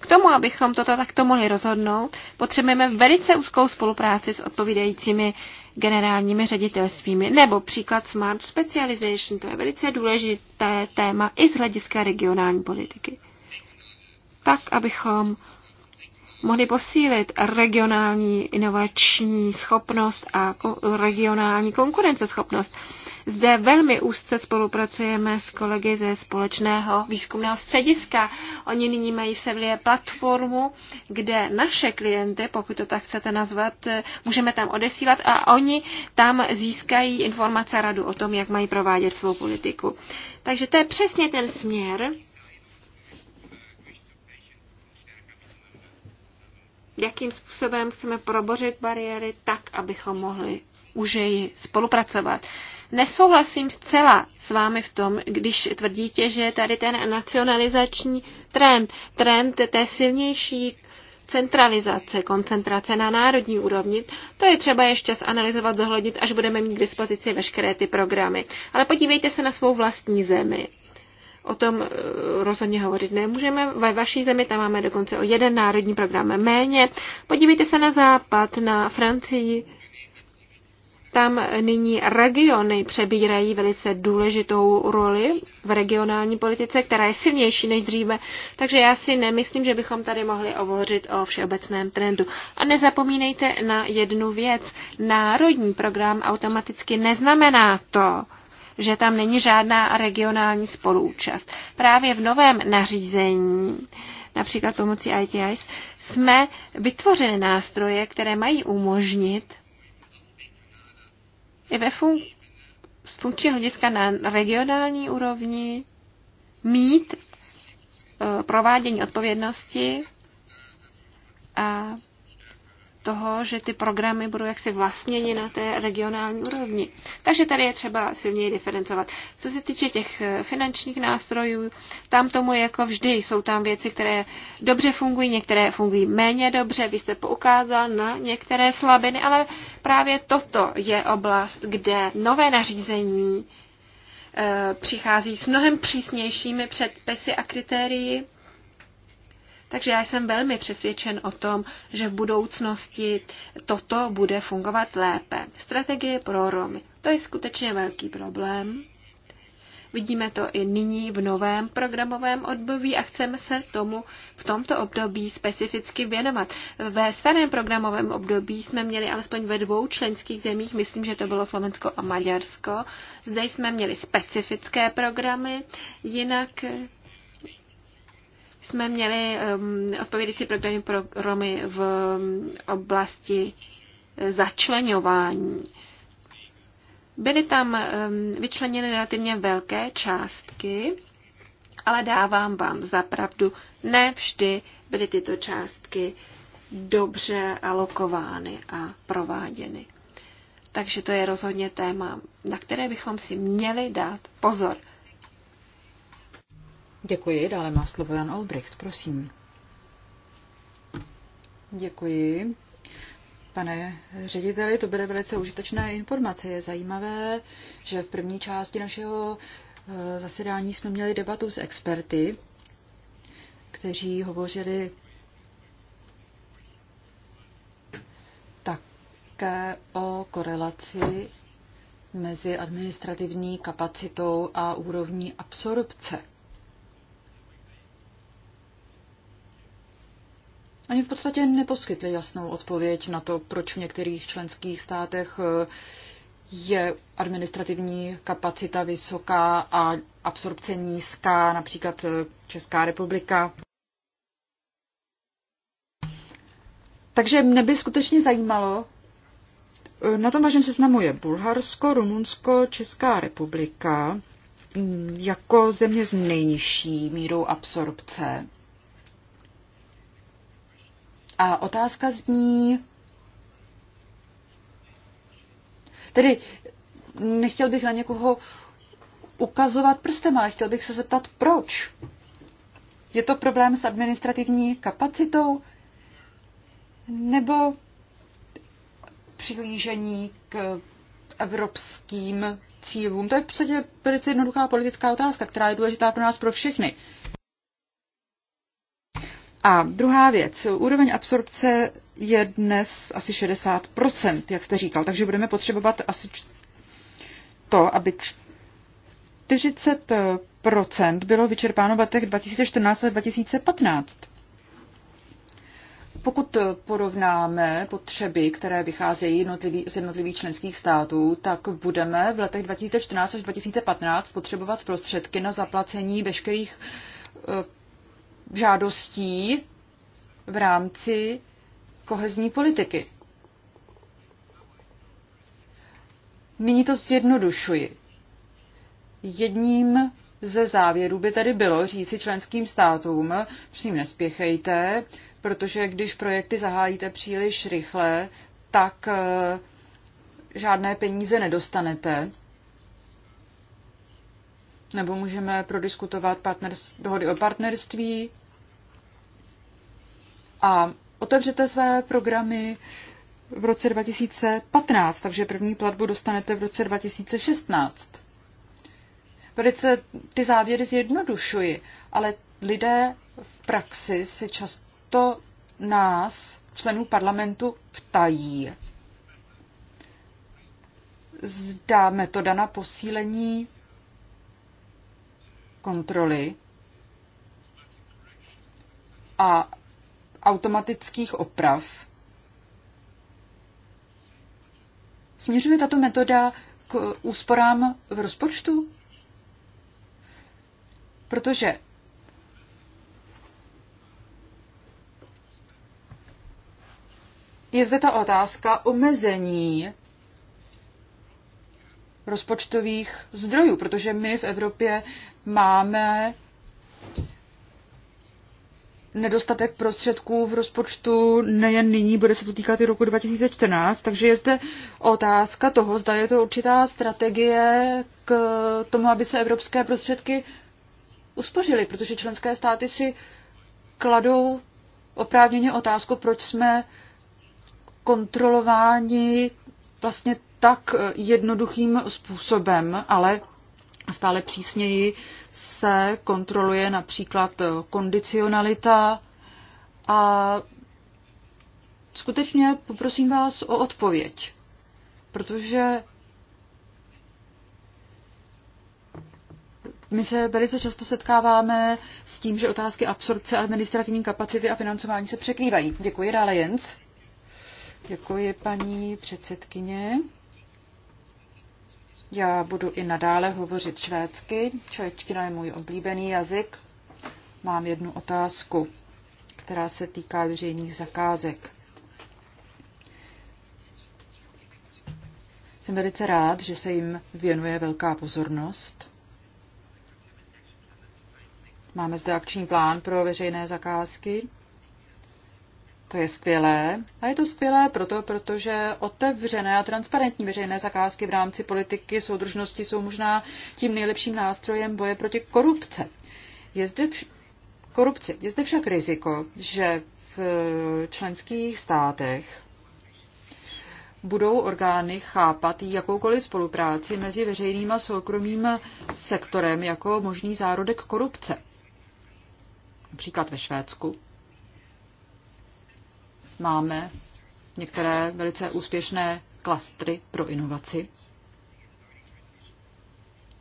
k tomu, abychom toto takto mohli rozhodnout, potřebujeme velice úzkou spolupráci s odpovídajícími generálními ředitelstvími. Nebo příklad Smart Specialization, to je velice důležité téma i z hlediska regionální politiky. Tak, abychom mohli posílit regionální inovační schopnost a regionální konkurenceschopnost. Zde velmi úzce spolupracujeme s kolegy ze společného výzkumného střediska. Oni nyní mají v Sevlie platformu, kde naše klienty, pokud to tak chcete nazvat, můžeme tam odesílat a oni tam získají informace a radu o tom, jak mají provádět svou politiku. Takže to je přesně ten směr, jakým způsobem chceme probořit bariéry tak, abychom mohli užeji spolupracovat nesouhlasím zcela s vámi v tom, když tvrdíte, že tady ten nacionalizační trend, trend té silnější centralizace, koncentrace na národní úrovni, to je třeba ještě zanalizovat, zohlednit, až budeme mít k dispozici veškeré ty programy. Ale podívejte se na svou vlastní zemi. O tom eh, rozhodně hovořit nemůžeme. Ve vaší zemi tam máme dokonce o jeden národní program méně. Podívejte se na západ, na Francii, tam nyní regiony přebírají velice důležitou roli v regionální politice, která je silnější než dříve, takže já si nemyslím, že bychom tady mohli hovořit o všeobecném trendu. A nezapomínejte na jednu věc. Národní program automaticky neznamená to, že tam není žádná regionální spolúčast. Právě v novém nařízení například pomocí ITIs, jsme vytvořili nástroje, které mají umožnit i ve fun- z funkčního hlediska na regionální úrovni mít eh, provádění odpovědnosti a toho, že ty programy budou jaksi vlastněni na té regionální úrovni. Takže tady je třeba silněji diferencovat. Co se týče těch eh, finančních nástrojů, tam tomu jako vždy jsou tam věci, které dobře fungují, některé fungují méně dobře, vy jste poukázal na některé slabiny, ale právě toto je oblast, kde nové nařízení eh, přichází s mnohem přísnějšími předpisy a kritérii takže já jsem velmi přesvědčen o tom, že v budoucnosti toto bude fungovat lépe. Strategie pro Romy. To je skutečně velký problém. Vidíme to i nyní v novém programovém období a chceme se tomu v tomto období specificky věnovat. Ve starém programovém období jsme měli alespoň ve dvou členských zemích, myslím, že to bylo Slovensko a Maďarsko. Zde jsme měli specifické programy, jinak jsme měli um, odpovědící programy pro Romy v um, oblasti eh, začlenování. Byly tam um, vyčleněny relativně velké částky, ale dávám vám zapravdu, ne vždy byly tyto částky dobře alokovány a prováděny. Takže to je rozhodně téma, na které bychom si měli dát pozor. Děkuji. Dále má slovo Jan Olbricht, prosím. Děkuji. Pane řediteli, to byly velice užitečné informace. Je zajímavé, že v první části našeho eh, zasedání jsme měli debatu s experty, kteří hovořili také o korelaci mezi administrativní kapacitou a úrovní absorpce. Ani v podstatě neposkytli jasnou odpověď na to, proč v některých členských státech eh, je administrativní kapacita vysoká a absorpce nízká, například eh, Česká republika. Takže mě by skutečně zajímalo, eh, na tom vašem seznamu je Bulharsko, Rumunsko, Česká republika mm, jako země s nejnižší mírou absorpce. A otázka zní, tedy nechtěl bych na někoho ukazovat prstem, ale chtěl bych se zeptat, proč? Je to problém s administrativní kapacitou? Nebo přihlížení k evropským cílům? To je v podstatě velice jednoduchá politická otázka, která je důležitá pro nás pro všechny. A druhá věc, úroveň absorpce je dnes asi 60%, jak jste říkal, takže budeme potřebovat asi to, aby 40% bylo vyčerpáno v letech 2014 a 2015. Pokud porovnáme potřeby, které vycházejí z jednotlivých členských států, tak budeme v letech 2014 až 2015 potřebovat prostředky na zaplacení veškerých eh, žádostí v rámci kohezní politiky. Nyní to zjednodušuji. Jedním ze závěrů by tedy bylo říci členským státům, přím nespěchejte, protože když projekty zahájíte příliš rychle, tak eh, žádné peníze nedostanete. Nebo můžeme prodiskutovat partners, dohody o partnerství, a otevřete své programy v roce 2015, takže první platbu dostanete v roce 2016. Velice ty závěry zjednodušuji, ale lidé v praxi se často nás, členů parlamentu, ptají. Zda metoda na posílení kontroly a automatických oprav. Směřuje tato metoda k úsporám v rozpočtu? Protože je zde ta otázka omezení rozpočtových zdrojů, protože my v Evropě máme nedostatek prostředků v rozpočtu nejen nyní, bude se to týkat i roku 2014, takže je zde otázka toho, zda je to určitá strategie k tomu, aby se evropské prostředky uspořily, protože členské státy si kladou oprávněně otázku, proč jsme kontrolováni vlastně tak jednoduchým způsobem, ale Stále přísněji se kontroluje například eh, kondicionalita a skutečně poprosím vás o odpověď, protože My se velice často setkáváme s tím, že otázky absorpce, administrativní kapacity a financování se překrývají. Děkuji, dále Jens. Děkuji, paní předsedkyně. Já budu i nadále hovořit švédsky. Švédština je můj oblíbený jazyk. Mám jednu otázku, která se týká veřejných zakázek. Jsem velice rád, že se jim věnuje velká pozornost. Máme zde akční plán pro veřejné zakázky. To je skvělé. A je to skvělé proto, protože otevřené a transparentní veřejné zakázky v rámci politiky soudržnosti jsou možná tím nejlepším nástrojem boje proti korupce. Je zde vš- korupce. Je zde však riziko, že v členských státech budou orgány chápat jakoukoliv spolupráci mezi veřejným a soukromým sektorem jako možný zárodek korupce. Například ve Švédsku máme některé velice úspěšné klastry pro inovaci,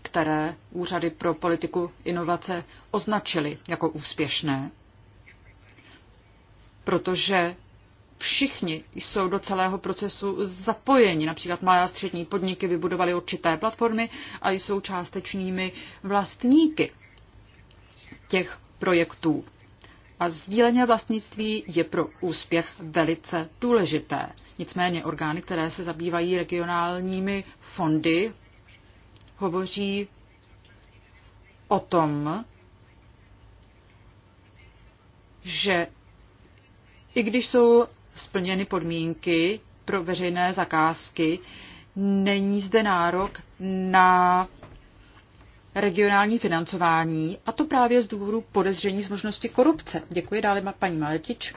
které úřady pro politiku inovace označily jako úspěšné, protože všichni jsou do celého procesu zapojeni. Například malé a střední podniky vybudovaly určité platformy a jsou částečnými vlastníky těch projektů a sdílení vlastnictví je pro úspěch velice důležité. Nicméně orgány, které se zabývají regionálními fondy, hovoří o tom, že i když jsou splněny podmínky pro veřejné zakázky, není zde nárok na regionální financování, a to právě z důvodu podezření z možnosti korupce. Děkuji dále paní Maletič.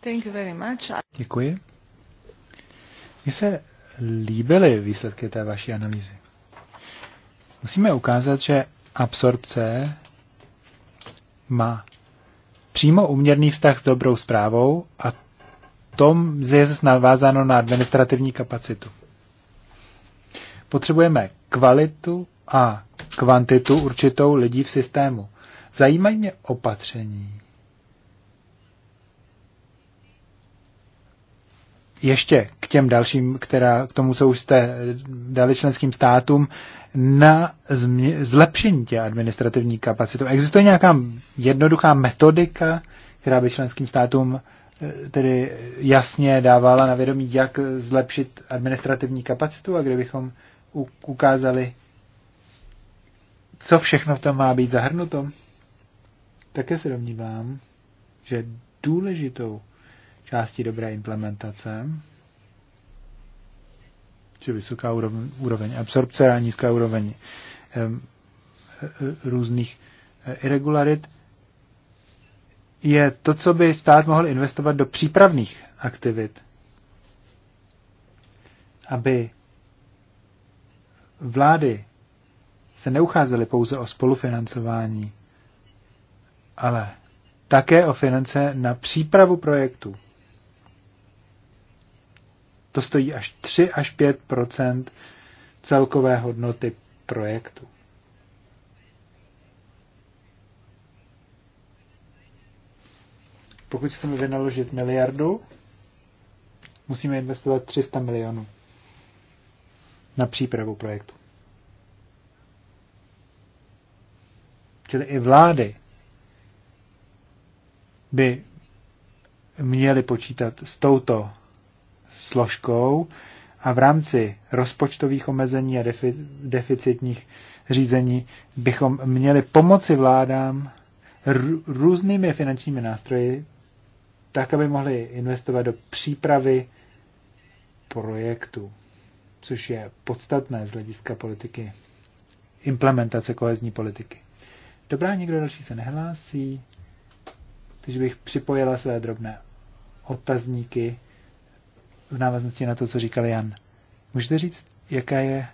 Thank you very much. Děkuji. Mně se líbily výsledky té vaší analýzy. Musíme ukázat, že absorpce má přímo uměrný vztah s dobrou zprávou a tom je zase navázáno na administrativní kapacitu. Potřebujeme kvalitu a kvantitu určitou lidí v systému. Zajímají mě opatření. Ještě k těm dalším, která, k tomu, co už jste dali členským státům, na zlepšení tě administrativní kapacitu. Existuje nějaká jednoduchá metodika, která by členským státům eh, tedy jasně dávala na vědomí, jak zlepšit administrativní kapacitu a kdybychom ukázali co všechno v tom má být zahrnuto? Také se domnívám, že důležitou částí dobré implementace, že vysoká úroveň, úroveň absorpce a nízká úroveň e, e, různých e, irregularit, je to, co by stát mohl investovat do přípravných aktivit, aby vlády se neucházeli pouze o spolufinancování, ale také o finance na přípravu projektu. To stojí až 3 až 5 celkové hodnoty projektu. Pokud chceme vynaložit miliardu, musíme investovat 300 milionů na přípravu projektu. čili i vlády, by měly počítat s touto složkou a v rámci rozpočtových omezení a deficitních řízení bychom měli pomoci vládám různými finančními nástroji, tak, aby mohli investovat do přípravy projektu, což je podstatné z hlediska politiky, implementace kohezní politiky. Dobrá, nikdo další se nehlásí, takže bych připojila své drobné otazníky v návaznosti na to, co říkal Jan. Můžete říct, jaká je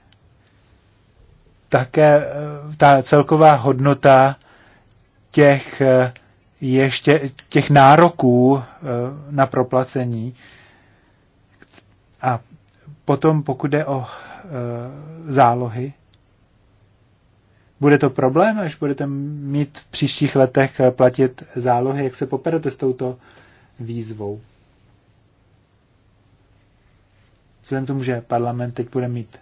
také eh, ta celková hodnota těch eh, ještě těch nároků eh, na proplacení. A potom, pokud jde o zálohy, bude to problém, až budete mít v příštích letech eh, platit zálohy, jak se poperete s touto výzvou? Vzhledem tomu, že parlament teď bude mít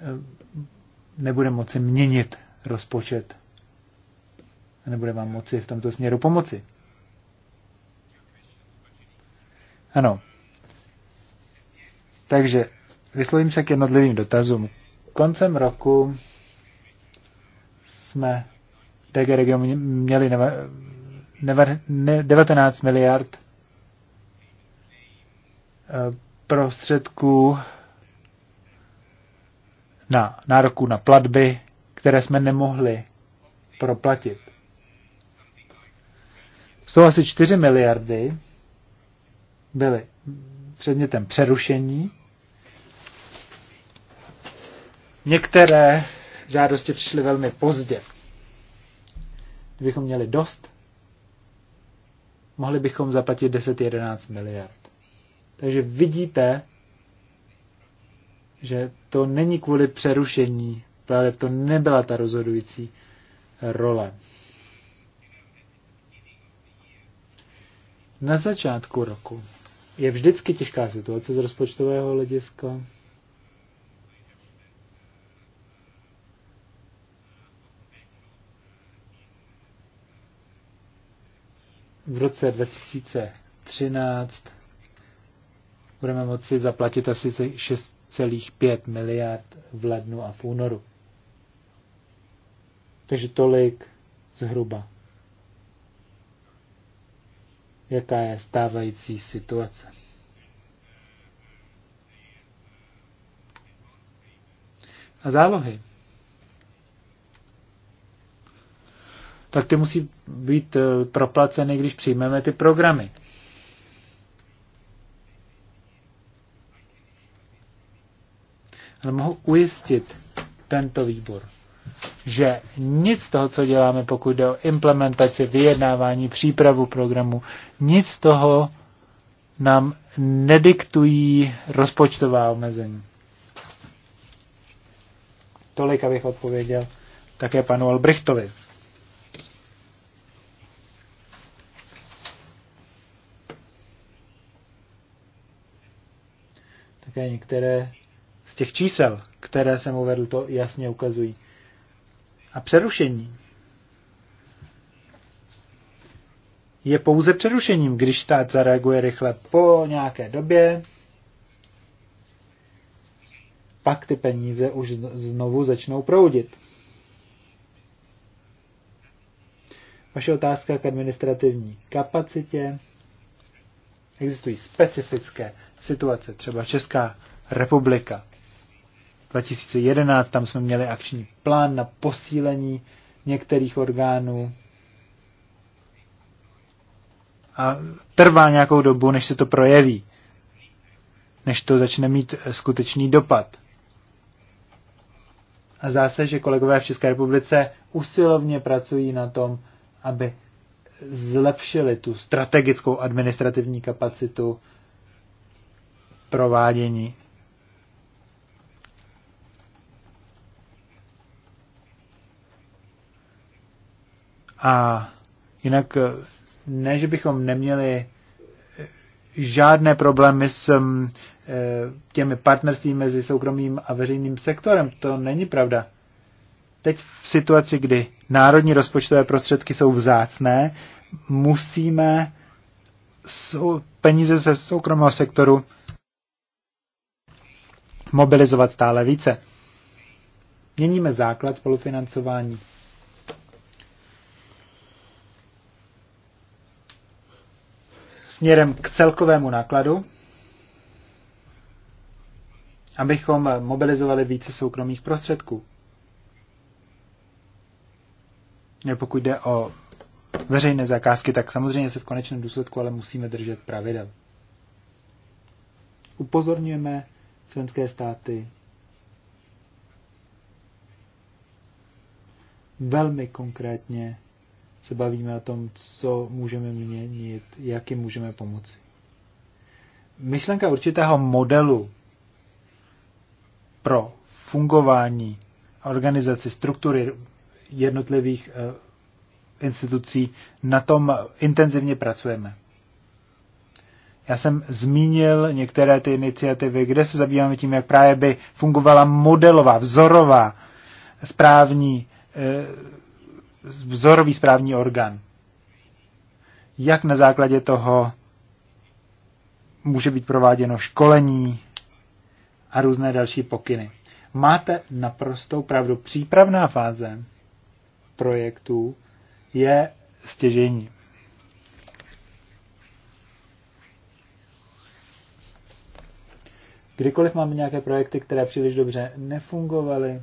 eh, nebude moci měnit rozpočet a nebude vám moci v tomto směru pomoci. Ano. Takže vyslovím se k jednotlivým dotazům. Koncem roku jsme DG Regio měli 19 miliard eh, prostředků na nároku na platby, které jsme nemohli proplatit. Jsou asi 4 miliardy byly předmětem přerušení. Některé žádosti přišly velmi pozdě. Kdybychom měli dost, mohli bychom zaplatit 10-11 miliard. Takže vidíte, že to není kvůli přerušení právě to nebyla ta rozhodující role. Na začátku roku je vždycky těžká situace z rozpočtového hlediska. v roce 2013 budeme moci zaplatit asi 6,5 miliard v lednu a v únoru. Takže tolik zhruba. Jaká je stávající situace? A zálohy. tak ty musí být eh, proplaceny, když přijmeme ty programy. Ale mohu ujistit tento výbor, že nic z toho, co děláme, pokud jde o implementaci, vyjednávání, přípravu programu, nic z toho nám nediktují rozpočtová omezení. Tolik, abych odpověděl také panu Albrechtovi. také některé z těch čísel, které jsem uvedl, to jasně ukazují. A přerušení je pouze přerušením, když stát zareaguje rychle po nějaké době, pak ty peníze už znovu začnou proudit. Vaše otázka k administrativní kapacitě. Existují specifické situace, třeba Česká republika. 2011 tam jsme měli akční plán na posílení některých orgánů a trvá nějakou dobu, než se to projeví, než to začne mít skutečný dopad. A zdá se, že kolegové v České republice usilovně pracují na tom, aby zlepšili tu strategickou administrativní kapacitu provádění. A jinak eh, ne, že bychom neměli eh, žádné problémy s mm, eh, těmi partnerství mezi soukromým a veřejným sektorem. To není pravda. Teď v situaci, kdy národní rozpočtové prostředky jsou vzácné, musíme peníze ze soukromého sektoru mobilizovat stále více. Měníme základ spolufinancování. Směrem k celkovému nákladu, abychom mobilizovali více soukromých prostředků. Pokud jde o veřejné zakázky, tak samozřejmě se v konečném důsledku ale musíme držet pravidel. Upozorňujeme členské státy velmi konkrétně se bavíme o tom, co můžeme měnit, jak jim můžeme pomoci. Myšlenka určitého modelu pro fungování organizaci struktury jednotlivých eh, institucí, na tom intenzivně pracujeme. Já jsem zmínil některé ty iniciativy, kde se zabýváme tím, jak právě by fungovala modelová, vzorová, správní, eh, vzorový správní orgán. Jak na základě toho může být prováděno školení a různé další pokyny. Máte naprostou pravdu. Přípravná fáze projektů je stěžení. Kdykoliv máme nějaké projekty, které příliš dobře nefungovaly,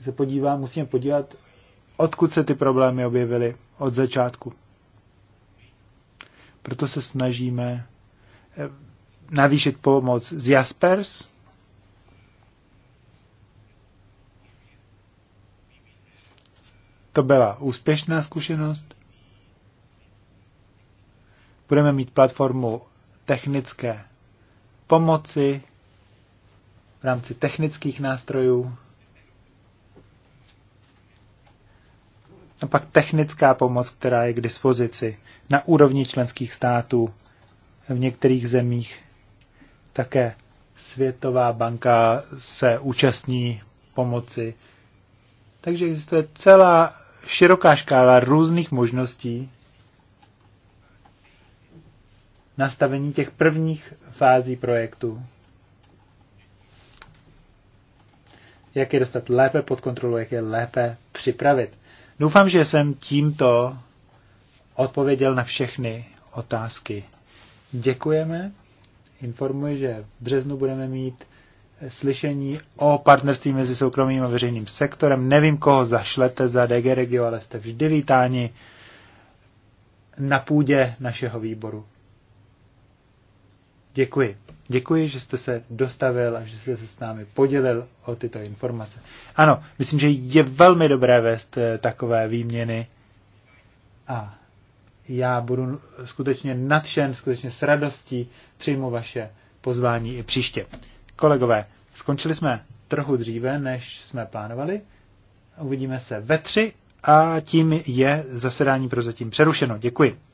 se podívá, musíme podívat, odkud se ty problémy objevily od začátku. Proto se snažíme eh, navýšit pomoc z Jaspers, To byla úspěšná zkušenost. Budeme mít platformu technické pomoci v rámci technických nástrojů. A pak technická pomoc, která je k dispozici na úrovni členských států, v některých zemích také Světová banka se účastní pomoci. Takže existuje celá široká škála různých možností, nastavení těch prvních fází projektu. Jak je dostat lépe pod kontrolu, jak je lépe připravit. Doufám, že jsem tímto odpověděl na všechny otázky. Děkujeme. Informuji, že v březnu budeme mít slyšení o partnerství mezi soukromým a veřejným sektorem. Nevím, koho zašlete za DG Regio, ale jste vždy vítáni na půdě našeho výboru. Děkuji. Děkuji, že jste se dostavil a že jste se s námi podělil o tyto informace. Ano, myslím, že je velmi dobré vést eh, takové výměny a já budu skutečně nadšen, skutečně s radostí přijmu vaše pozvání i příště. Kolegové, skončili jsme trochu dříve, než jsme plánovali. Uvidíme se ve tři a tím je zasedání prozatím přerušeno. Děkuji.